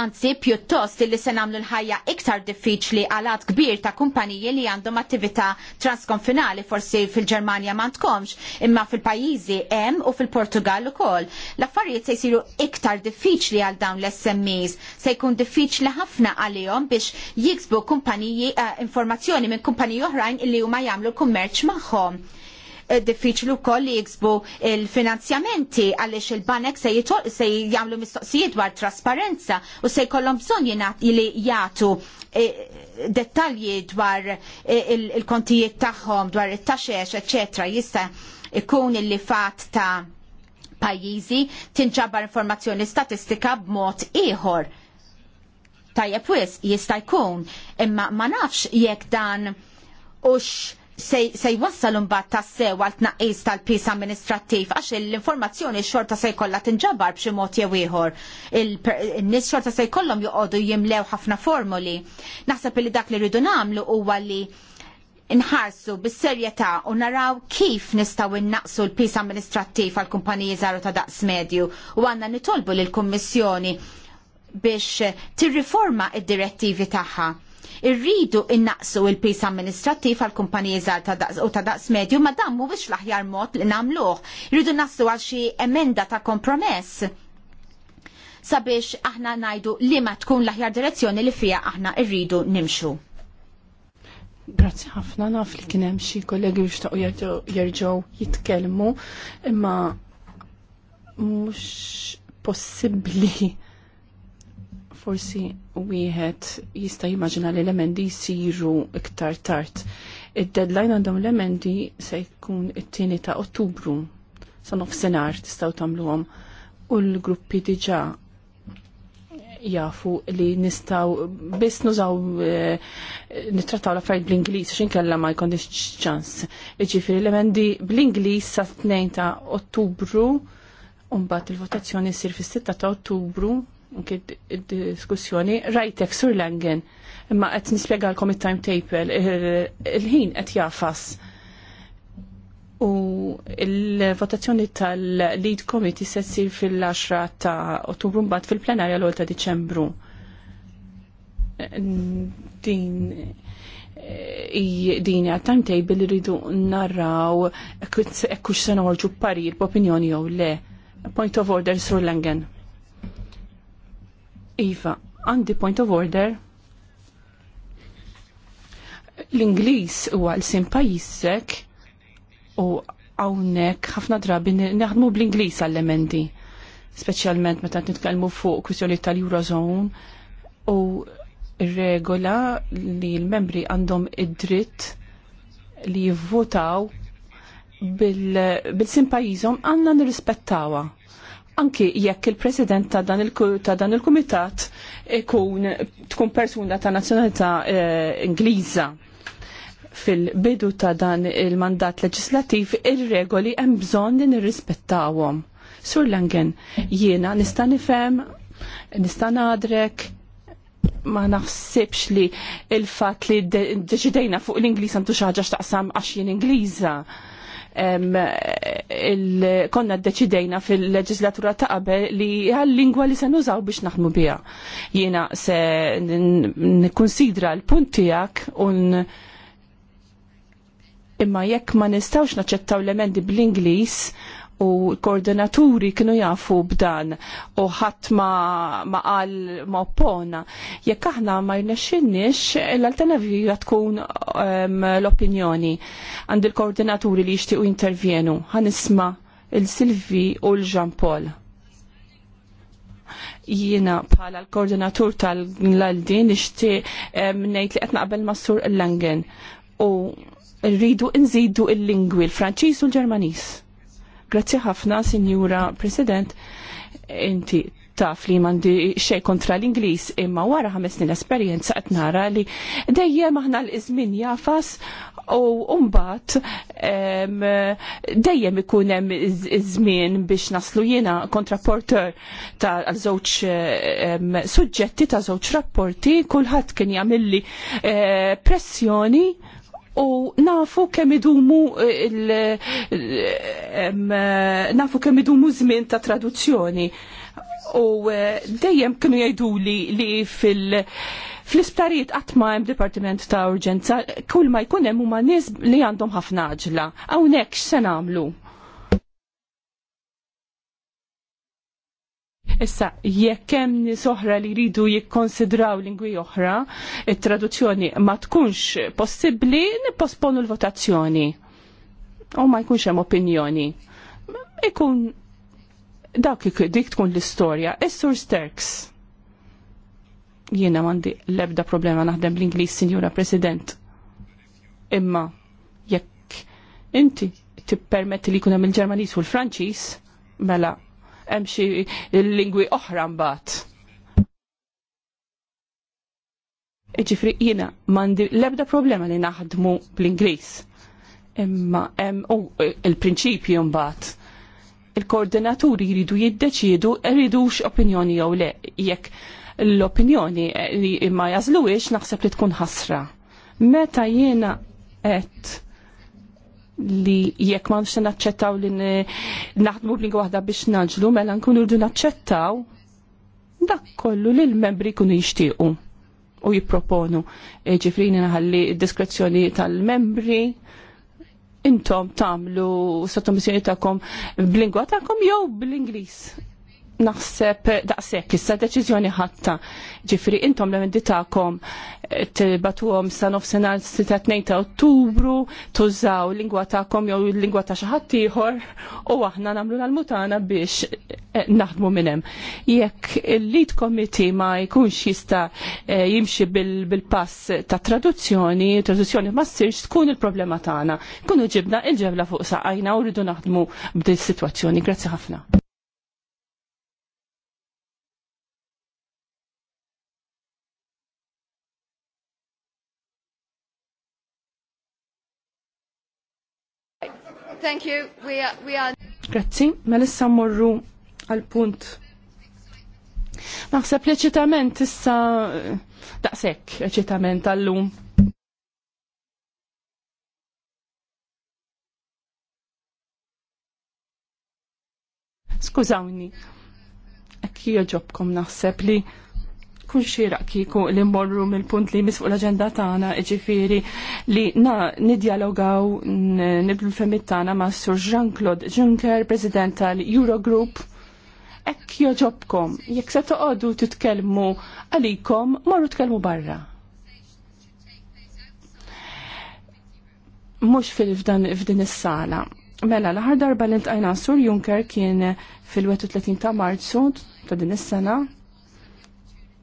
anzi pjuttost li se nagħmlu l-ħajja iktar diffiċli għal għad kbir ta' kumpaniji li għandhom attività transkonfinali forsi fil-Ġermanja ma tkomx imma fil-pajjiżi hemm u fil-Portugal ukoll. L-affarijiet se jsiru iktar diffiċli għal dawn l-SMEs, se jkun diffiċli ħafna għalihom biex jiksbu kumpaniji uh, informazzjoni minn kumpaniji oħrajn li huma jagħmlu l-kummerċ magħhom Eh, diffiċli wkoll li jiksbu il-finanzjamenti għaliex il-banek se jagħmlu mistoqsijiet dwar trasparenza u se jkollhom bżonn li jagħtu eh, dettalji dwar eh, il-kontijiet tagħhom dwar it-taxex, eċċetera, jista' ikun il-li fat ta' pajjiżi tinġabar informazzjoni statistika b'mod ieħor. Tajjeb wis jista' jkun, imma ma nafx jekk dan hux se jwassal imbagħad sew għal tnaqqis tal-pis amministrattiv għax l-informazzjoni xorta se jkollha tinġabar b'xi mod jew ieħor. il nies xorta se jkollhom joqogħdu jimlew ħafna formuli. Naħseb li dak li rridu nagħmlu huwa li nħarsu bis-serjetà u naraw kif nistgħu innaqsu l-pis amministrattiv għal kumpaniji żaru ta' daqs medju u għandna nitolbu lill kummissjoni biex tirriforma id-direttivi tagħha irridu innaqsu il-pis amministrattiv għal kumpaniji żgħar u ta' daqs medju ma dammu biex laħjar aħjar mod li nagħmluh. Irridu nassu għal xi emenda ta' kompromess sabiex aħna najdu li ma tkun l-aħjar direzzjoni li fija aħna irridu nimxu. Grazzi ħafna naf li kien hemm xi kollegi jixtaqu jerġgħu jitkellmu imma mhux possibbli Forsi wieħed jista' jimmaġina li l-emendi jsiru iktar tard. Id-deadline għandhom l-emendi se jkun it-tieni ta' Ottubru sa nofsinhar tistgħu tagħmluhom u l-gruppi diġà jafu li nistaw biss nużaw eh, nittrattaw l la bl-Inglis xin kella ma jkondix ċans. Iġifiri l-emendi bl-Inglis sa 2 ta' ottubru Umbat il-votazzjoni sir fis 6 ta' ottubru anki diskussjoni rajtek sur langen imma qed nispjegalkom it-timetable il-ħin qed jafas. U il-votazzjoni tal-lead committee se tsir fil-10 ta' Ottubru mbagħad fil-plenarja l-għol ta' Diċembru. Din din timetable rridu narraw ekkux e se noħorġu parir b'opinjoni jew le. Point of order sur Langen. Iva, għandi point of order. L-Inglis huwa l-sim pajissek u hawnhekk ħafna drabi naħdmu bl-Inglis għall-emendi, speċjalment meta nitkellmu fuq kwistjoni tal-Eurozone u regola li l-membri għandhom id-dritt li jivvotaw bil-sim pajizom pajjiżhom għandna nirrispettawha anki jekk il-president ta' dan il-kumitat il ikun tkun persuna ta' nazzjonalità eh, Ingliża fil-bidu ta' dan il-mandat leġislativ ir-regoli hemm bżonn li nirrispettawhom. Sur Langen, jiena nista' nifhem, nista' nadrek, ma naħsibx li il-fat li deċidejna fuq l-Ingliż għandu xi ħaġa x'taqsam għax jien Ingliża konna d-deċidejna fil-leġislatura ta' qabel li għal-lingwa li se nużaw biex naħmu biha. Jiena se nikkunsidra l-punt tiegħek un imma jekk ma nistawx naċċettaw l-emendi bl-Ingliż u koordinaturi kienu jafu b'dan u ħadd ma, qal ma oppona. Jekk aħna ma jnexxinniex l-alternativa tkun um, l-opinjoni għand il-koordinaturi li jixtiequ intervjenu. Ħanisma il-Silvi u l ġan Paul. Jiena bħala l-koordinatur tal-Laldin nixtieq um, ngħid li qed naqbel mas-Sur Langen u rridu nżidu il-lingwi l-Franċiż u l-Ġermaniż Grazzi ħafna, Sinjura President. Inti taf li mandi xej kontra l-Inglis imma wara ħames snin esperienza qed nara li dejjem aħna l-iżmin jafas u mbagħad dejjem ikun hemm iż-żmien biex naslu jiena kontra porter ta' żewġ suġġetti ta' żewġ rapporti kulħadd kien jagħmilli eh, pressjoni u nafu kemm idumu eh, eh, eh, nafu kemm idumu żmien ta' traduzzjoni. U dejjem kienu jgħidu li, fil- Fl-isptarijiet qatt ma hemm Dipartiment ta' Urġenza, kull ma jkun hemm huma nies li għandhom ħafna ġla, Hawnhekk x'se nagħmlu? Issa, jekk hemm nies oħra li jridu jikkonsidraw lingwi oħra, it-traduzzjoni ma tkunx possibbli, nipposponu l-votazzjoni. U ma jkunx hemm opinjoni. Ikun dak dik tkun l-istorja. Is-Sur Sterks. Jiena m'għandi l-ebda problema naħdem bl-Ingliż, Sinjura President. Imma jekk inti tippermetti li jkun hemm il-Ġermaniż u l-Franċiż, mela hemm xi lingwi oħra mbagħad. Iġifri jina mandi lebda problema li naħdmu bl ingliż Imma hemm u l prinċipju mbagħad il-koordinaturi jridu jiddeċidu jridux opinjoni jew le jekk l-opinjoni li ma jażluwiex naħseb li tkun ħasra. Meta jiena qed li jekk ma nix naċċettaw li naħdmu b'lingwa waħda biex naġlu mela nkunu rridu naċċettaw dak kollu li l-membri jkunu jixtiequ u jipproponu. E, Ġifrini naħalli diskrezzjoni tal-membri intom tamlu sottomissjoni tagħkom b'lingwa tagħkom jew bl-Ingliż naħseb daqshekk issa deċiżjoni ħatta. Ġifri intom l-emendi t eh, tibatuhom sa nofsinhar sita tnejn ta' Ottubru, tużaw lingwa tagħkom jew lingwa ta' xi ħadd ieħor u aħna nagħmlu l-mutana biex eh, naħdmu minnem. Jekk il-lead committee ma jkunx jista' eh, jimxi bil-pass ta' traduzzjoni, traduzzjoni ma ssirx tkun il-problema tagħna. Kunu ġibna il-ġebla fuq saqajna u rridu naħdmu b'din situazzjoni. sitwazzjoni Grazzi ħafna. Thank you. We are, we are... Grazzi, melissa morru għal punt. Naħseb li ċitament issa eh, daqsek ċitament għallum. Skużawni, ekki joġobkom naħseb li kull xiraq kiku li mmorru mill-punt li misfuq l-agenda tagħna jiġifieri li na nidjalogaw niblu l-femmit tagħna ma' Sur Jean-Claude Juncker, President tal-Eurogroup. Ekk joġobkom, jekk se toqogħdu titkellmu għalikom, marru tkellmu barra. Mhux fil-fdan f'din is-sala. Mela, l-ħar darba li ntqajna Sur Juncker kien fil-31 ta' Marzu ta' din is-sena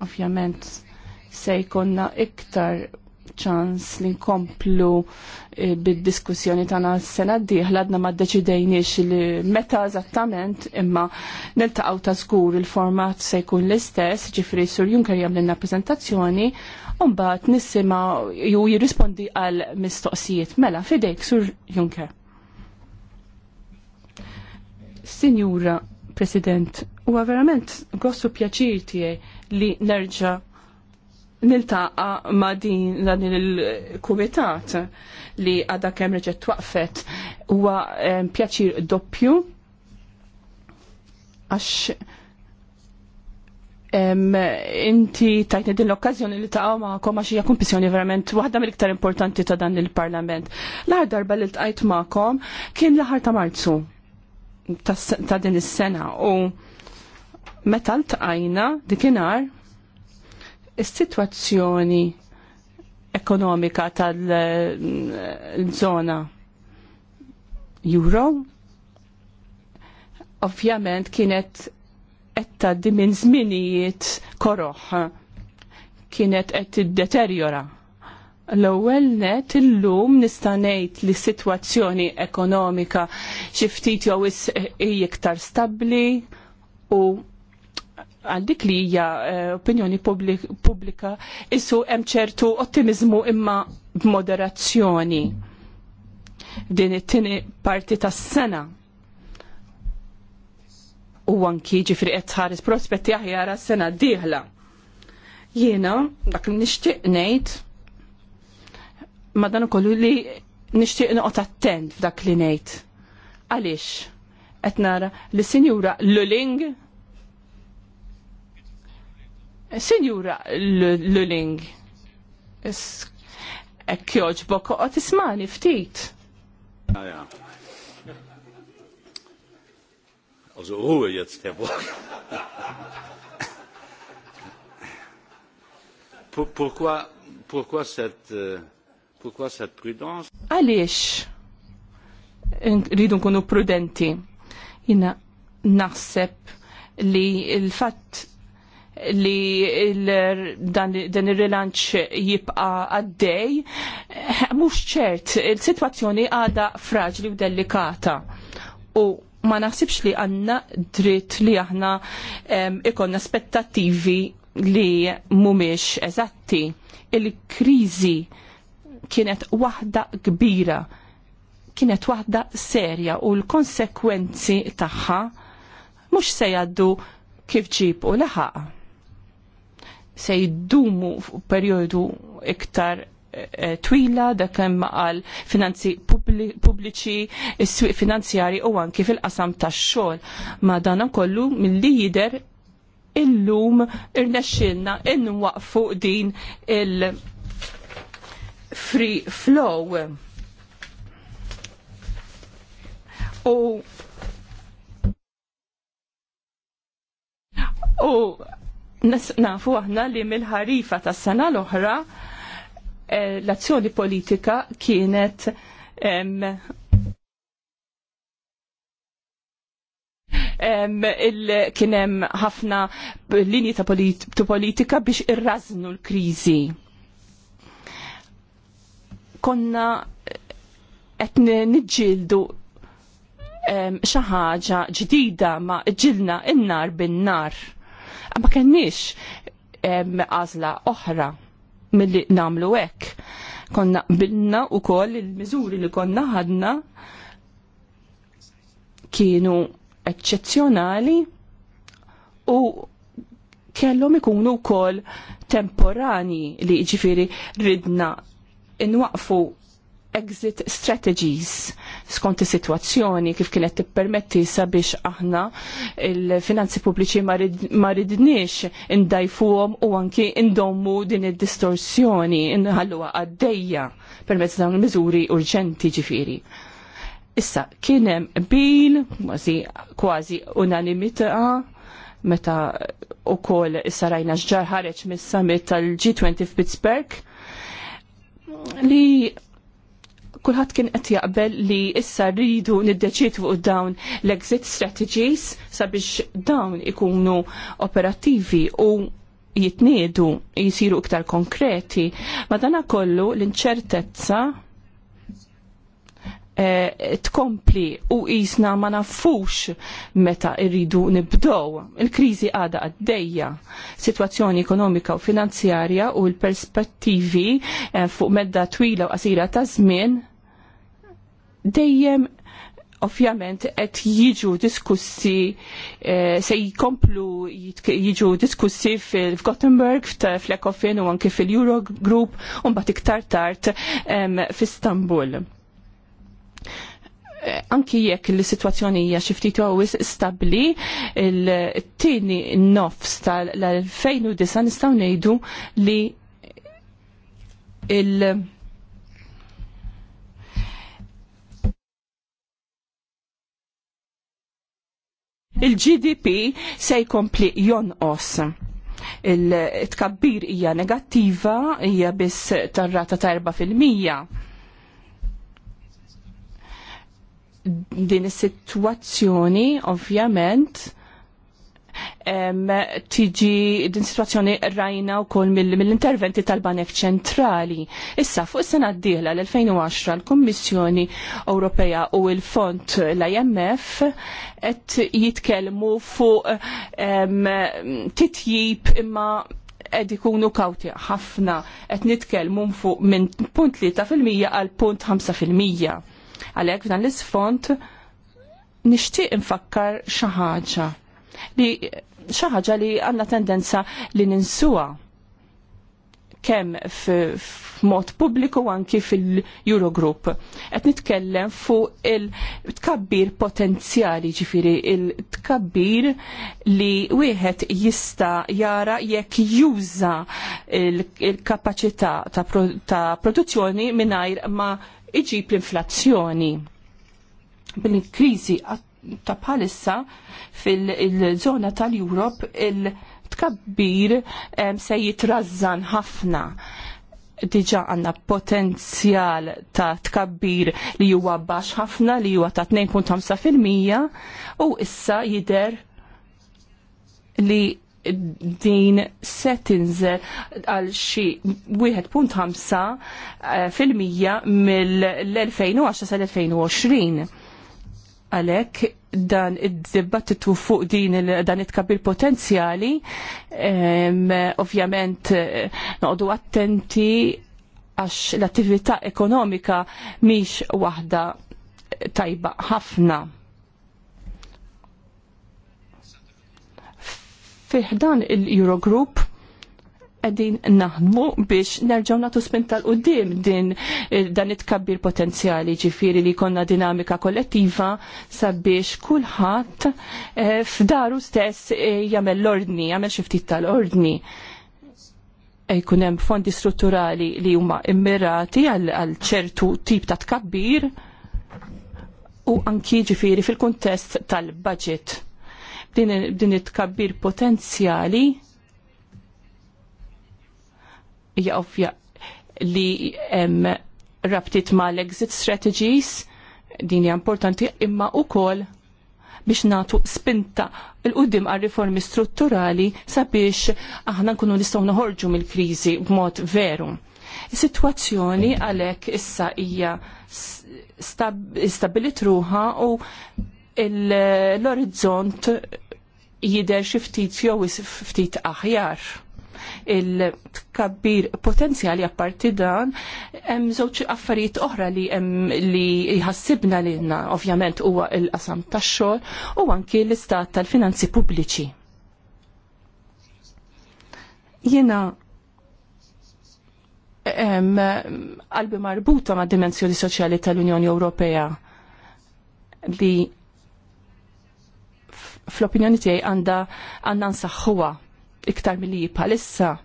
Ovvjament se jkonna iktar ċans li nkomplu eh, bid-diskussjoni tagħna s-sena d-dieħla għadna ma ddeċidejniex li meta eżattament imma niltaqgħu ta' żgur il-format se jkun l-istess, ġifri Sur Junker jagħmlilna preżentazzjoni, u mbagħad nissima ju jirrispondi għal mistoqsijiet. Mela fidejk Sur Junker. Sinjura President, huwa verament gossu pjaċir tiegħi li nerġa' niltaqa ma din dan il-kumitat li għadha kemm reġgħet twaqfet huwa pjaċir doppju għax inti tajtni din l-okkazjoni li taqgħu ma għax hija kumpisjoni verament waħda mill-iktar importanti ta' dan il-Parlament. L-aħħar darba li ma kom kien l-aħħar ta' Marzu ta' din is-sena u meta tqajna dikinhar is-sitwazzjoni ekonomika tal-żona euro ovvjament kienet etta di minn żminijiet koroħ kienet qed tiddeterjora. L-ewwel net illum nista' ngħid li s-sitwazzjoni ekonomika xi ftit jew is iktar stabbli u għal dik li hija eh, opinjoni pubblika issu hemm ċertu ottimiżmu imma b'moderazzjoni din it-tieni parti tas-sena u anki ġifri qed tħares prospetti aħjar għas-sena d-dieħla. Jiena dak li nixtieq ngħid ma dan ukoll li nixtieq noqgħod attent f'dak li ngħid. Għaliex? Qed nara li sinjura Luling Sinjura Luling, ekk joġbok għat ismani ftit. Also Ruhe jetzt, Herr Brock. pourquoi, pourquoi, cette, euh, pourquoi cette prudence Għaliex rridu nkunu prudenti. Jina naħseb li l-fatt li dan il-rilanċ jibqa għaddej, mux ċert, il-situazzjoni għada fraġli u delikata. U ma naħsibx li għanna dritt li aħna ikonna aspettativi li mumiex eżatti. Il-krizi kienet waħda kbira, kienet waħda serja u l-konsekwenzi tagħha mhux se jgħaddu kif ġibu laħaq se jiddumu periodu iktar eh, twila dak hemm għal finanzi pubbliċi, is-swieq finanzjari u anki fil-qasam tax-xogħol. Ma dan kollu milli jidher illum irnexxilna inwaqfu din il-free flow. U u nafu aħna li mill-ħarifa tas sena l-oħra eh, l-azzjoni politika kienet kienem ħafna linji ta' politika biex irraznu l-krizi. Konna qed niġġieldu xi ħaġa ġdida ma ġilna in-nar bin-nar ma kenniex għażla oħra milli namlu hekk. Konna bilna u koll il-miżuri li konna ħadna kienu eccezzjonali u kellhom ikunu wkoll temporani li ġifiri ridna inwaqfu exit strategies skont is-sitwazzjoni kif kienet tippermetti sabiex aħna il-finanzi pubbliċi ma ridniex indajfuhom u anki indommu din id-distorsjoni inħalluha għaddejja permezz dawn il-miżuri urġenti ġifieri. Issa kien hemm bil kważi kważi unanimità meta wkoll issa rajna x'ġar ħareġ mis-summit tal-G20 f'Pittsburgh li kulħadd kien qed jaqbel li issa rridu niddeċidu fuq dawn l-exit strategies sabiex dawn ikunu operattivi u jitniedu jisiru iktar konkreti. Ma dana kollu l-inċertezza eh, tkompli u jisna ma nafux meta irridu nibdow. Il-krizi għada għaddejja, situazzjoni ekonomika u finanzjarja u l-perspettivi eh, fuq medda twila u qasira ta' żmien dejjem ovvjament qed jiġu diskussi eh, se jkomplu jiġu diskussi fil-Gothenburg, fl u anke fil-Eurogroup u mbagħad iktar tard f'Istanbul. Eh, anki jekk l-situazzjoni hija xi ftit stabbli, il-tieni nofs tal-2009 nistgħu ngħidu li il- il-GDP se jkompli jonqos il-tkabbir hija negattiva hija biss tar-rata ta' 4%. Din is-sitwazzjoni ovvjament tiġi din situazzjoni rajna u kol mill-interventi tal-Banek ċentrali. Issa, fuq is-sena d-dieħla l-2010 l-Kommissjoni Ewropea u l-Fond l-IMF et jitkelmu fuq titjib imma ed ikunu kawti ħafna qed nitkellmu fuq minn punt 3% għal punt 5%. Għalhekk f'dan l-isfond nixtieq infakkar xi ħaġa li xaħġa ħaġa li għandna tendenza li kem kemm f'mod pubbliku anki fil-Eurogroup. Qed nitkellem fuq il-tkabbir potenzjali, ġifiri il-tkabbir li wieħed jista' jara jekk juża il-kapaċità ta', produzzjoni mingħajr ma iġib l-inflazzjoni. Bil-kriżi ta' bħalissa fil-żona tal-Europ il-tkabbir se jitrazzan ħafna diġa għanna potenzjal ta' tkabbir li huwa baxx ħafna li huwa ta' 2.5% u issa jider li din se tinżel għal xi 1.5 fil-mija mill-2010 sal-2020 Għalek dan id-dibattitu fuq din dan it-kabir potenzjali, ovvjament noqdu attenti għax l-attività ekonomika miex waħda tajba ħafna. Fiħdan il-Eurogroup qegħdin naħdmu biex nerġgħu nagħtu spinta tal-qudiem din eh, dan it-kabbir potenzjali ġifieri li jkollna dinamika kollettiva sabiex kulħadd eh, f'daru stess eh, jagħmel l-ordni, jagħmel xi ftit tal-ordni jkun hemm fondi strutturali li huma immirati għal ċertu tip ta' tkabbir u anki ġifiri fil-kuntest tal-budget. Din it-tkabbir potenzjali hija ovvja li hemm rabtiet mal-exit strategies din hija importanti imma wkoll biex natu spinta l qoddim għal riformi strutturali sabiex aħna nkunu nistgħu noħorġu mill-kriżi b'mod veru. Is-sitwazzjoni għalhekk issa hija stab stabilit ruħa u l-orizzont jider xi ftit jew ftit aħjar il-tkabbir potenzjali apparti dan, hemm żewġ affarijiet oħra li hemm li jħassibna lilna ovvjament huwa il-qasam tax-xogħol u anki l-istat tal-finanzi pubbliċi. Jiena qalbi marbuta ma' dimensjoni soċjali tal-Unjoni Ewropea li fl-opinjoni tiegħi għandha għandna nsaħħuha iktar mill-li palissa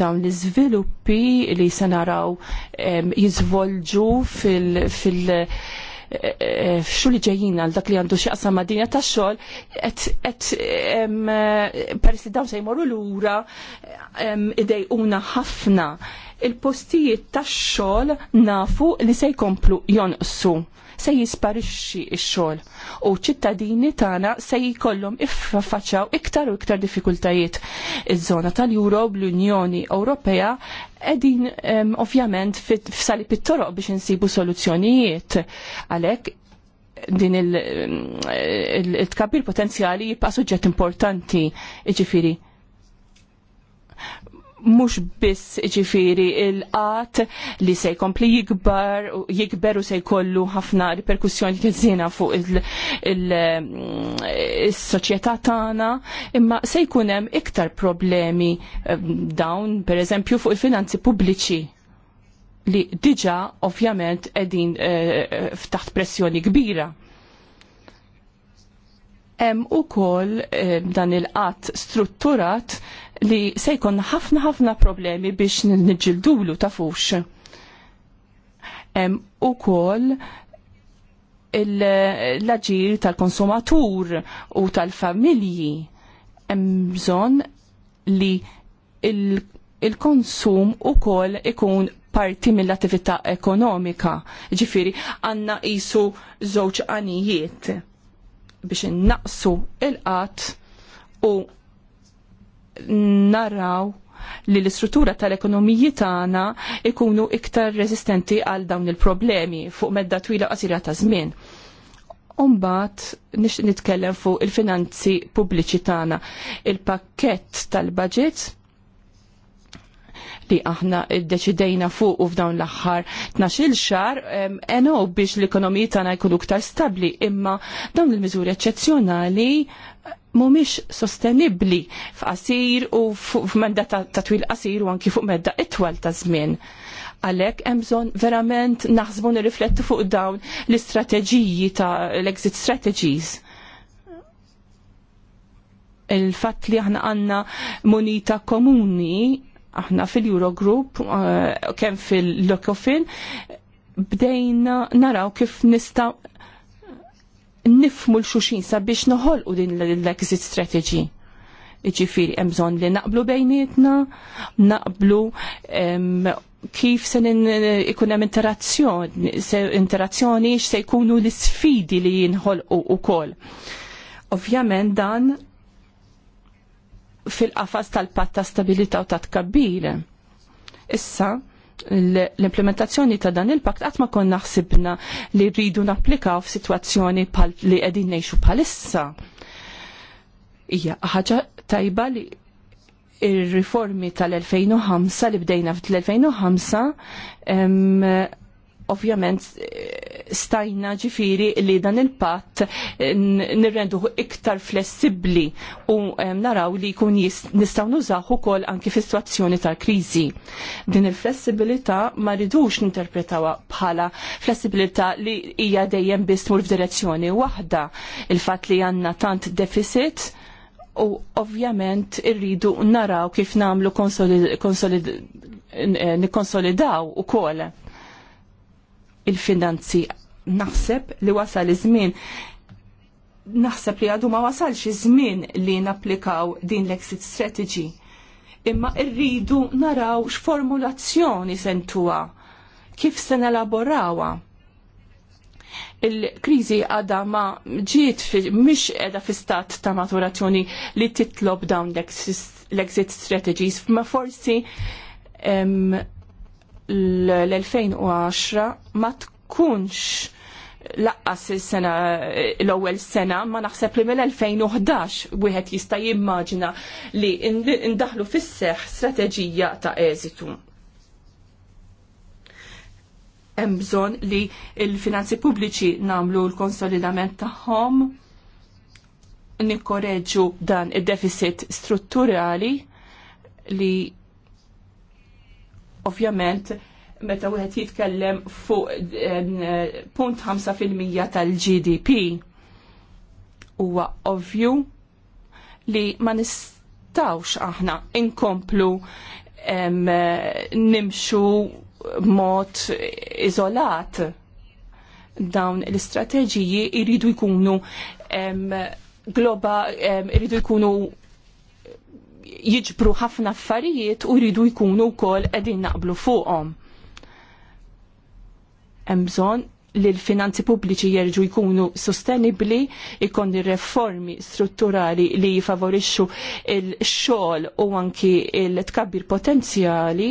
dawn l-iżviluppi li se naraw jiżvolġu fil-, fil eh, eh, li ġejjin għal dak li għandu xaqsa madinja ta' xol, et eh, persi dawn se jmorru l-ura una ħafna il-postijiet tax-xogħol nafu li se jkomplu jonqsu se jisparixxi x-xogħol u ċittadini tagħna se jkollhom iffaċċaw iktar u iktar diffikultajiet. Iż-żona tal-Euro bl-Unjoni Ewropea qegħdin ovvjament f'sali pit-toroq biex insibu soluzzjonijiet għalhekk din il-tkabbir potenzjali jibqa' suġġett importanti, jiġifieri mhux biss ġifiri il-qat li se jkompli jikbar u jikber u se jkollu ħafna riperkussjoni kizzina fuq il-soċjetà mm, tagħna, imma se jkun hemm iktar problemi ehm, dawn pereżempju fuq il-finanzi pubbliċi li diġa ovvjament qegħdin eh, ftaħt pressjoni kbira. Hemm ukoll ehm, dan il-qatt strutturat li se jkun ħafna ħafna problemi biex nġildulu tafux. U ukoll l-aġir tal-konsumatur u tal-familji hemm bżonn li il-konsum il ukoll ikun parti mill-attività ekonomika. Ġifiri, għanna jisu żewġ għanijiet biex innaqsu il-qat u naraw li l-istruttura tal-ekonomiji tagħna ikunu iktar resistenti għal dawn il-problemi fuq medda twila qasira ta' żmien. Umbat nix nitkellem fuq il-finanzi pubbliċi tagħna. Il-pakkett tal-budget li aħna id-deċidejna fuq u f'dawn l aħħar 12 xar eno biex l-ekonomija tagħna jkunu iktar stabbli imma dawn il-miżuri eċċezzjonali mumiex sostenibli f'qasir u f'menda ta', twil qasir u anki fuq medda itwal ta' żmien. Għalhekk hemm bżonn verament naħsbu nirriflettu fuq dawn l-istrateġiji ta' l-exit strategies. Il-fatt li aħna għandna munita komuni aħna fil-Eurogroup eh, kemm fil-Lokofin bdejna naraw kif nista' nifmu l-xuxin sabiex u din l-exit strategy. Ġifiri, emżon li naqblu bejnietna, naqblu kif se ikun hemm interazzjoni, interazzjoni x'se jkunu l-sfidi li jinħolqu ukoll. Ovvjament dan fil-qafas tal-patta stabilita u ta' tkabbir. Issa, l-implementazzjoni ta' dan il-pakt għatma konna ħsibna li rridu napplikaw f'sitwazzjoni li qegħdin ngħixu bħalissa. Ija, ħaġa tajba li il riformi tal-2005 li bdejna fl-2005 ovvjament eh, stajna ġifiri li dan il-patt eh, nirrendu iktar flessibli u naraw li jkun nistaw nużaw ukoll anki fi situazzjoni ta' kriżi. Din il-flessibilità ma ridux ninterpretawha bħala flessibilità li hija dejjem biss tmur f'direzzjoni waħda. Il-fatt li għandna tant deficit u ovvjament irridu naraw kif namlu nikkonsolidaw ukoll il-finanzi. Naħseb li wasal iż-żmien naħseb li għadu ma wasalx iż-żmien li napplikaw din l-exit strategy. Imma rridu naraw x'formulazzjoni sentuwa kif se nelaborawha. Il-kriżi għadha ma ġiet mhix qiegħda fi stat ta' maturazzjoni li titlob dawn l-exit strategies, ma forsi l-2010 ma tkunx laqqas il-sena l-ewwel sena ma naħseb li mill-2011 wieħed jista' jimmaġina li ndaħlu fis-seħ strateġija ta' eżitu. Hemm bżonn li l-finanzi pubbliċi nagħmlu l-konsolidament tagħhom nikkoreġġu dan id-deficit strutturali li Ovvjament, meta wieħed jitkellem fuq punt 5% tal-GDP huwa ovvju li ma nistawx aħna inkomplu nimxu mod iżolat dawn l-istrateġiji jridu jkunu globa jridu jkunu jiġbru ħafna affarijiet u jridu jkunu wkoll qegħdin naqblu fuqhom. Hemm bżonn li l-finanzi pubbliċi jerġu jkunu sostenibli, ikon reformi strutturali li jifavorixxu il-xogħol u anki il-tkabbir potenzjali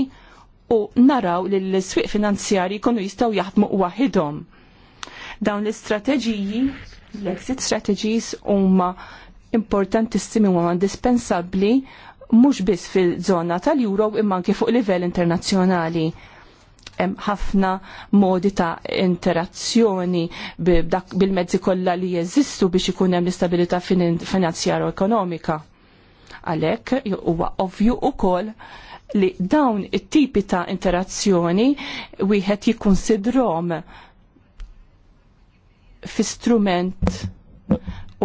u naraw li l-swieq finanzjari jkunu jistgħu jaħdmu waħidhom. Dawn l-istrateġiji, l-exit strategies huma importantissimi u indispensabbli mhux biss fil-żona tal-Euro imma anke fuq livell internazzjonali hemm ħafna modi ta' interazzjoni bil-mezzi kollha li jeżistu biex ikun hemm l-istabilità finanzjarja u ekonomika. Għalhekk huwa ovvju wkoll li dawn it-tipi ta' interazzjoni wieħed jikkunsidrom fi strument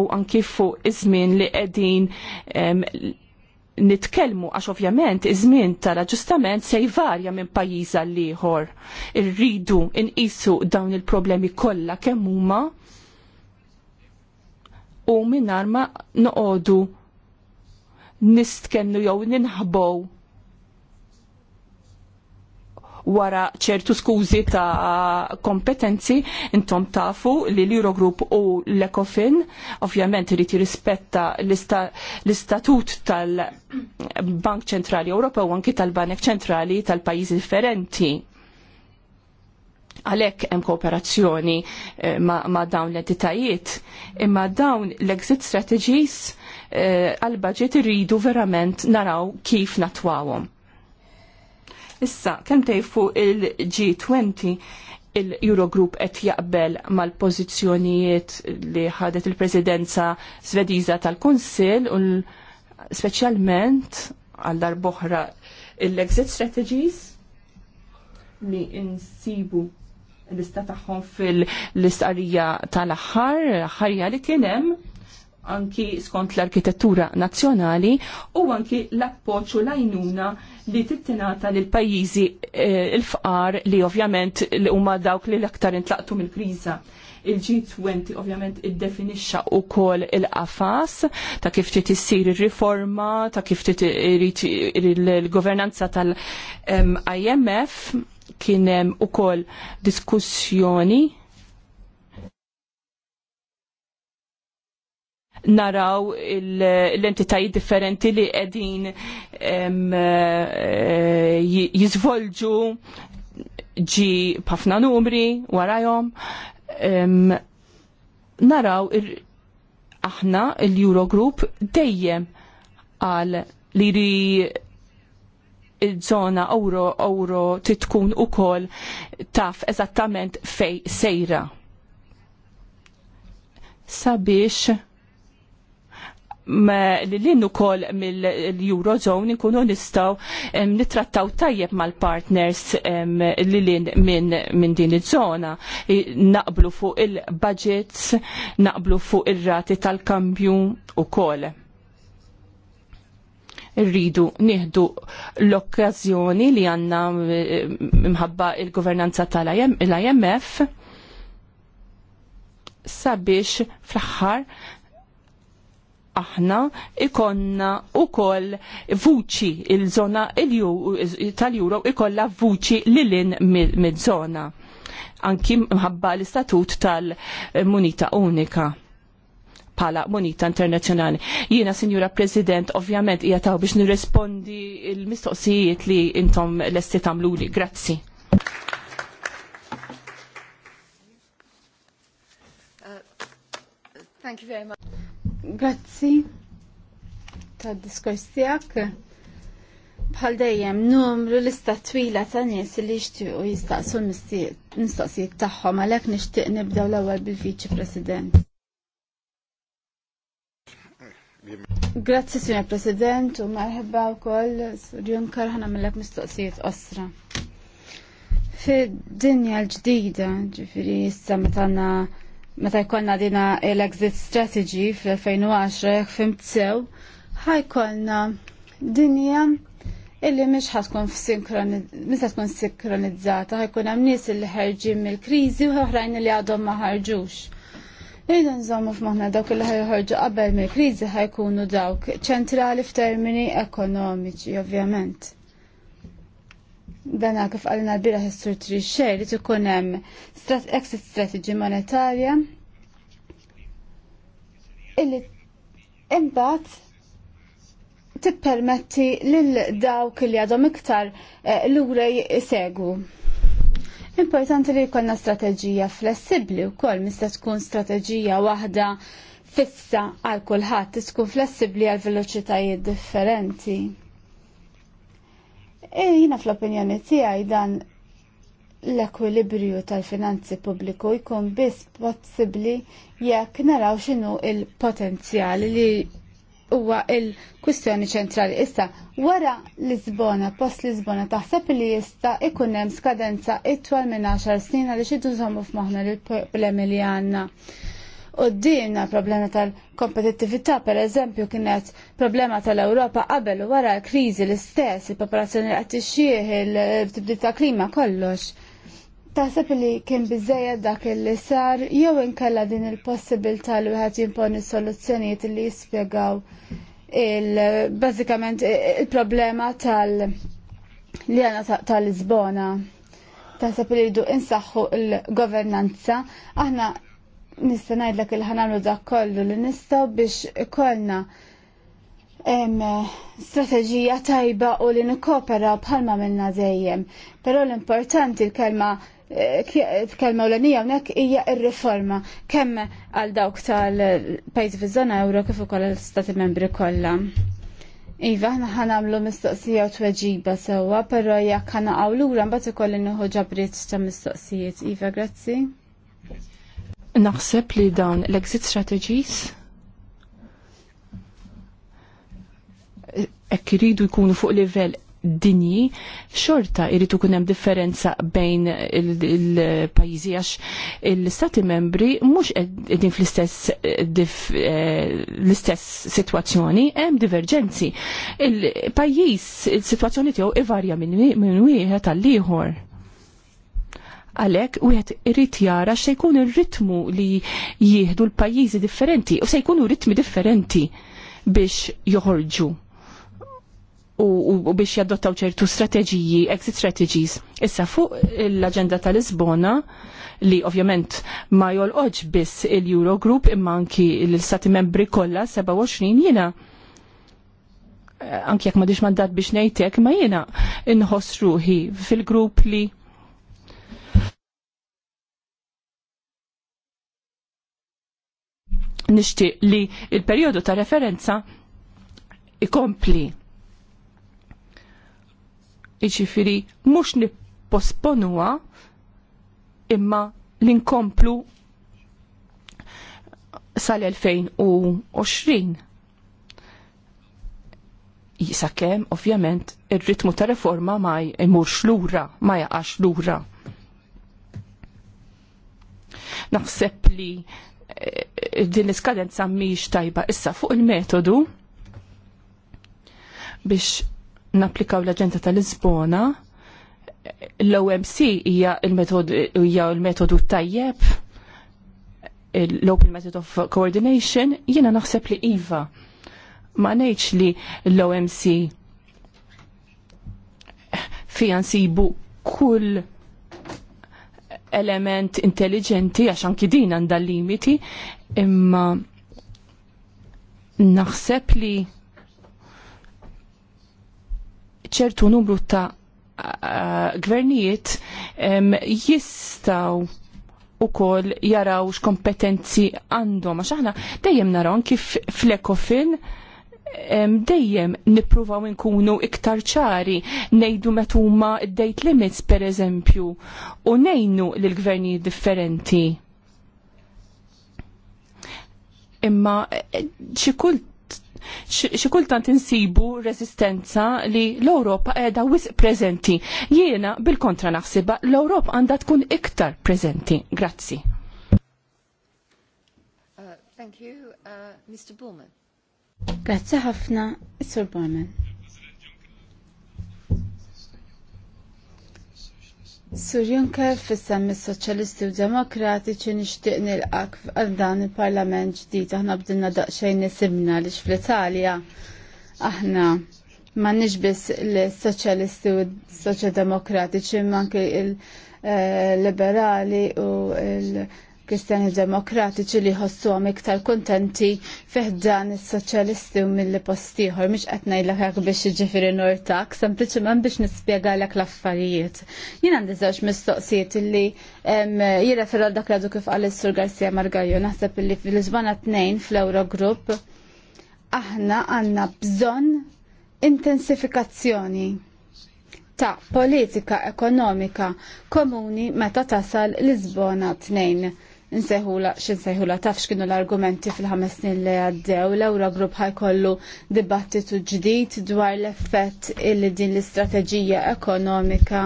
u anki fuq iż-żmien li qegħdin nitkellmu għax ovvjament iż-żmien tal-aġġustament se jvarja minn pajjiż għal ieħor. Irridu nqisu dawn il-problemi kollha kemm huma u minn ma noqogħdu nistkennu jew ninħbow wara ċertu skużi ta' kompetenzi intom tafu li l-Eurogroup u l-Ecofin ovvjament irid jirrispetta l-istatut tal-Bank Ċentrali Ewropew u anki tal-Banek Ċentrali tal-pajjiżi differenti għalek hemm kooperazzjoni eh, ma, dawn l-entitajiet, imma dawn l-exit strategies eh, għal budget irridu verament naraw kif natwawhom. Issa, kemm tejfu il-G20 il-Eurogroup qed jaqbel mal-pożizzjonijiet li ħadet il-Presidenza svediza tal-Kunsill u speċjalment għal darboħra l-exit strategies li insibu l-lista tagħhom fil listarija tal-aħħar, ħarja li kien hemm anki skont l-arkitettura nazzjonali u anki l-appoċ u lajnuna li tittinata lil pajjiżi eh, il-fqar li ovvjament li huma dawk li l-aktar intlaqtu mill-kriża il-G20 ovvjament iddefinixxa wkoll il-qafas ta' kif trid issir ir-riforma, ta' kif trid il-governanza tal-IMF kien hemm ukoll diskussjoni naraw l-entitajiet differenti li qegħdin eh, jiżvolġu ġi b'ħafna numri warajhom naraw aħna l-Eurogroup dejjem għal li ri il-żona euro euro titkun ukoll taf eżattament fej sejra. Sabiex l-lin kol mill-Eurozone ikunu nistaw nitrattaw tajjeb mal-partners l-lin minn din iż-żona. Naqblu fuq il-budgets, naqblu fuq il-rati tal-kambju u kol rridu nieħdu l-okkazjoni li għanna eh, mħabba il-governanza tal-IMF sabiex fl-axħar aħna ikonna u koll vuċi il-zona il zona tal euro ikolla vuċi lilin mid-zona. Anki mħabba l-istatut tal-Munita Unika pala monita internazzjonali. Jiena, Signora President, ovvjament hija taw biex nirrespondi il-mistoqsijiet li intom lesti tamluli. Grazzi. Uh, thank you very much. Grazzi tad diskors tiegħek. Bħal dejjem numru lista twila ta' nies li jixtiequ jistaqsu l-mistoqsijiet tagħhom għalhekk nixtieq nibdew l-ewwel bil-Viċi President. Grazzi Sinja President u marħabba wkoll Sur Juncker ħana millek mistoqsijiet qosra. Fid-dinja l-ġdida, ġifieri issa meta meta jkollna dina l-exit strategy fl-2010 fimt sew ħajkollna dinja illi mhix ħatkun mhux tkun sinkronizzata ħajkun hemm nies illi ħarġin mill-kriżi u oħrajn li għadhom ma ħarġux. Ejda nżommu f'moħna dawk li ħajħorġu qabel mill-kriżi ħajkunu dawk ċentrali f'termini ekonomiċi, ovvjament dan kif għalina bira s-sur trixxej li tukunem hemm exit strategy monetarja illi imbagħad tippermetti lil dawk li għadhom iktar eh, lura segu. Importanti li jkollna strateġija flessibbli wkoll mista tkun strateġija waħda fissa għal kulħadd tkun flessibbli għal veloċitajiet differenti. E, jina fl-opinjoni tiegħi dan l-ekwilibrju tal-finanzi pubbliku jkun biss possibbli jekk naraw x'inhu il-potenzjal li huwa il-kwistjoni ċentrali. Issa, wara Lisbona, post Lisbona, taħseb li jista ikun hemm skadenza itwal minn 10 snin għaliex iddu żommu f'moħħna l-problemi li għandna qoddimna problema tal-kompetittività per eżempju kienet problema tal-Ewropa qabel u wara l-kriżi l-istess, il-popolazzjoni li qed il-tibdil ta' klima kollox. Taħseb li kien biżejjed dak li sar jew inkella din il-possibilità li wieħed jimponi soluzzjonijiet li jispjegaw il-bażikament il-problema tal- li għana tal-Lisbona. Taħseb li jdu insaħħu l governanza aħna nista' ngħidlek il ħanamlu dak kollu li nistgħu biex ikollna strategija tajba u li nikopera bħalma minna dejjem. Però l-importanti l-kelma kelma u l-nija unek ija il-reforma kemm għal dawk tal-pajz fi zona euro kif ukoll l-stati membri kollha. Iva, ħna għamlu mistoqsija u tweġiba sewwa, però jekk ħana għawlura mbagħad ikolli nieħu ġabriet ta' mistoqsijiet. Iva, grazzi naħseb li dawn l-exit strategies eh, ekk iridu jkunu fuq livell dinji, xorta irritu kunem differenza bejn il-pajizi għax il-stati membri mux edin fl-istess eh, eh, l-istess situazzjoni, hemm divergenzi. Il-pajiz, il-situazzjoni tiegħu ivarja minn wieħed tal-ieħor Għalhekk wieħed irid jara x'se jkun ir-ritmu li jieħdu l-pajjiżi differenti u se jkunu ritmi differenti biex joħorġu u, u biex jaddottaw ċertu strateġiji, exit strategies. Issa fuq l-agenda tal-Lisbona li ovvjament ma jolqoġ biss il-Eurogroup imma anki l-stati membri kollha 27 jiena eh, anki jekk diċ mandat biex nejtek ma jiena inħosruħi fil-grupp li nixtieq li il-perjodu ta' referenza ikompli. Iċifiri, mhux nipposponua imma l-inkomplu sal-2020. Jisa kem, ovvjament, il-ritmu ta' reforma ma jmurx lura, ma jaqax lura. Naħseb li din l-iskadenza mhix tajba issa fuq il-metodu biex napplikaw l-aġenda tal-Lisbona l-OMC hija l-metodu tajjeb l-Open Method of Coordination jiena naħseb li IVA ma ngħidx li l-OMC fija nsibu kull element intelligenti għax anki din għandha limiti, imma naħseb li ċertu numru ta' eh, gvernijiet jistaw u kol jaraw x-kompetenzi għandhom. Għax aħna dejjem naraw kif fl-ekofin fl ekofin dejjem nippruvaw inkunu iktar ċari nejdu metuma date limits per eżempju u nejnu l-gverni differenti. Imma eh, xikult xi kultant insibu resistenza li l-Ewropa qiegħda wisq prezenti. Jiena bil-kontra naħsiba: l-Ewropa għandha tkun iktar prezenti. Grazzi. Uh, thank you, uh, Mr. Bullman. Grazzi ħafna, Sir Borman. Sur Juncker fissemmi mis-Soċjalisti u Demokratiċi nixtieq nilqak għal dan il-Parlament ġdid aħna bdilna daqsxejn isimna li fl-Italja aħna m'għandniex biss l-Soċjalisti u Soċjaldemokratiċi ma anke il-Liberali eh, u l kristjani demokratiċi li jħossuhom iktar kuntenti feħdan is-soċjalisti u mill postiħor miex qed ngħidlek biex ġifiri nortak, sempliċement biex nispiega l-affarijiet. Jien għandi żewġ mistoqsijiet jira jirreferu dak radu kif għal sur Garcia Margajo, naħseb illi fil-Lisbona tnejn fl eurogrupp aħna għandna bżonn intensifikazzjoni ta' politika ekonomika komuni meta tasal Lisbona tnejn nsejħula xinsejħula taf x'kienu l-argumenti fil-ħames snin li għaddew l-ewra grupp ħajkollu dibattitu ġdid dwar l-effett illi din l-istrateġija ekonomika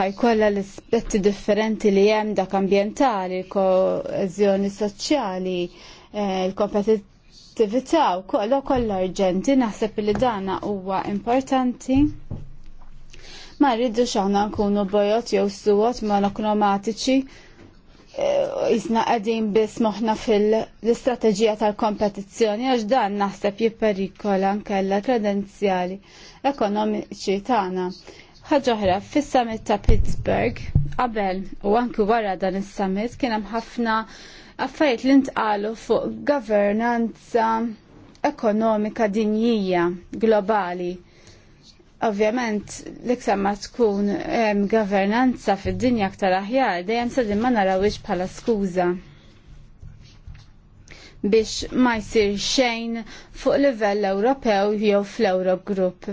ħajkolla l-aspetti differenti li hemm dak ambientali, koeżjoni soċjali, eh, l-kompetittività u kollha kollu arġenti naħseb li dana huwa importanti ma rridu xaħna nkunu bojot jew suwot monokromatiċi jisna eh, għadin bis moħna fil-istrateġija tal-kompetizzjoni għax dan naħseb jipperikola nkella kredenzjali ekonomiċi tagħna. Ħaġoħra, fis-summit ta' Pittsburgh, qabel u anki wara dan is-summit kien hemm ħafna affajt li ntqalu fuq governanza ekonomika dinjija globali Ovvjament, l-iktar ma tkun governanza fid-dinja aktar aħjar, dejjem sadim ma narawix bħala skuża biex ma jsir xejn fuq livell Ewropew jew fl-Europ Group.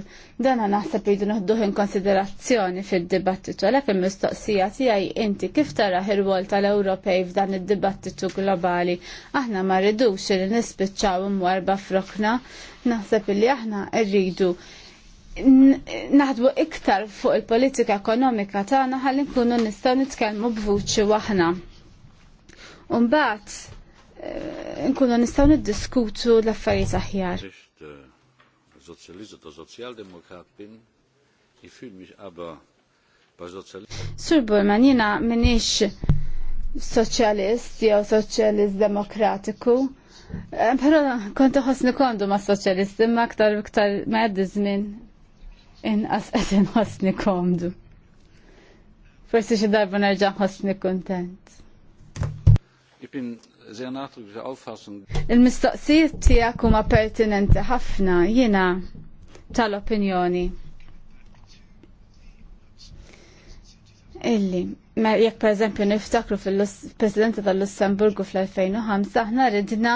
Dan naħseb rridu noħduh in konsiderazzjoni fid-dibattitu għalhekk il-mistoqsija tiegħi inti kif tara il-wol tal-Ewropej f'dan id-dibattitu globali. Aħna ma rridux li nispiċċaw imwarba frokna, naħseb li aħna rridu naħdbu iktar fuq il-politika ekonomika tagħna ħalli nkunu nistgħu nitkellmu b'vuċi waħna. Umbagħad eh, nkunu nistgħu niddiskutu l-affarijiet aħjar. Sur Burman, jiena minix soċjalist jew soċjalist demokratiku, eh, Pero konta ħosni kondu ma' soċjalisti, imma aktar iktar ma' jeddi żmien inqas qed inħossni komdu. Forsi xi darba nerġa' ħossni kuntent. Il-mistoqsijiet tiegħek huma pertinenti ħafna jiena tal-opinjoni. Illi, jekk per eżempju niftakru fil-Presidenti tal-Lussemburgu fl-2005, aħna ridna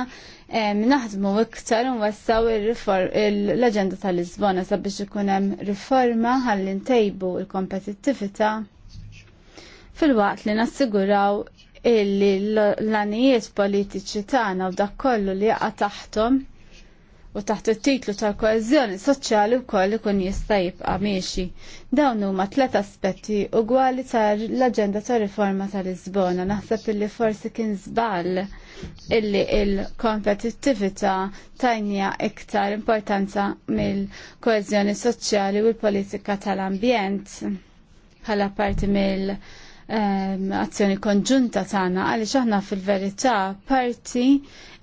naħdmu iktar wassaw l-agenda tal-Lisbona sabiex ikun hemm riforma ħalli ntejbu l-kompetittività fil-waqt li nassiguraw illi l-anijiet politiċi tagħna u dak kollu li jaqa' taħtom u taħt it-titlu tal-koeżjoni soċjali wkoll ikun jista' jibqa' miexi. Dawn huma tliet aspetti ugwali tal-aġenda tar-riforma tal-Lisbona. Naħseb illi forsi kien żball illi il-kompetittività tajnija iktar importanza mill-koezjoni soċjali u l-politika tal-ambjent bħala parti mill- ehm, azzjoni konġunta tagħna għaliex aħna fil-verità parti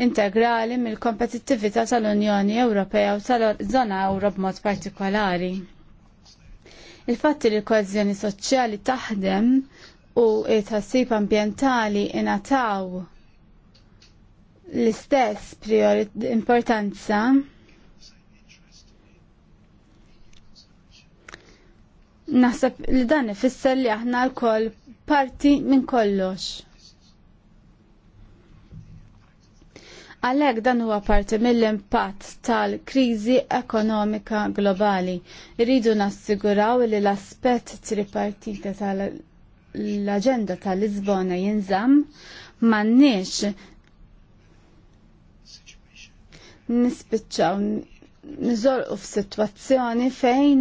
integrali mill-kompetittività tal-Unjoni Ewropea u tal-żona Ewro b'mod partikolari. Il-fatt li l koezjoni soċjali taħdem u t tħassib ambjentali ingħataw l-istess importanza naħseb li dan ifisser li aħna l-koll parti minn kollox. Għalhekk dan huwa parti mill-impatt tal-kriżi ekonomika globali. Irridu nassiguraw li l-aspett tripartita tal-aġenda tal-Lisbona jinżamm m'għandniex nispiċċaw nżorqu f'sitwazzjoni fejn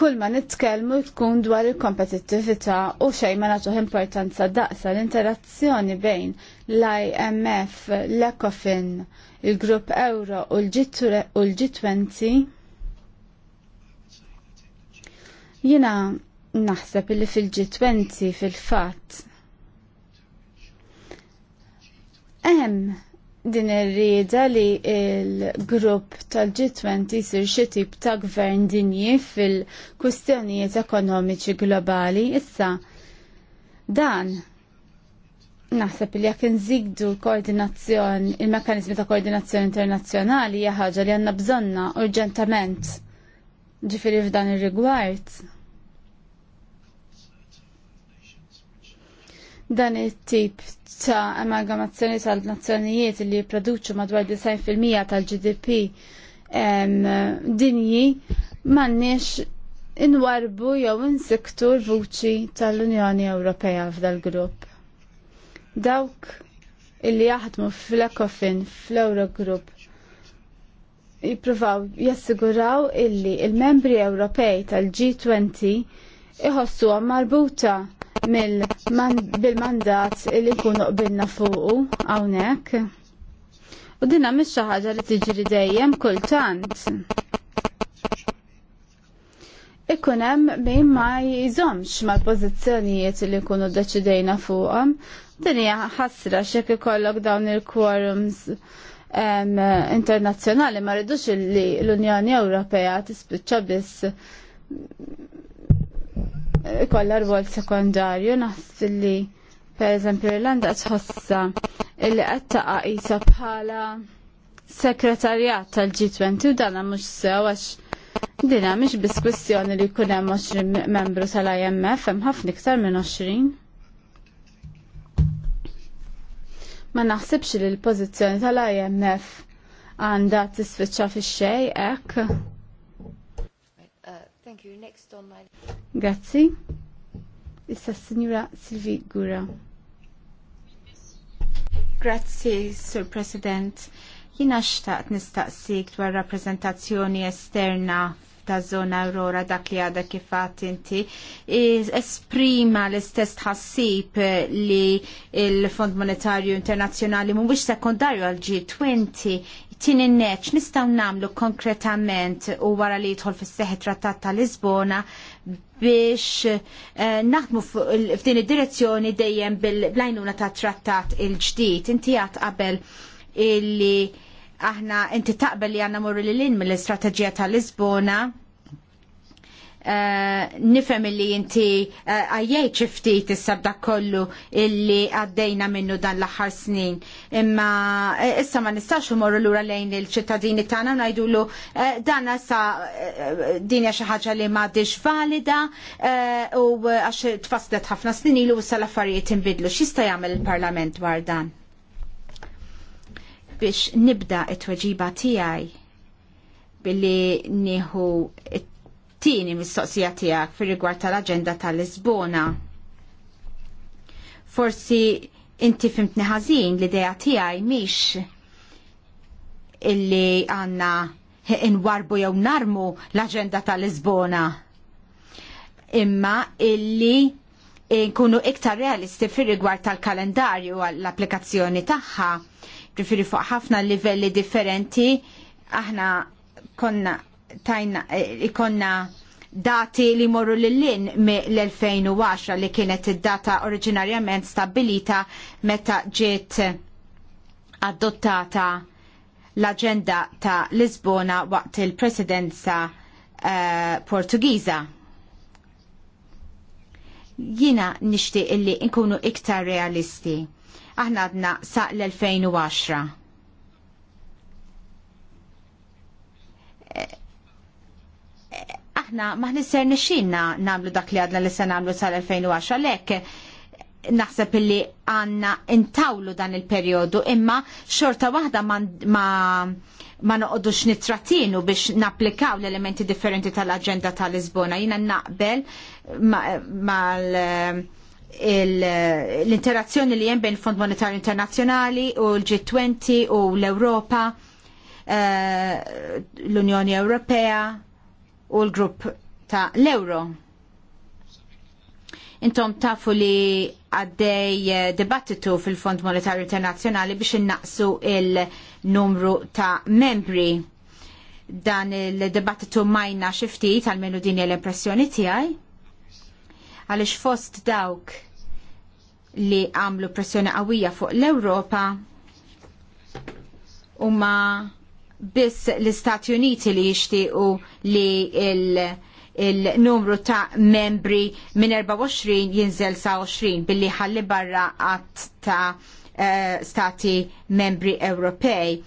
kull ma nitkellmu tkun dwar il-kompetittività u xejn ma nagħtuh importanza daqsa l-interazzjoni bejn l-IMF, l-ECOFIN, il-Grupp Euro u l-G20 jina naħseb li fil-G20 fil-fatt hemm din ir-rieda li il-grupp tal-G20 jisir xi tip ta' gvern dinji fil-kwistjonijiet ekonomiċi globali issa dan Naħseb li jekk nżigdu l-koordinazzjoni, il-mekkanizmi ta' koordinazzjoni internazzjonali hija ħaġa li għandna bżonna urġentament ġifieri f'dan ir-rigward. dan it-tip ta' amalgamazzjoni tal-nazzjonijiet li jipproduċu madwar 90% tal-GDP dinji m'għandniex inwarbu jew insiktu l-vuċi tal-Unjoni Ewropea f'dal grupp. Dawk illi jaħdmu fl-Ecofin fl eurogrupp jippruvaw jassiguraw illi il-membri Ewropej tal-G20 iħossu marbuta bil-mandat li kunu qbilna fuqu hawnhekk. U dinna mhix xi ħaġa li tiġri dejjem kultant. Ikun hemm min ma jżomx mal-pożizzjonijiet li nkunu deċidejna fuqhom. Din hija ħasra x'jekk ikollok dawn il-quorums internazzjonali ma rridux li l-Unjoni Ewropea tispiċċa biss kollha rwol sekundarju naħs li per eżempju l-Irlanda tħossa illi qed taqa' bħala sekretarjat tal-G20 u dana mhux sew għax dina mhix biss kwestjoni li jkun hemm 20 membru tal-IMF hemm ħafna iktar minn 20. Ma naħsibx li l-pożizzjoni tal-IMF għandha tisfiċċa fix-xejn hekk. Thank you. Next on my... Grazzi. Issa signora Silvi Gura. Grazzi, Sur President. Jina xtaqt nistaqsik dwar rappresentazzjoni esterna ta' zona aurora dak li għada kifat inti esprima l-istess tħassib li il-Fond Monetarju Internazzjonali mhuwiex sekondarju għal G20 Tini neċ nistaw namlu konkretament u wara li jidħol fis seħi trattat ta' Lisbona biex eh, naħdmu f'din id-direzzjoni dejjem bil-blajnuna ta' trattat il-ġdid. Inti għat qabel illi aħna inti taqbel li għanna morru l in mill-istrateġija ta' Lisbona Eh, nifem li inti eh, għajjej t-sabda kollu illi għaddejna minnu dan l-axar snin. Imma eh, issa ma nistax umorru l-ura lejn il-ċittadini tagħna ngħidu lu dan issa din hija xi ħaġa li valida u għax tfaslet ħafna snin ilu issa l-affarijiet inbidlu. Xista jagħmel il-Parlament dwar dan? biex nibda it-tweġiba tiegħi billi nieħu it tini tieni mistoqsija tiegħek fir-rigward tal-aġenda tal-Lisbona. Forsi inti fimtni ħażin l-idea tiegħi mhix illi għandna inwarbu jew narmu l-aġenda tal-Lisbona. Imma illi nkunu iktar realisti fir-rigward tal-kalendarju għall-applikazzjoni tagħha, ġifieri fuq ħafna livelli differenti aħna konna tajna eh, ikonna dati li morru l-lin l-2010 li kienet id-data oriġinarjament stabilita meta ġiet adottata l-agenda ta' Lisbona waqt il-presidenza uh, eh, Portugiża. Jina nixtieq illi nkunu iktar realisti. Aħna għadna sa' l-2010 aħna ma nisser nixinna namlu dak li għadna li se namlu sal-2010 lek naħseb illi għanna intawlu dan il-periodu imma xorta waħda ma, ma, ma noqodux nitrattinu biex napplikaw l-elementi differenti tal-agenda tal-Lisbona. Jina naqbel ma l-interazzjoni li jem bejn il-Fond Monetarju Internazzjonali u l-G20 u l-Europa, eh, l-Unjoni Ewropea, u l-grupp ta' l-euro. Intom tafu li għaddej eh, dibattitu fil-Fond Monetarju Internazzjonali biex innaqsu il-numru ta' membri dan il-debattitu majna xifti tal-menu din l-impressjoni tijaj? Għalix fost dawk li għamlu pressjoni qawwija fuq l-Europa umma biss l-Istati Uniti li jixtiequ li il- il-numru ta' membri minn 24 jinżel sa' 20 billi ħalli barra għat ta' uh, stati membri Ewropej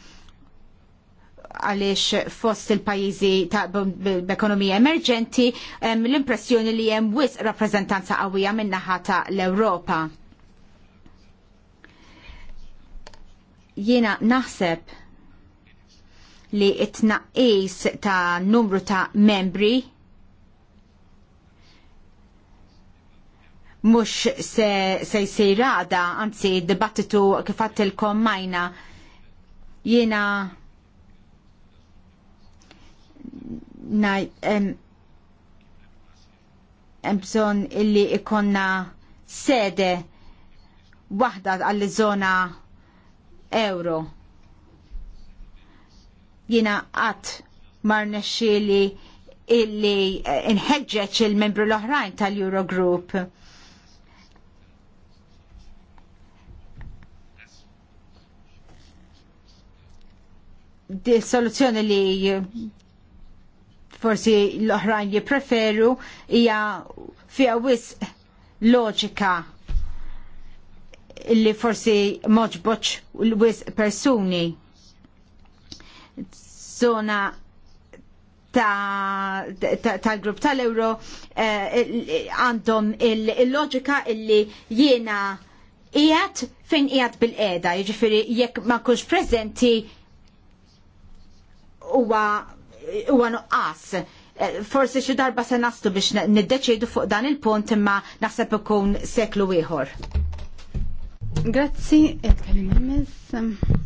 għaliex fost il-pajizi ta' b'ekonomija emerġenti um, l-impressjoni li hemm wisq rappreżentanza qawwija min-naħa l-Ewropa. Jiena naħseb li it-tnaqqis ta' numru ta' membri mux se, se jsirada, anzi dibattitu kifat il-kom majna jena bżon illi ikonna sede wahda għall-zona euro. Jiena qatt mar li illi eh, inħeġġeġ il-membru l-oħrajn tal-Eurogroup. Di soluzzjoni li forsi l-oħrajn jipreferu hija fiha wisq loġika li forsi moġboċ l-wisq persuni zona ta tal-grupp ta, ta tal-euro eh, għandhom eh, il-loġika il illi jiena qiegħed fejn qiegħed bil eda jiġifieri jekk ma kunx prezenti huwa huwa nuqqas. Eh, forsi xi darba se nastu biex niddeċidu fuq dan il-punt imma naħseb ikun seklu ieħor. Grazzi, Edgar Mimis.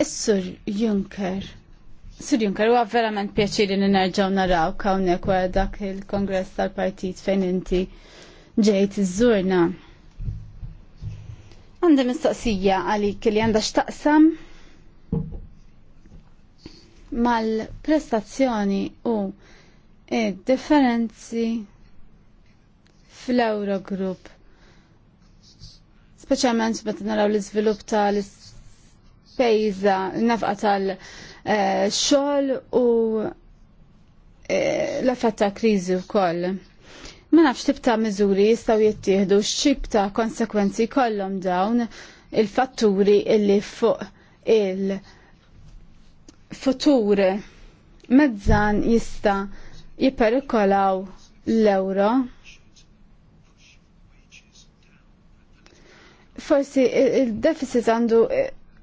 Is-Sur Juncker. Sur Juncker, huwa verament pjaċiri li nerġgħu naraw hawnhekk wara dak il-Kongress tal-Partit fejn inti ġejt iżżurna. Għandi mistoqsija għalik li għandha x'taqsam mal-prestazzjoni u differenzi fl-Eurogroup. Speċjalment meta naraw l-iżvilupp tal pejza nafqa tal-xol eh, u eh, l-affat ta' krizi u koll. Ma nafx tibta mizuri miżuri jistaw jittieħdu x'tip ta' konsekwenzi kollom dawn il-fatturi illi fuq il-futur mezzan jista jiperikolaw l-euro. Forsi il-deficit għandu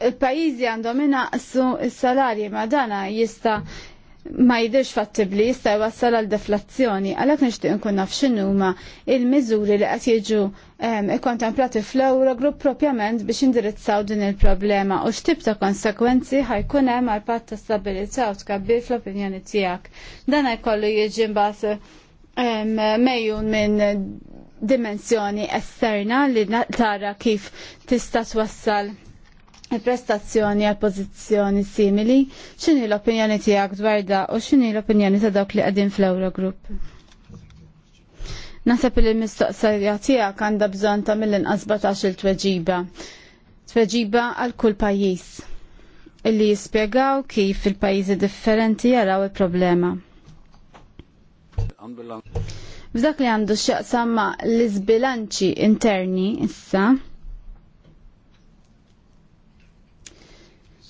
il-pajizi għandhom inaqsu il salarji ma dana jista' ma jidirx fattibli jista' jwassal għal deflazzjoni, għalhekk nixtieq nkun naf x'inhuma il-miżuri li qed jiġu ikkontemplati fl euro grupp propjament biex indirizzaw din il-problema u x'tib ta' konsekwenzi ħajkun hemm għal patt ta' stabilità u tkabbir fl-opinjoni tiegħek. Dan jkollu jiġi mbagħad mejjun minn dimensjoni esterna li tara kif tista' twassal prestazzjoni għal pozizjoni simili, xini l-opinjoni tijak dwar da u xini l-opinjoni ta' dawk li għadin fl-Eurogroup? Nasab li l-mistoqsija tijak għanda bżon ta' mill-inqas il-tweġiba. Tweġiba għal kull pajis illi jispiegaw kif il-pajizi differenti jaraw il-problema. F'dak li għandu xaqsam ma' l-izbilanċi interni issa,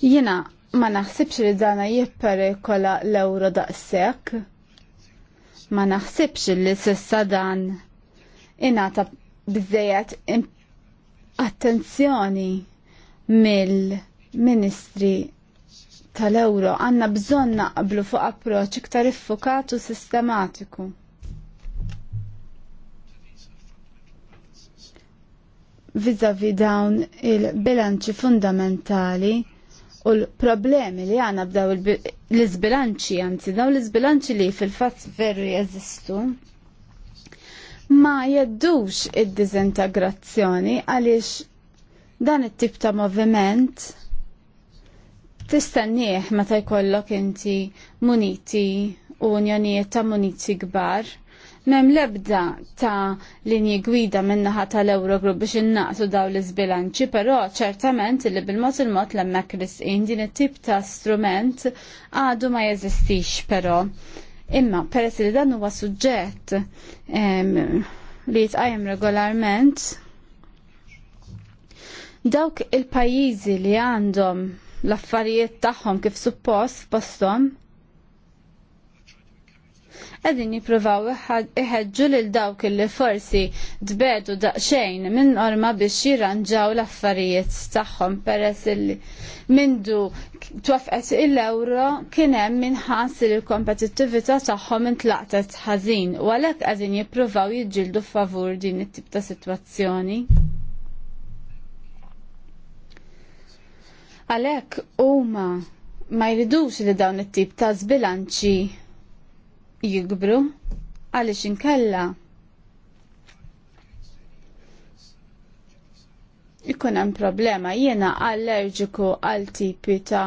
Jena ma naħsibx li dana jipperikola l-euro daqsek. Ma naħsibx li sissa dan ta' bizzejet attenzjoni mill-ministri tal-euro għanna bżon naqblu fuq approċ iktar iffukat u sistematiku. Vizavi dawn il-bilanċi fundamentali u l-problemi li għana b'daw l-izbilanċi, għanzi daw l-izbilanċi li fil-fat veru jeżistu, ma jeddux id-dizintegrazzjoni għaliex dan it-tip ta' moviment tistennieħ meta jkollok inti muniti u unjonijiet ta' muniti kbar Mem lebda ta' linji gwida minnaħa tal-Eurogroup biex innaqsu daw l-izbilanċi, però ċertament li bil mot il-mod l-emmek risqin din it-tip ta' strument għadu ma jeżistix però. Imma, peress li dan huwa suġġett li jitqajem regolarment, dawk il-pajjiżi li għandhom l-affarijiet tagħhom kif suppost f'posthom qegħdin jippruvaw iħeġġu lil dawk li forsi dbedu daqsxejn minn orma biex jirranġaw l-affarijiet tagħhom peress illi mindu twafqet il-euro kien hemm minħas li l-kompetittività tagħhom intlaqtet ħażin u għalhekk qegħdin jippruvaw jiġġieldu favur din it-tip ta' sitwazzjoni. Għalhekk huma ma jridux li dawn it-tip ta' zbilanċi jikbru għaliex inkella ikun hemm problema jiena allerġiku għal tipi ta'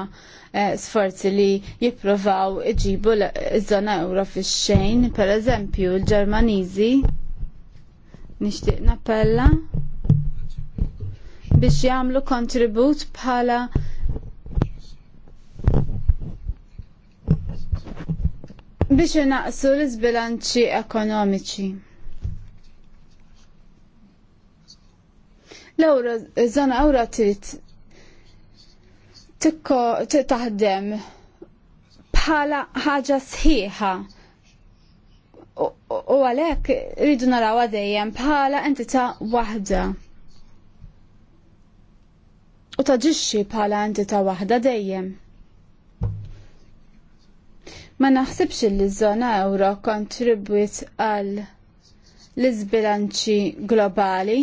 eh, sforzi li jippruvaw iġibu iż-żona euro fix-xejn, pereżempju l-Ġermaniżi nixtieq nappella biex jagħmlu kontribut bħala biex naqsu l-izbilanċi ekonomiċi. L-ewro, zona ewro trid tikko taħdem bħala ħaġa sħiħa u għalhekk rridu naraw dejjem bħala entità waħda. U taġixxi bħala entità waħda dejjem. Ma naħsibx li ż-żona euro kontribwit għal l-izbilanċi globali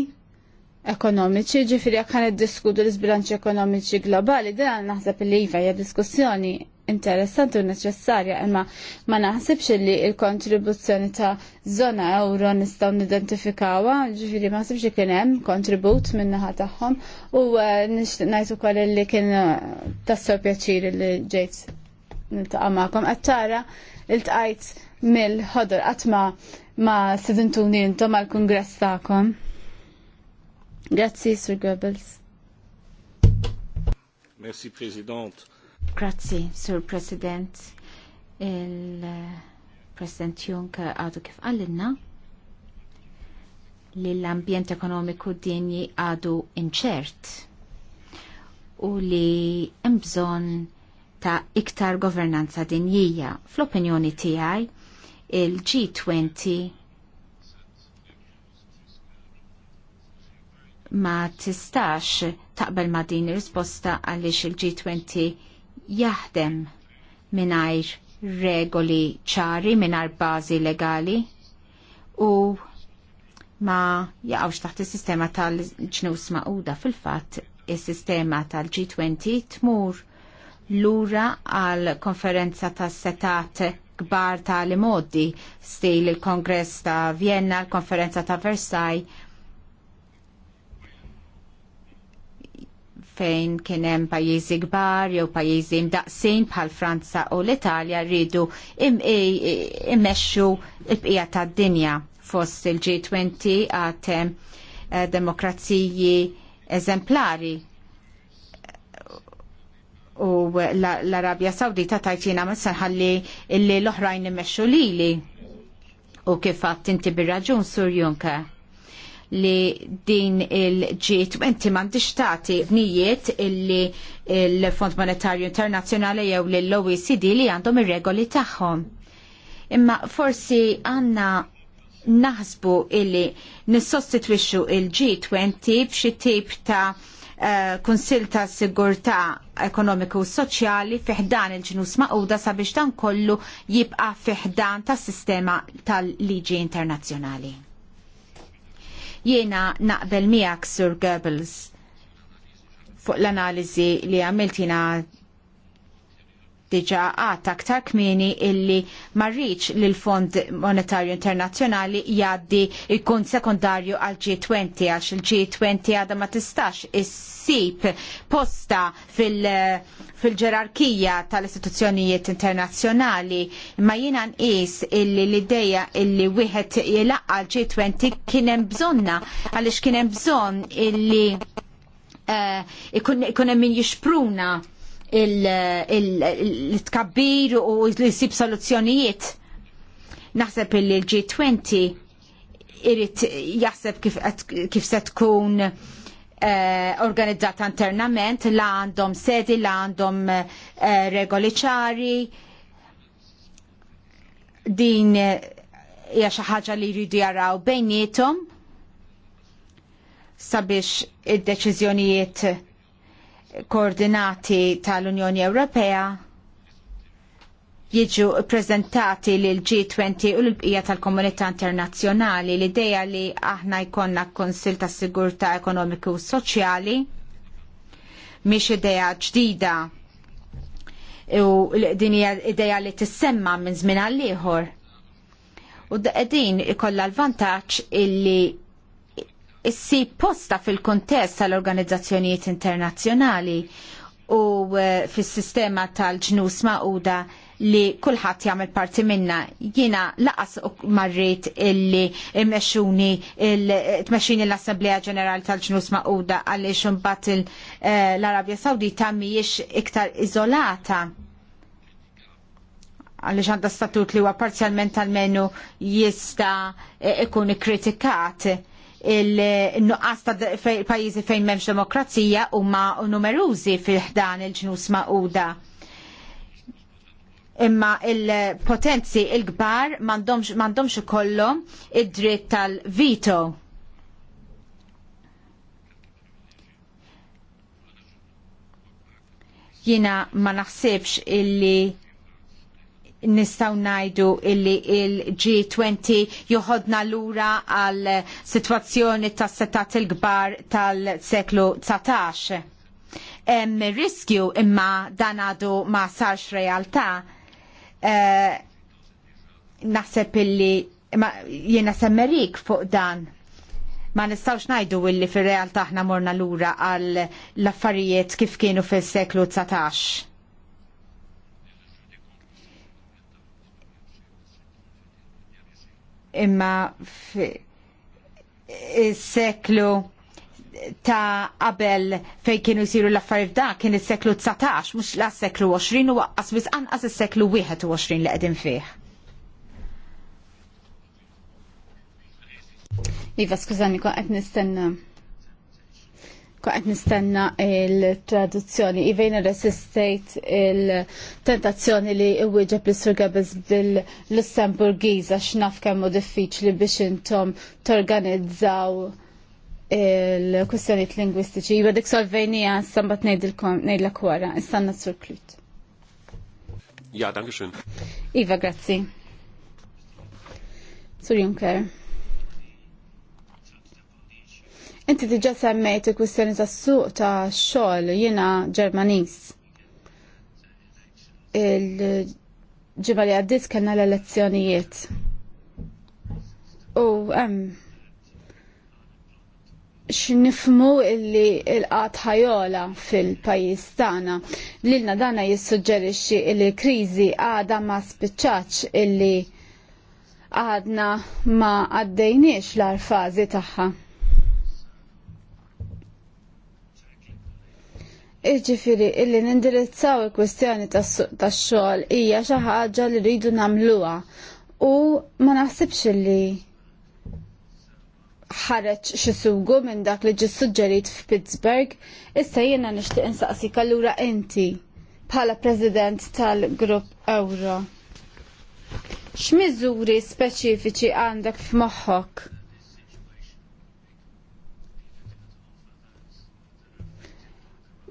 ekonomiċi, ġifiri jekk diskutu l-izbilanċi ekonomiċi globali, dan naħseb li jiva hija diskussjoni interessanti u neċessarja, imma ma naħsibx li il-kontribuzzjoni ta' zona euro nistgħu nidentifikawa, ġifiri ma naħsibx li kien hemm kontribut min-naħa tagħhom u eh, najtu ukoll li kien eh, tassew pjaċir li ġejt nil-taqa magħkom qed il-taqajt mill-ħodor qatt ma ma sedintuni intom għal kongress taqom. Grazzi, Sir Goebbels. Merci, President. Grazzi, Sir President. Il-President Juncker għadu kif għallinna li l-ambjent ekonomiku dinji għadu inċert u li mbżon ta' iktar governanza dinjija. Fl-opinjoni tiegħi il-G20 ma tistax taqbel ma din ir-risposta għaliex il-G20 jaħdem mingħajr regoli ċari mingħajr bażi legali u ma jaqgħux taħt is-sistema tal-ġnus maquda fil-fatt is-sistema tal-G20 tmur lura għal konferenza ta' setat kbar ta' li modi stil il-kongress ta' Vienna, l-konferenza ta' Versailles fejn kien hemm pajjiżi kbar jew pajjiżi mdaqsin bħal Franza u l-Italja rridu immexxu l-bqija tad-dinja fost il-G20 għad eh, demokraziji eżemplari u l-Arabja Sawdita tajtina ma ħalli illi l-oħrajn li lili u kif għat inti bil raġun Sur Juncker li din il-ġiet inti m'għandix tagħti bnijiet illi l-Fond Monetarju Internazzjonali jew l-OECD li għandhom ir-regoli tagħhom. Imma forsi għandna naħsbu illi nissostitwixxu il g inti bċi tip ta' Eh, kunsil ta' sigurtà ekonomiku u soċjali fiħdan il ġinus maquda sabiex dan kollu jibqa' fiħdan tas sistema tal-liġi internazzjonali. Jiena naqbel miegħek Sur Goebbels fuq l analiżi li għamiltina diġa għat aktar kmieni illi marriċ li l-Fond Monetarju Internazzjonali jaddi jkun sekundarju għal G20 għax il-G20 għada ma tistax issib posta fil-ġerarkija fil ġerarkija tal istituzzjonijiet internazzjonali ma jina nqis illi l-ideja illi wieħed jilaqqa l-G20 kienem bżonna għalix kienem bżon illi uh, hemm min jixpruna il-tkabbir u l sib soluzzjonijiet. Naħseb il G20 irrit jaħseb kif, se tkun eh, organizzata internament, la għandhom sedi, la għandhom eh, regoli ċari, din eh, hija xi ħaġa li jridu jaraw bejnietom sabiex id-deċiżjonijiet koordinati tal-Unjoni Ewropea jiġu prezentati lil G20 u l-bqija tal-komunità internazzjonali l idea li aħna jkonna konsil ta' sigurtà ekonomiku u soċjali miex idea ġdida u din hija idea li tissemma minn żmien għal ieħor. U din ikolla l-vantaġġ illi issi posta fil-kontest tal-organizzazzjonijiet internazzjonali u eh, fis-sistema tal-ġnus ma'uda li kulħadd jagħmel parti minna. Jiena laqas marrit illi immexxuni tmexxini l-Assemblea Ġenerali tal-Ġnus Maquda għaliex imbagħad eh, l-Arabja Sawdita mhijiex iktar iżolata għaliex għandha statut li huwa parzjalment għall-menu jista' ikun ikkritikat il-nuqqas ta' pajjiżi fejn m'hemmx demokrazija huma numerużi fil-ħdan il-ġnus maquda. Imma il-potenzi il-kbar m'għandhomx ikollhom id-dritt tal-vito. Jiena ma naħsibx illi nistaw najdu illi il-G20 joħodna lura għal situazzjoni tas setat il-gbar tal-seklu 19. Hemm riskju imma dan għadu ma sarx realtà. Eh, naħseb illi jiena semmerik fuq dan ma nistawx najdu illi fir realtà aħna morna lura għal l-affarijiet kif kienu fis-seklu 19 imma f-seklu ta' qabel fejn kienu jsiru l-affarijiet da kien is-seklu 19 mhux la seklu 20 u waqqas biss anqas is-seklu 21 li qegħdin fih. Iva, skużani, kwa qed nistenna Ekku qed nistenna il-traduzzjoni. Ivejn irresistejt il-tentazzjoni li iwieġeb li sur Gabbels bil-Lussemburgiz għax naf kemmu diffiċli biex intom torganizzaw il kwistjonijiet lingwistiċi. Iba dik solvejnija sambat nejdla kwara. Istanna sur Klut. Ja, dankeschön. Iva, grazzi. Sur Juncker. Inti diġa semmejt il-kwistjoni ta' suq ta' xogħol jiena Ġermaniż. Il-ġimgħa li għaddiet kellna l-elezzjonijiet. U hemm x'nifmu illi l-qat ħajola fil-pajjiż tagħna. Lilna dana jissuġġerixxi li l-kriżi għadha ma spiċċaċ illi għadna ma għaddejniex l-arfazi tagħha. Iġifiri, illi nindirizzaw il-kwistjoni tax-xogħol hija xi ħaġa li rridu nagħmluha u ma naħsibx li ħareġ xi sugu minn dak li ġi suġġerit f'Pittsburgh, issa jiena nixtieq insaqsik kallura inti bħala President tal-Grupp Euro. X'miżuri speċifiċi għandek f'moħħok?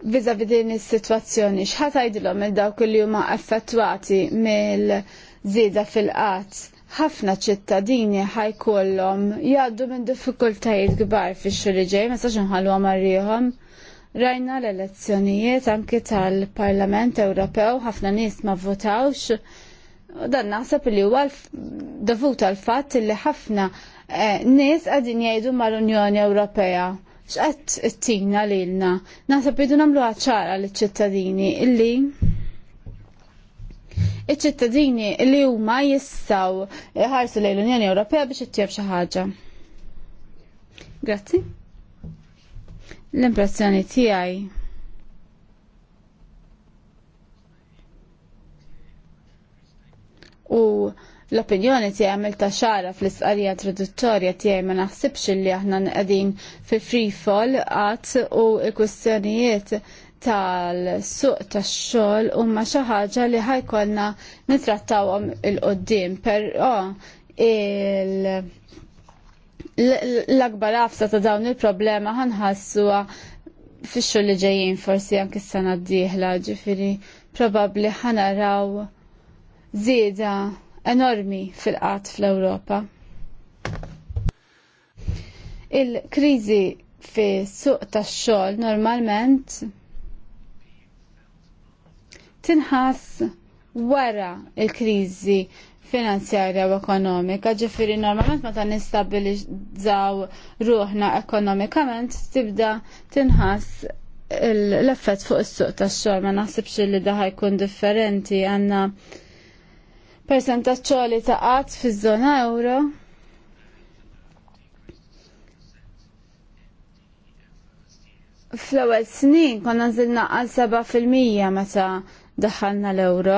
viza vidin is-sitwazzjoni x'ħatajdilhom il dawk li huma affettwati mill-żieda fil-qatt. Ħafna ċittadini ħajkollhom jgħaddu minn diffikultajiet kbar fix-xhur ġej ma sax ħallu Rajna l-elezzjonijiet anki tal-Parlament Ewropew ħafna nies ma votawx. Dan naħseb li huwa dovut għal fatt li ħafna eh, nies qegħdin jgħidu mal-Unjoni Ewropea x'qed ittina lilna. nasa bidu namlu ċara liċ-ċittadini illi iċ-ċittadini li huma jistgħu jħarsu lejn l-Unjoni Ewropea biex ittieb xi ħaġa. Grazzi. L-impressjoni tiegħi u l-opinjoni ti għamil ta' xara fl-isqarija traduttorja ti ma naħsibx li aħna nqedin fi free fall għat u il-kwestjonijiet tal-suq tax xol u ma xaħġa li ħajkonna nitrattawhom il-qoddim per il- l-akbar għafsa ta' dawn il-problema fi fix li ġejjin forsi anki s-sena d-dieħla ġifiri probabli ħanaraw zieda enormi fil-qat fl-Ewropa. Il-kriżi fi suq tax-xogħol normalment tinħass wara il-kriżi finanzjarja u ekonomika, ġifiri normalment meta nistabilizzaw ruħna ekonomikament tibda tinħass l-effett fuq is-suq tax-xogħol ma naħsibx li daħ jkun differenti għandna persentaċċoli ta' qatt fiż-żona euro. Fl-ewwel snin konna nżilna għal 7% meta daħħalna l-euro.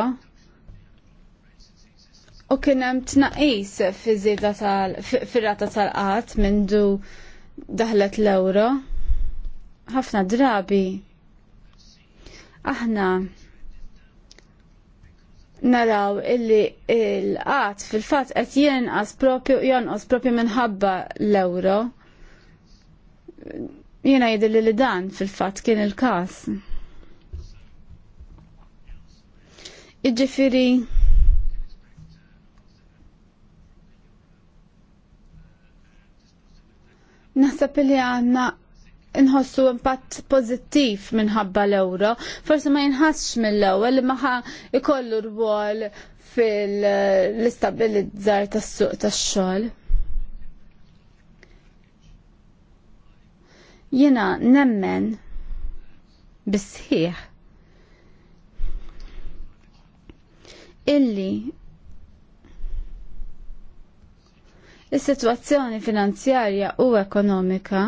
U kien hemm tnaqis fiż-żieda tal fir-rata tal-qatt minn du daħlet l-euro. Ħafna drabi. Aħna naraw illi il-qat fil-fat qed jenqas propju jonqos propju minħabba l-euro. Jiena jidil li dan fil-fat kien il-każ. Iġifiri. Naħseb li għandna inħossu impatt pozittiv minħabba l-euro, forse ma jinħassx mill-ewwel li maħa ikollu rwol fil-istabilizzar tas-suq tax-xogħol. Jiena nemmen bisħiħ illi is-sitwazzjoni finanzjarja u ekonomika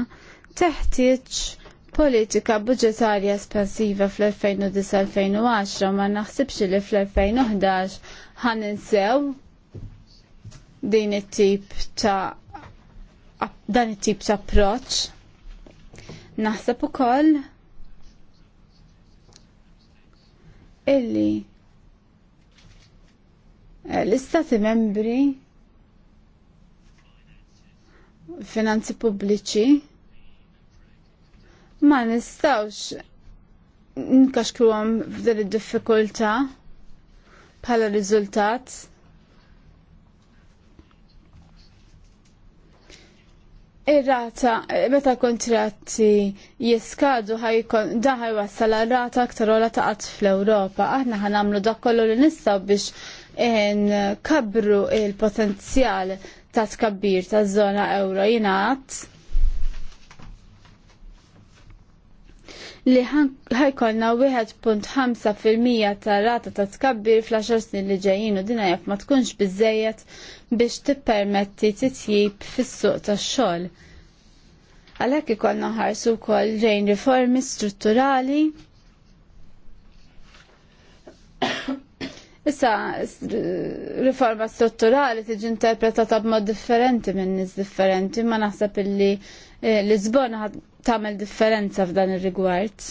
teħtieġ politika budġetarja espansiva fl-2009-2010 ma naħsibx li fl-2011 ħan insew din it-tip ta' dan it-tip ta' approċ. Naħseb ukoll illi eh, l-istati membri finanzi pubbliċi ma nistawx nkaxkruhom f'dan id-diffikultà bħala riżultat. Ir-rata, meta kontratti jiskadu ħajkon daħaj wassal rata aktar ola taqat fl-Ewropa. Aħna ħanamlu dak kollu li nistaw biex kabru il-potenzjal ta' tkabbir ta' zona euro jinaħt li ħajkolna 1.5% ta' rata ta' tkabbir fl-10 snin li ġejjin u dina jekk ma tkunx biżejjed biex tippermetti titjib fis-suq tax-xogħol. Għalhekk ikollna ħarsu wkoll ġejn riformi strutturali Issa, riforma strutturali tiġi interpretata b'mod differenti minn nies differenti, ma naħseb illi eh, Lisbona tamel differenza f'dan ir-rigward.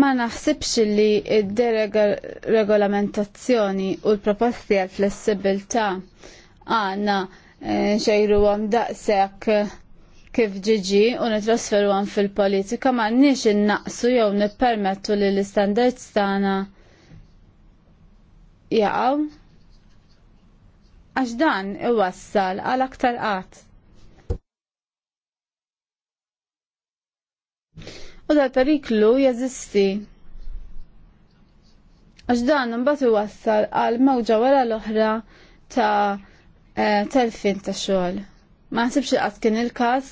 Ma naħsibx li d-deregolamentazzjoni u l-proposti għal flessibilità għandna eh, xejru għam daqsek kif ġiġi u nitrasferu għam fil-politika ma nix innaqsu jew nippermettu li l-istandards tagħna jaqgħu għax dan iwassal għal aktar qatt. u dal periklu jeżisti. Għax dan mbagħad iwassal għal mawġa wara l-oħra ta' eh, telfin ta' xogħol. Ma naħsibx qatt kien il-każ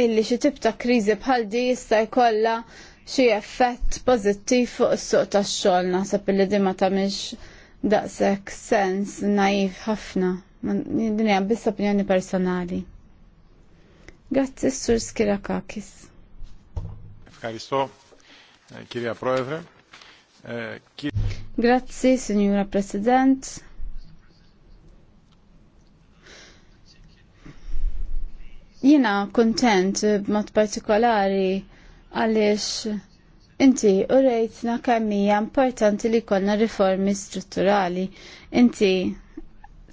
illi xi tip ta' kriżi bħal di jista' jkollha xi effett pożittiv fuq is-suq tax-xogħol naħseb illi dima tagħmilx daqshekk sens naiv ħafna. Din hija biss opinjoni personali. Grazzi Sur Skirakakis. Ευχαριστώ, κυρία Πρόεδρε. Grazzi, Signora President. Jina kontent b'mod partikolari għaliex inti u rejtna hija importanti li jkollna riformi strutturali. Inti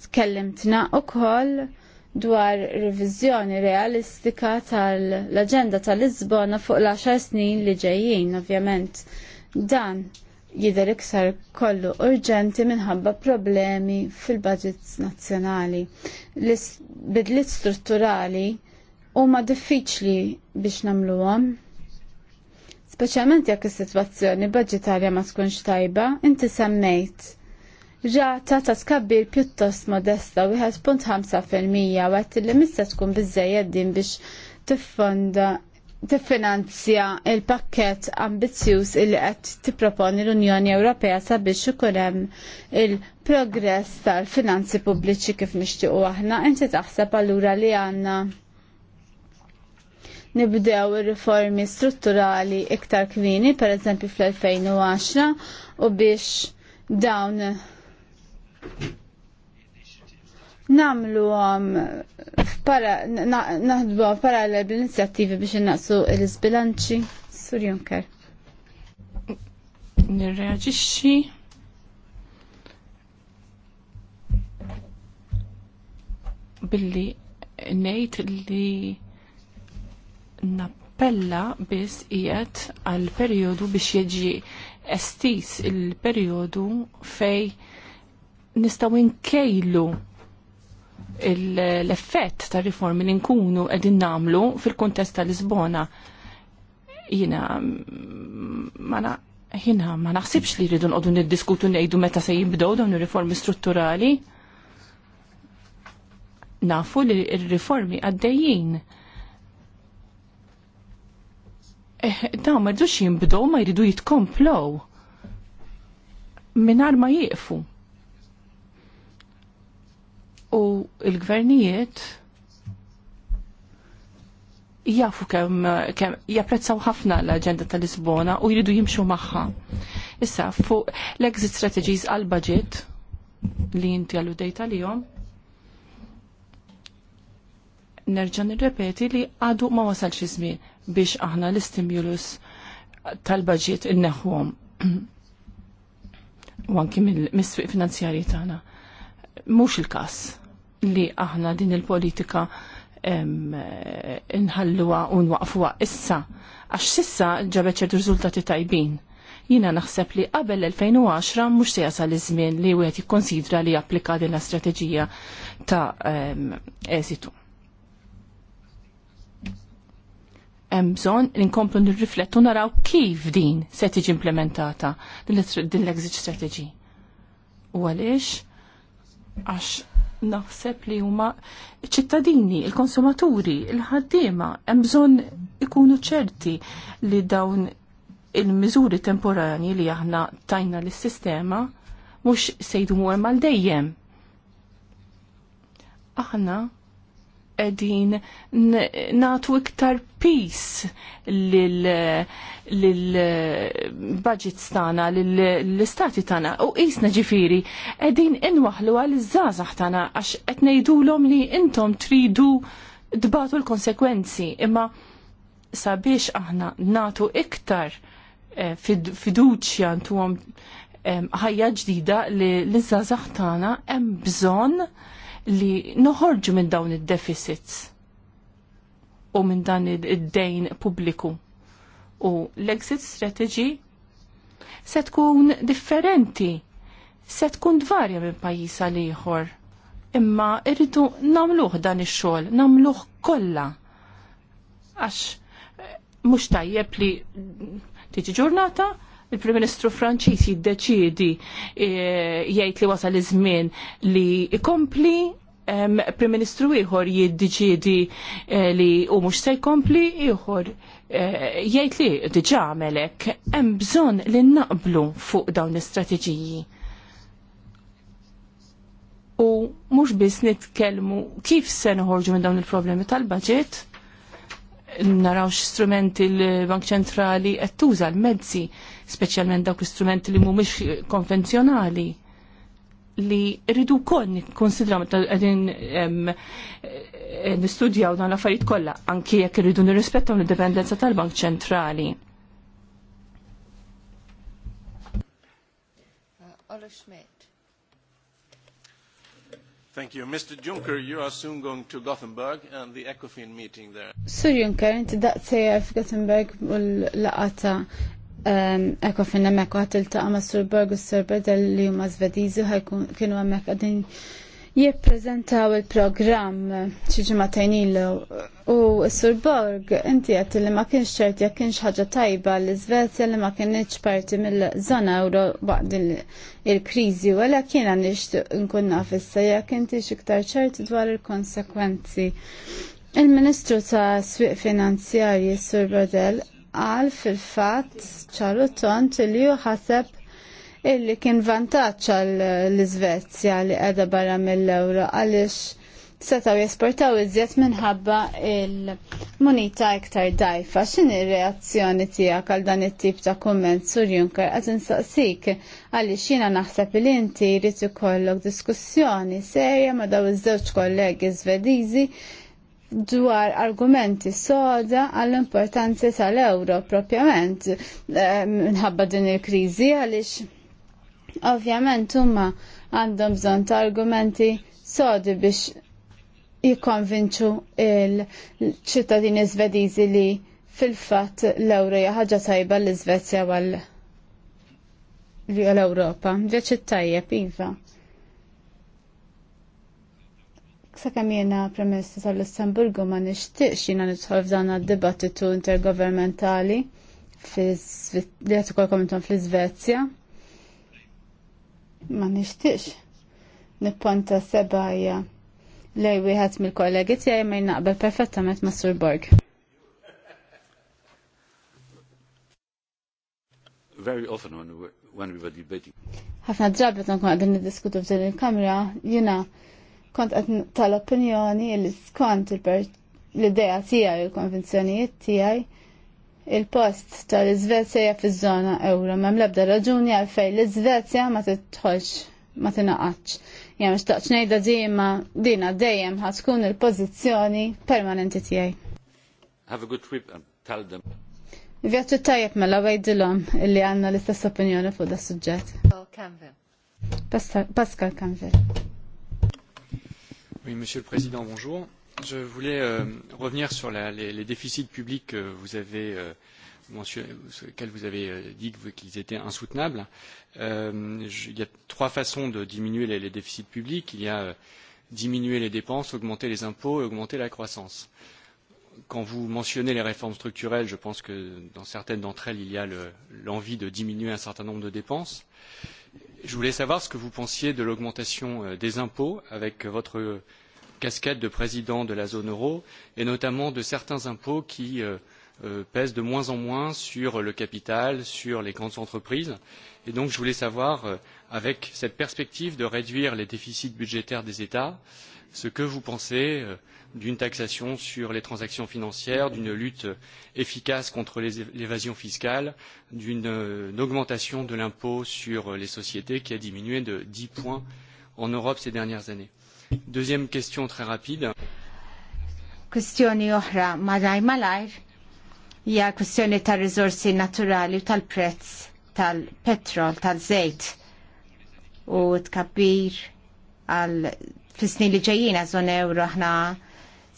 tkellimtna u koll dwar riviżjoni realistika tal-agenda tal-Lisbona fuq l-10 snin li ġejjin, ovvjament. Dan jidher iktar kollu urġenti minħabba problemi fil-budgets nazzjonali. L-bidlit strutturali huma diffiċli biex nagħmluhom. Speċjalment jekk is-sitwazzjoni budgetarja ma tkunx tajba, inti semmejt ġata ta' skabbir pjuttost modesta u 5 u għat li mista tkun bizzejed din biex tiffonda tiffinanzja il-pakket ambizzjuż il qed tipproponi l-Unjoni Ewropea sabiex ikun hemm il-progress tal-finanzi pubbliċi kif nixtiequ aħna, inti taħseb allura li għandna nibdew ir-riformi strutturali iktar per pereżempju fl-2010, u biex dawn namlu għam um, naħdbu għam parallel bl-inizjattivi biex naqsu il-sbilanċi. Sur Junker. Nirreagġixxi. Billi nejt li nappella biss qiegħed għal perjodu biex jiġi estis il-perjodu fej nistaw inkejlu l-effett ta' riformi li nkunu edin namlu fil-kontest ta' Lisbona. Jina, mm, ma jina, ma naħsibx li rridu nqodu niddiskutu ngħidu meta se jibdow dawn ir-riformi strutturali. Nafu li r-riformi għaddejjin. Eh, daw ma rridux jinbdew ma jridu jitkomplow. Minar ma jieqfu u il-gvernijiet jafu kemm kem, japprezzaw ħafna l-agenda tal-Lisbona u jridu jimxu magħha. Issa, fuq l-exit strategies għal-budget li dejta li jom, nerġa' nirrepeti li għadu ma wasalx iż-żmien biex aħna l-istimulus tal-budget inneħħuhom. u anki mis-swieq finanzjarji tagħna. Mhux il-każ li aħna din il-politika inħalluwa u nwaqfuwa issa, għax sissa ġabet ċertu riżultati tajbin. Jina naħseb li qabel 2010 mhux se jasal iż-żmien li wieħed jikkonsidra li applika din l-istrateġija ta' eżitu. Hemm bżonn inkomplu nirriflettu naraw kif din se tiġi implementata din l-exit strategy. U għaliex għax naħseb li huma ċittadini, il-konsumaturi, il-ħaddiema, hemm bżonn ikunu ċerti li dawn il-miżuri temporani li aħna tajna l-sistema mhux sejdu hemm għal dejjem. Aħna edin natu iktar peace lil-budget stana, lil-istati tana, u isna ġifiri, edin inwaħlu għal zazax tana, għax etnejdu l-om li intom tridu dbatu l-konsekwenzi, imma sabiex aħna natu iktar eh, fiduċja ntu eh, ħajja ġdida li l-zazax tana, hemm bżonn li noħorġu minn dawn id-deficits u minn dan id-dejn pubbliku. U l-exit strategy se tkun differenti, se tkun dvarja minn pajjiż għal ieħor. Imma irridu nagħmluh dan ix-xogħol, nagħmluh kollha. Għax eh, mhux tajjeb li tiġi ġurnata il-Prim Ministru Franċiż jiddeċiedi eh, jgħid li wasal iż-żmien li ikompli Prim Ministru ieħor jiddeċiedi eh, li u mhux se jkompli ieħor eh, jgħid li diġà għamelek hemm bżonn li naqblu fuq dawn l-istrateġiji. U mhux biss nitkellmu kif se noħorġu minn dawn il-problemi tal-baġit, Narawx strumenti l-Bank ċentrali qed tuża l-mezzi, speċjalment dawk l-istrumenti li mhumiex konvenzjonali li rridu wkoll nikkonsidra meta qegħdin eh, nistudjaw dan l-affarijiet kollha anke jekk irridu nirrispettaw l-indipendenza tal-Bank ċentrali. Uh, Ola Schmidt. Thank you. Mr. Juncker, you are soon going to Gothenburg and the ECOFIN meeting there. Sir Juncker, inti fi Gothenburg u l-laqata ehm, ECOFIN emmek u ħadd iltaqa' ma' Sur Borg u Sur Bedel li huma Svediżi ħajkun kienu hemmhekk għadin jippreżentaw il-programm xi ġimagħtejn ilu u s-Sur Borg inti għat li ma kienx ċert jekk kienx ħaġa tajba l iżvezja li ma kienx parti mill-żona euro waqt il-kriżi u għalhekk kien nixtieq nkun nafissa issa jekk inti iktar ċert dwar il-konsekwenzi. Il-Ministru ta' Swieq Finanzjarji Sur Bordel għal fil-fatt ċaru tont li ħaseb illi kien vantaġġ l iżvezja li qiegħda barra mill-ewro għaliex setaw jesportaw iżjed minħabba il-munita iktar dajfa. X'in il reazzjoni tiegħek għal dan it-tip ta' komment sur Junker għad insaqsik għaliex jiena naħseb il inti jrid ikollok diskussjoni serja ma' daw iż-żewġ kollegi Svediżi dwar argumenti soda għall-importanza tal-euro propjament eh, minħabba din il-krizi għalix Ovvjament huma għandhom bżonn ta' argumenti sodi biex jikkonvinċu il-ċittadini Zvediżi li fil-fatt l ewroja ħaġa tajba l-Iżvezja għal l-Ewropa. Ġeċ tajjeb iva. Sakemm jiena premessi tal-Lussemburgu ma nixtiex jiena nidħol f'dan għad-dibattitu intergovernmentali li qed ikollkom fl-Iżvezja ma nixtiex nipponta sebajja lej wieħed mill-kollegi tiegħi ma jnaqbel perfettament ma' Sur Borg. Very often when we, when we were debating. Ħafna drabi ta' nkun qegħdin niddiskutu f'din il-kamra, jiena kont qed tal-opinjoni li skont l-idea tiegħi u l-konvenzjonijiet tiegħi il-post tal-Izvezja fiż-żona euro, mem lebda raġuni għalfej l-Izvezja ma titħolx, ma tinaqatx. Jem xtaqx nejda dima dina dejjem ħatkun il-pozizjoni permanenti tiegħi. Have a good trip and tell them. Vjaċċu tajjeb mela wejdilhom illi għandna l-istess opinjoni fuq da suġġett. Pascal Canville. Oui, Monsieur le Président, bonjour. Je voulais euh, revenir sur la, les, les déficits publics que vous avez euh, mentionnés, auxquels vous avez euh, dit qu'ils étaient insoutenables. Euh, je, il y a trois façons de diminuer les, les déficits publics. Il y a euh, diminuer les dépenses, augmenter les impôts et augmenter la croissance. Quand vous mentionnez les réformes structurelles, je pense que dans certaines d'entre elles, il y a l'envie le, de diminuer un certain nombre de dépenses. Je voulais savoir ce que vous pensiez de l'augmentation euh, des impôts avec votre casquette de président de la zone euro et notamment de certains impôts qui euh, euh, pèsent de moins en moins sur le capital, sur les grandes entreprises. Et donc je voulais savoir, euh, avec cette perspective de réduire les déficits budgétaires des États, ce que vous pensez d'une taxation sur les transactions financières, d'une lutte efficace contre l'évasion fiscale, d'une augmentation de l'impôt sur les sociétés qui a diminué de 10 points en Europe ces dernières années. Deuxième question très rapide. Kwestjoni oħra ma' malaj malajr hija kwestjoni ta' riżorsi naturali u tal-prezz tal-petrol, tal-żejt u tkabbir għal fis-snin li ġejjin għażon euro aħna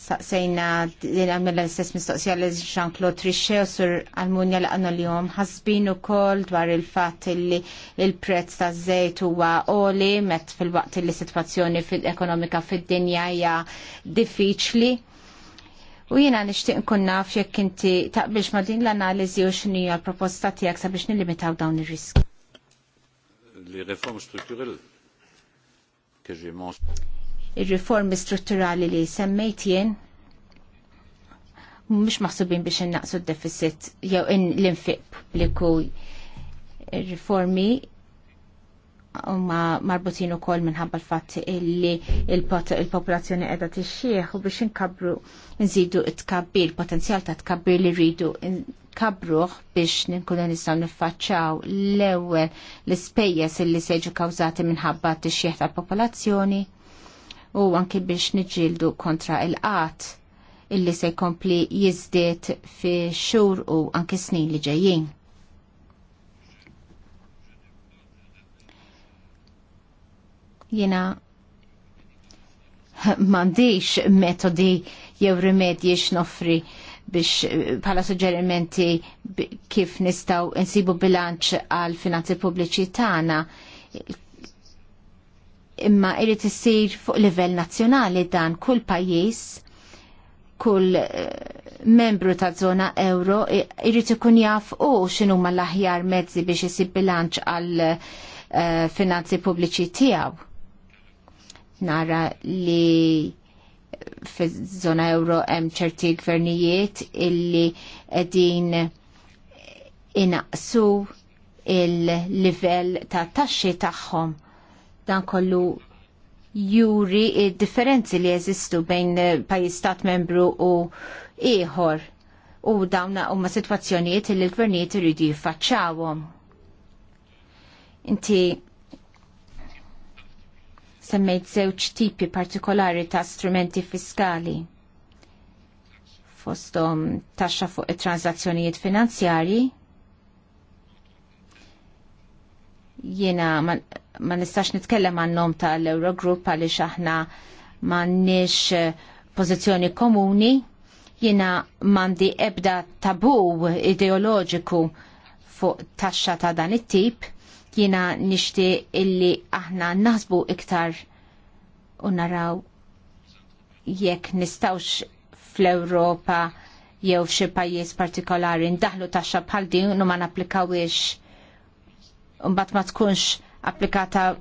Saqsejna din għamil l-istess mistoqsija li Jean-Claude Trichet u sur għal-munja li għannu li jom ħasbin u kol dwar il-fat li il-prezz ta' zejt huwa għoli met fil-waqt li situazzjoni fil-ekonomika fil-dinja hija diffiċli. U jiena nixtieq nkun naf jekk inti taqbilx ma' din l-analiżi u xini l-proposta tiegħek sabiex nilimitaw dawn ir-riski ir-riformi strutturali li semmejt jien mhux maħsubin biex innaqsu d-deficit jew l-infiq publiku ir-riformi ma marbutin u kol minħabba l-fat li il-popolazzjoni edha t u biex nkabru nżidu t-kabbir, potenzjal ta' t-kabbir li rridu nkabruħ biex ninkunu nistaw nifacċaw l-ewel l-spejjes illi seġu kawzati minħabba t-xieħ tal-popolazzjoni u anki biex nġildu kontra il-qat illi se jkompli jizdiet fi xhur u anki snin li ġejjin. Jena mandiċ metodi jew rimedji x'noffri biex pala suġġerimenti kif nistaw insibu bilanċ għal finanzi pubbliċi tagħna imma irrid isir fuq livell nazzjonali dan kull pajjiż kull eh, membru ta' zona euro irrid ikun jaf u x'inhu ma l-aħjar mezzi biex isib bilanċ għal eh, finanzi pubbliċi tiegħu. Nara li fi żona euro hemm ċerti gvernijiet illi qegħdin inaqsu il-livell ta' taxxi tagħhom Dan kollu juri differenzi li jeżistu bejn pajjiż stat membru u ieħor u dawna huma sitwazzjonijiet li l-gvernijiet iridu jiffaċċawhom. Inti semmejt żewġ tipi partikolari ta' strumenti fiskali fostom taxxa fuq it-transazzjonijiet finanzjarji jiena ma nistax nitkellem għannom tal-Eurogroup għaliex aħna m'għandniex eh, pożizzjoni komuni jina mandi ebda tabu ideoloġiku fuq taxxa ta' dan it-tip jina nixti illi aħna naħsbu iktar u naraw jekk nistawx fl-Ewropa jew f'xi pajjiż partikolari ndaħlu taxxa bħal din u ma napplikawiex mbagħad ma tkunx applikata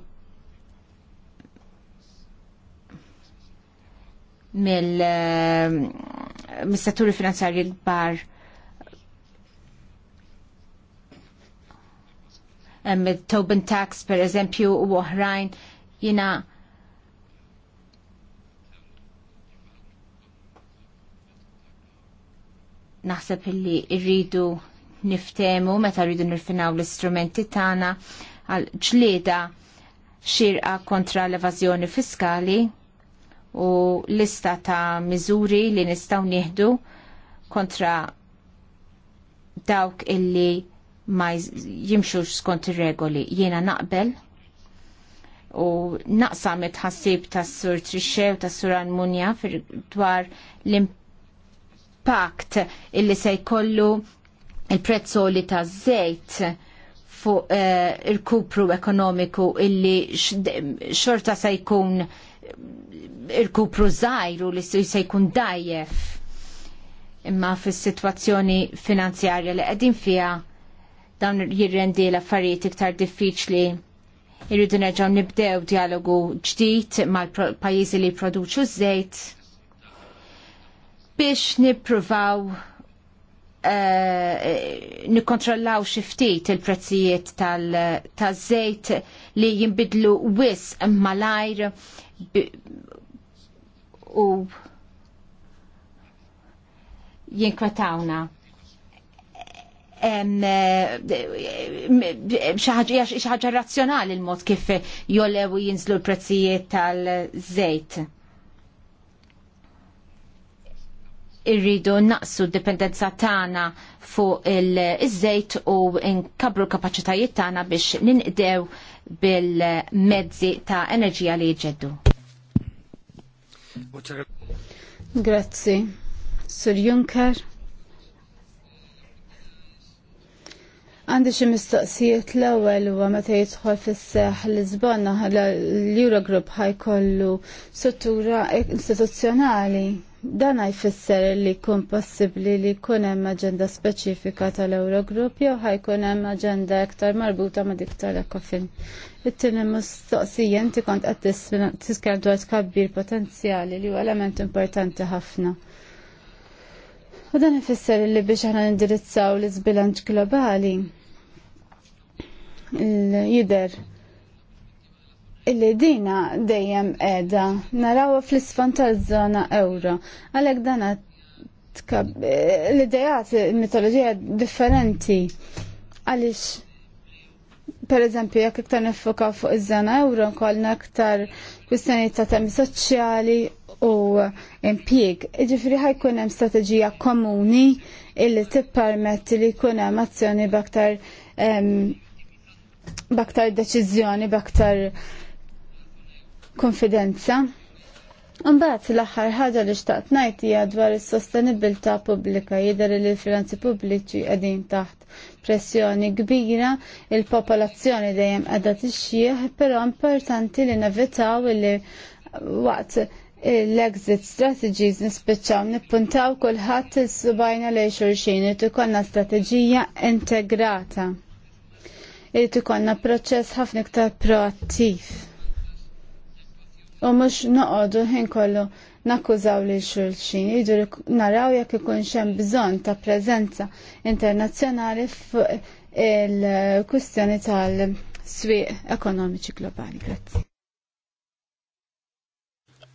mill eh, mistaturi finanzjarji l-bar Tobin Tax per eżempju u oħrajn jina naħseb illi irridu niftemu meta rridu nirfinaw l-istrumenti tagħna għal ġlieda xirqa kontra l-evażjoni fiskali u lista ta' miżuri li nistgħu nieħdu kontra dawk illi ma jimxux skont ir-regoli. Jiena naqbel u naqsam it-ħassib tas sur Trixxe u tas sur Almunja dwar l-impatt illi se jkollu il-prezzoli ta' zejt fuq uh, il-kupru ekonomiku illi xorta se jkun il-kupru zaħiru li se jkun dajjef imma fis situazzjoni finanzjarja li qegħdin fiha dawn jirrendi l-affarijiet iktar diffiċli irridu nerġgħu nibdew dialogu ġdid mal-pajjiżi li jproduċu żejt biex nippruvaw Eh, nikkontrollaw xi ftit il-prezzijiet tal-żejt li jinbidlu wis malajr u jinkwetawna. Eh, ħaġa razzjonali l-mod kif jollew jinżlu l-prezzijiet tal-żejt. irridu naqsu d-dipendenza tagħna fuq il-żejt u nkabru l-kapaċitajiet tagħna biex ninqdew bil-mezzi ta' enerġija li jġeddu. Grazzi. Sur Juncker. Għandi xi mistoqsijiet l-ewwel huwa meta jidħol fis-seħ l-Lisbona l-Eurogroup ħajkollu struttura istituzzjonali Dan jfisser li jkun possibbli li jkun hemm aġenda speċifika tal-Eurogrupp jew ħajkun hemm aġenda iktar marbuta ma' dik tal-Ekofin. It-tieni mistoqsija inti kont qed tiskar dwar tkabbir potenzjali li huwa element importanti ħafna. U dan ifisser li biex aħna nindirizzaw l-izbilanċ globali. L-jider illi dina dejjem edha narawa fl isfan tal-zona euro. Għalek dana l-idejat, mitologija differenti. Għalix, per eżempju, jek iktar nifoka fuq iż-żona euro, kolna iktar kwistjoni ta' temi soċjali u impjieg. Ġifri ħajkun hemm strateġija komuni illi tippermetti li jkun hemm azzjoni baktar baktar deċiżjoni, baktar konfidenza. Unbaħt l-aħħar ħaġa li xtaqt ngħid hija dwar is-sostenibilità pubblika li l-finanzi pubbliċi qegħdin taħt pressjoni kbira, il-popolazzjoni dejjem qiegħda tixjih, però importanti li nevitaw li waqt l-exit strategies nispiċċaw nippuntaw kulħadd il subajna li xurxini irid konna strateġija integrata. Irid ikollna proċess ħafna iktar proattiv u mhux noqogħdu ħin kollu nakkużaw li xulxin, jidur naraw jekk ikun hemm bżonn ta' prezenza internazzjonali fuq il kustjoni tal-swieq ekonomiċi globali. Grazie.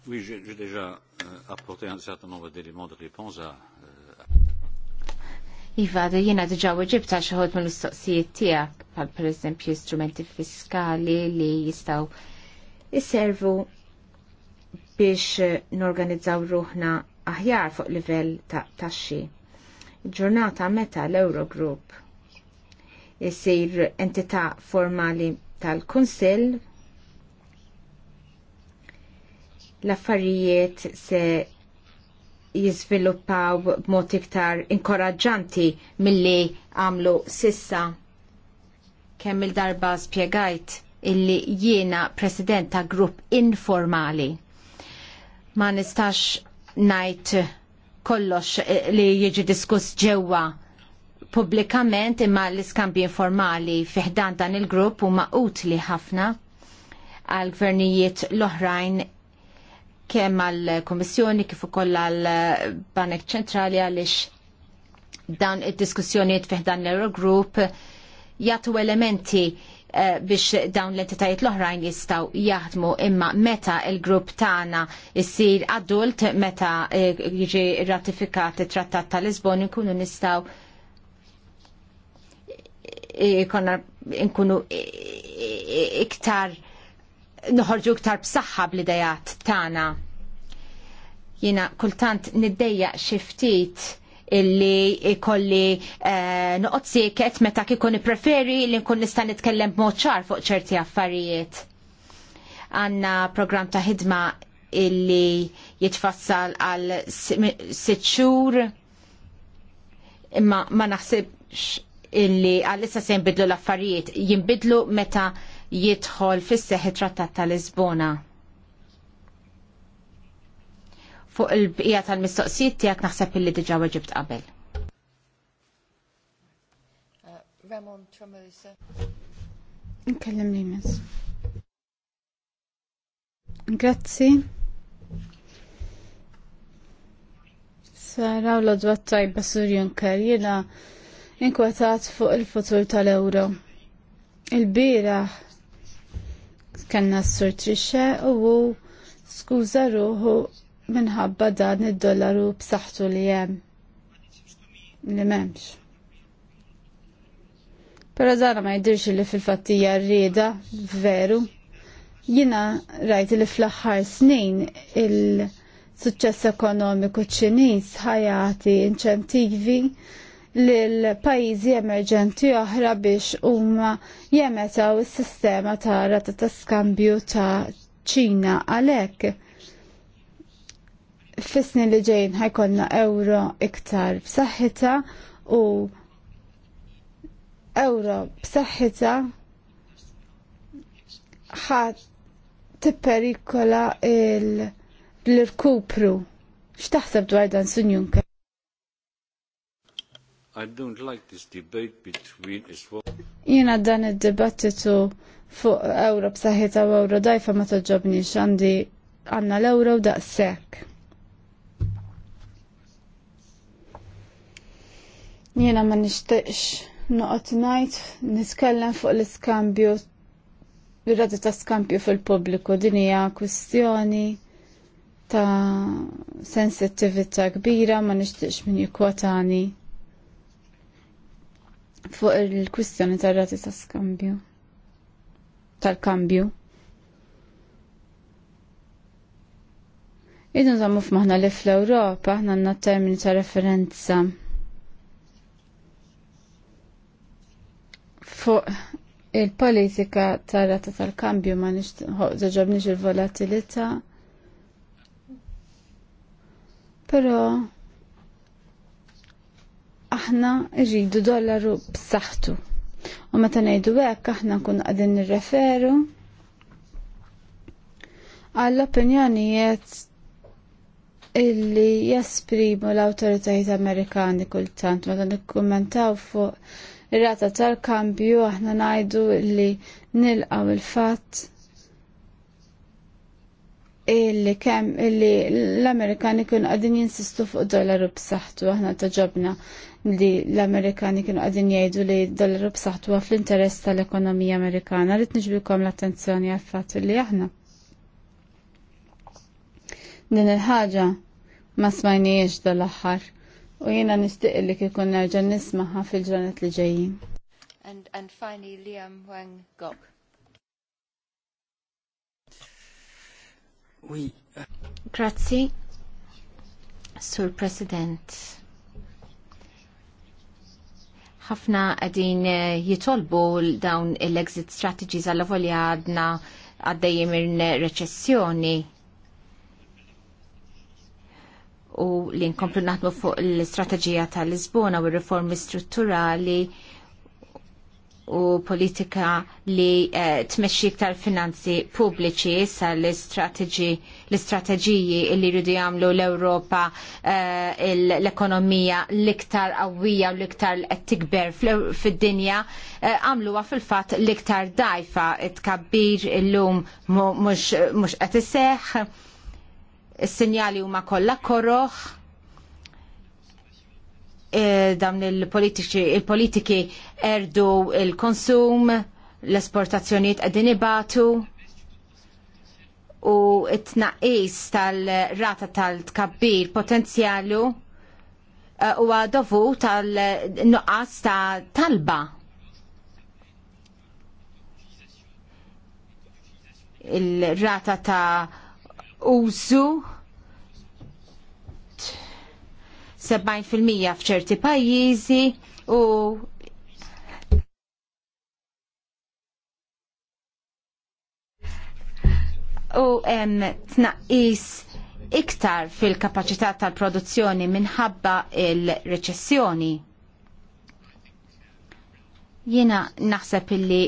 Oui, j'ai déjà euh, apporté un certain nombre d'éléments de réponse à euh, Iva, da jena diġa ta xaħod mill istoqsijiet tijak, pal per eżempju strumenti fiskali li jistaw jisservu biex norganizzaw ruħna aħjar fuq livell ta' taxxi. Ġurnata meta l-Eurogroup jisir entità formali tal-Kunsill l-affarijiet se jizviluppaw b'mod iktar inkoraġġanti milli għamlu sissa kemm il-darba spjegajt illi jiena president ta' grupp informali ma nistax najt kollox li jiġi diskuss ġewwa pubblikament imma l-iskambi informali fiħdan dan il-grupp huma utli ħafna għal gvernijiet l-oħrajn kemm għal komissjoni kif ukoll għal Banek Ċentrali għaliex dawn id-diskussjonijiet fiħdan l-Eurogroup jagħtu elementi Eh, biex dawn l-entitajiet l-oħrajn jistaw jaħdmu imma meta il-grupp tagħna jsir adult meta eh, jiġi ratifikat it-Trattat ta' Lisbon nkunu nistaw eh, konna nkunu iktar noħorġu iktar b'saħħa bl-idejat tagħna. Jiena kultant niddejja xi ftit illi ikolli noqot eh, noqgħod sieket meta kikun ippreferi li nkun nista' nitkellem b'mod ċar fuq ċerti affarijiet. Għanna program ta' ħidma illi jitfassal għal sitt xhur imma ma naħsibx illi għal-issa se jinbidlu l-affarijiet, jinbidlu meta jidħol fis seħi trattat tal-Lisbona. fuq il-bqija tal-mistoqsijiet tiegħek naħseb illi diġà weġibt qabel. Uh, Nkellem li Grazzi. Sara u l odwat tajba Sur Junker, jena inkwetat fuq il-futur tal-euro. Il-bira kanna s Sur Trisha u skuza ruħu minħabba dan id-dollaru b'saħħtu li hemm li m'hemmx. Però żara ma jidhirx li fil-fattija rrieda veru. Jina rajt li fl-aħħar snin il-suċċess ekonomiku ċiniż ħajati inċentivi lil pajjiżi emerġenti oħra biex huma jemetaw is-sistema ta' rata ta' skambju ta' ċina għalhekk fissni li ġejn ħajkonna euro iktar b'saħħita u euro b'saħħita ħat tipperikola l-irkupru. X'taħseb dwar dan sunjunke? I don't like this debate between Jina dan id-dibattitu fuq euro b'saħħita u euro dajfa ma toġobniex għandi għanna l-euro daqshekk. Jiena ma nishtiqx noqgħod ngħid niskellem fuq l-iskambju ir-rati ta' skambju fil-pubbliku din hija kwistjoni ta' sensittività kbira ma nixtieqx min jikkwotani fuq il-kwistjoni tar-rati ta' skambju tal-kambju. Idu nżammu f'maħna li fl-Ewropa aħna għandna termini ta' referenza Fuq il-politika tar-rata tal-kambju ma nix il-volatilità. Però aħna rridu dollaru b'saħħtu. U meta ngħidu hekk aħna nkunu qegħdin nirreferu għall-opinjonijiet illi jesprimu l-awtoritajiet Amerikani kultant meta nikkummentaw fuq ir-rata tal-kambju aħna ngħidu li nilqaw il fat illi kem illi l-Amerikani kienu għadin jinsistu fuq dollaru b'saħħtu aħna taġobna li l-Amerikani kienu għadin jgħidu li dollaru b'saħħtu għaf l interess tal-ekonomija Amerikana li tniġbilkom l-attenzjoni għal fatt li aħna. Din il-ħaġa ma smajniex dal-aħħar u jiena nixtieq li kikun nerġa' nismaha fil-ġranet li ġejjin. And, and finally Liam Wang Gok. Oui. Grazzi, Sur President. ħafna għadin eh, jitolbu dawn l-exit strategies għal-volja għadna għaddejjem ir-reċessjoni u li nkomplu naħdmu fuq l-istrateġija tal-Lisbona u r-riformi strutturali u politika li uh, tmexxi iktar finanzi pubbliċi sa l-istrateġiji li jridu jagħmlu l-Ewropa uh, l-ekonomija l-iktar qawwija u l-iktar qed tikber fid-dinja eh, għamluha uh, fil-fatt l-iktar dajfa tkabbir illum mhux qed iseħħ Is-sinjali huma kollha korroħ e, dawn il-politiċi il-politiki erdu il-konsum, l-esportazzjonijiet qegħdin ibatu u t-tnaqqis tal-rata tal-tkabbir potenzjalu e, huwa dovut tal-nuqqas ta' talba. Il-rata ta' użu 70% f'ċerti pajjiżi u u hemm tnaqqis iktar fil-kapaċità tal-produzzjoni minħabba il-reċessjoni. Jiena naħseb illi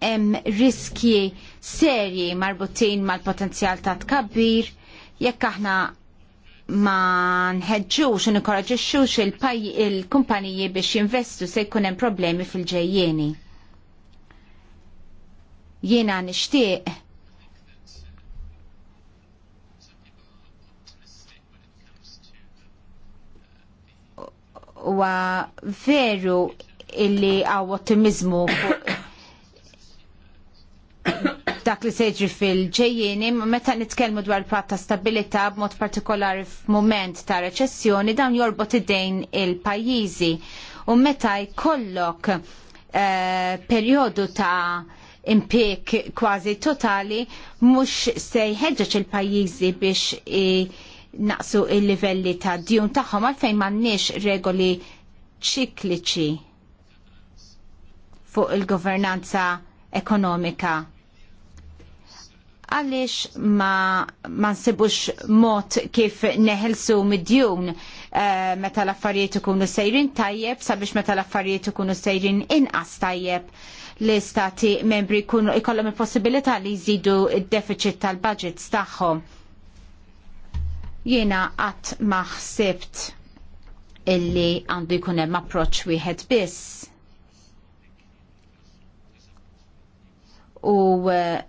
hemm riskji serji marbutin mal-potenzjal ta' tkabbir jekk aħna ma nħedġux u nikoraġixxux il-kumpaniji il biex jinvestu se jkun hemm problemi fil-ġejjieni. Jiena nixtieq huwa veru illi għaw ottimizmu fuq dak li seġri fil-ġejjeni, meta nitkellmu dwar il-patt ta' stabilità b'mod partikolari f'mument ta' reċessjoni dan jorbot id-dejn il-pajjiżi u meta jkollok periodu eh, perjodu ta' impik kważi totali mhux se jħeġġeġ il-pajjiżi biex naqsu il-livelli ta' djun tagħhom għalfejn m'għandniex regoli ċikliċi fuq il-governanza ekonomika għaliex ma, ma nsibux mod kif neħelsu mid-djun eh, meta l-affarijiet ikunu sejrin tajjeb sabiex meta l-affarijiet ikunu sejrin inqas tajjeb l-istati membri jkunu ikollhom il-possibilità li jżidu id-deficit tal-budgets tagħhom. Jiena qatt ma ħsibt illi għandu jkun hemm approċċ wieħed biss. U uh,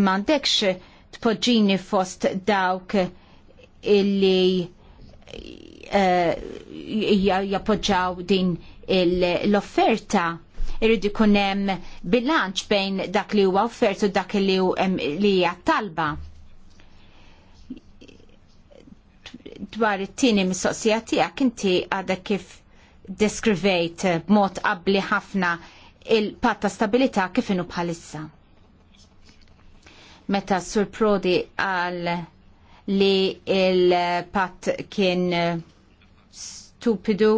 m'għandekx tpoġġini fost dawk illi eh, jappoġġaw din l-offerta irridu kunem hemm bilanċ bejn dak li huwa offertu dak li hija talba. Dwar it-tieni mistoqsija tiegħek inti għadha kif deskrivejt b'mod qabbli ħafna il-patta stabilità kif inhu bħalissa meta Sur Prodi għal li il-pat kien stupidu.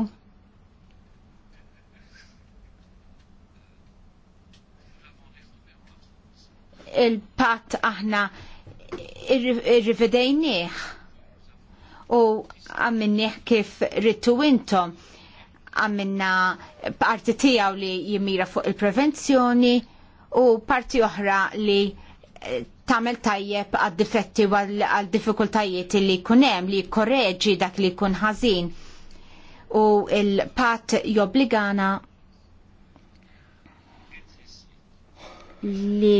Il-pat aħna irrivedejnieħ u għamminnieħ kif rittu intom għamminna parti tijaw li jimira fuq il-prevenzjoni u parti oħra li tagħmel tajjeb għad-difetti u għal-diffikultajiet li jkun hemm li korreġi dak li jkun ħażin u l pat jobbligana li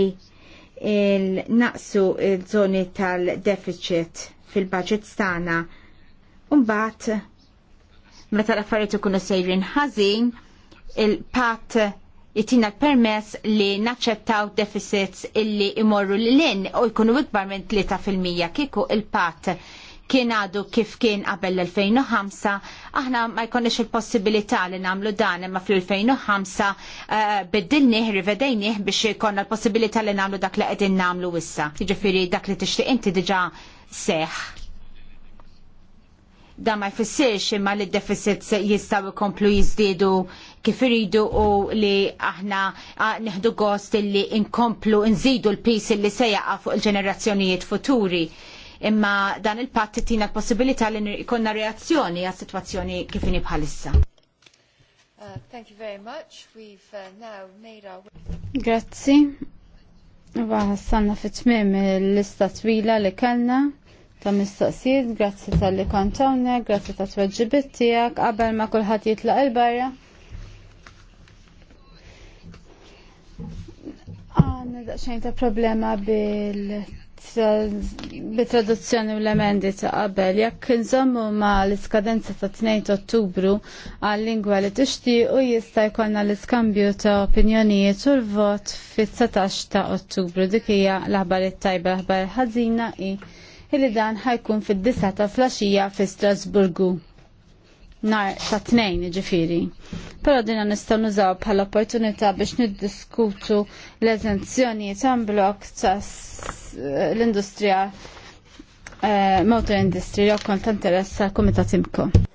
il-naqsu il-żoni tal-deficit fil-budget stana. Umbat, meta l-affarijiet ikunu sejrin ħażin, il-pat jittina permess li naċċettaw deficits illi imorru l in. u jkunu ikbar minn 3% kieku il-pat kien għadu kif kien qabel l-2005, aħna ma jkonniex il-possibilità li namlu dan imma fl-2005 uh, eh, biddilnih, rivedejnih biex jkonna l-possibilità li namlu dak li qegħdin namlu wissa. Jiġifieri dak li tixtieq inti diġa' seħ. Da ma jfissirx imma li d-deficits jistaw ikomplu jizdidu kif iridu u li aħna neħdu gost li inkomplu nżidu l-pis li se jaqa' fuq il-ġenerazzjonijiet futuri. Imma dan il-patt tina l-possibilità li ikonna reazzjoni għas situazzjoni kif ini bħalissa. Uh, thank you very much. We've uh, now made our Grazzi. Wa ħassanna fit-tmiem l-lista twila li kellna ta' mistoqsijiet, grazzi tal-li kontawna, grazzi ta' tweġġibit tiegħek qabel ma kulħadd jitlaq il-barra. Għanna xejn ta' problema bil-traduzzjoni u l-emendi ta' qabel. Jekk nżommu ma l-iskadenza ta' 2 ottubru għal-lingwa li tixtieq u jista' jkollna l-iskambju ta' opinjonijiet u l-vot fit-19 ta' ottubru. Dik hija l-aħbar it-tajba, l-aħbar ħażina i illi dan ħajkun fid-disa ta' flasġija fi Strasburgu. Nar ta' tnejn ġifiri. Pero dina nistaw nużaw bħala opportunità biex niddiskutu l-eżenzjonijiet blok ta' l-industrija eh, motor industry jew kont interess tal-Kumitat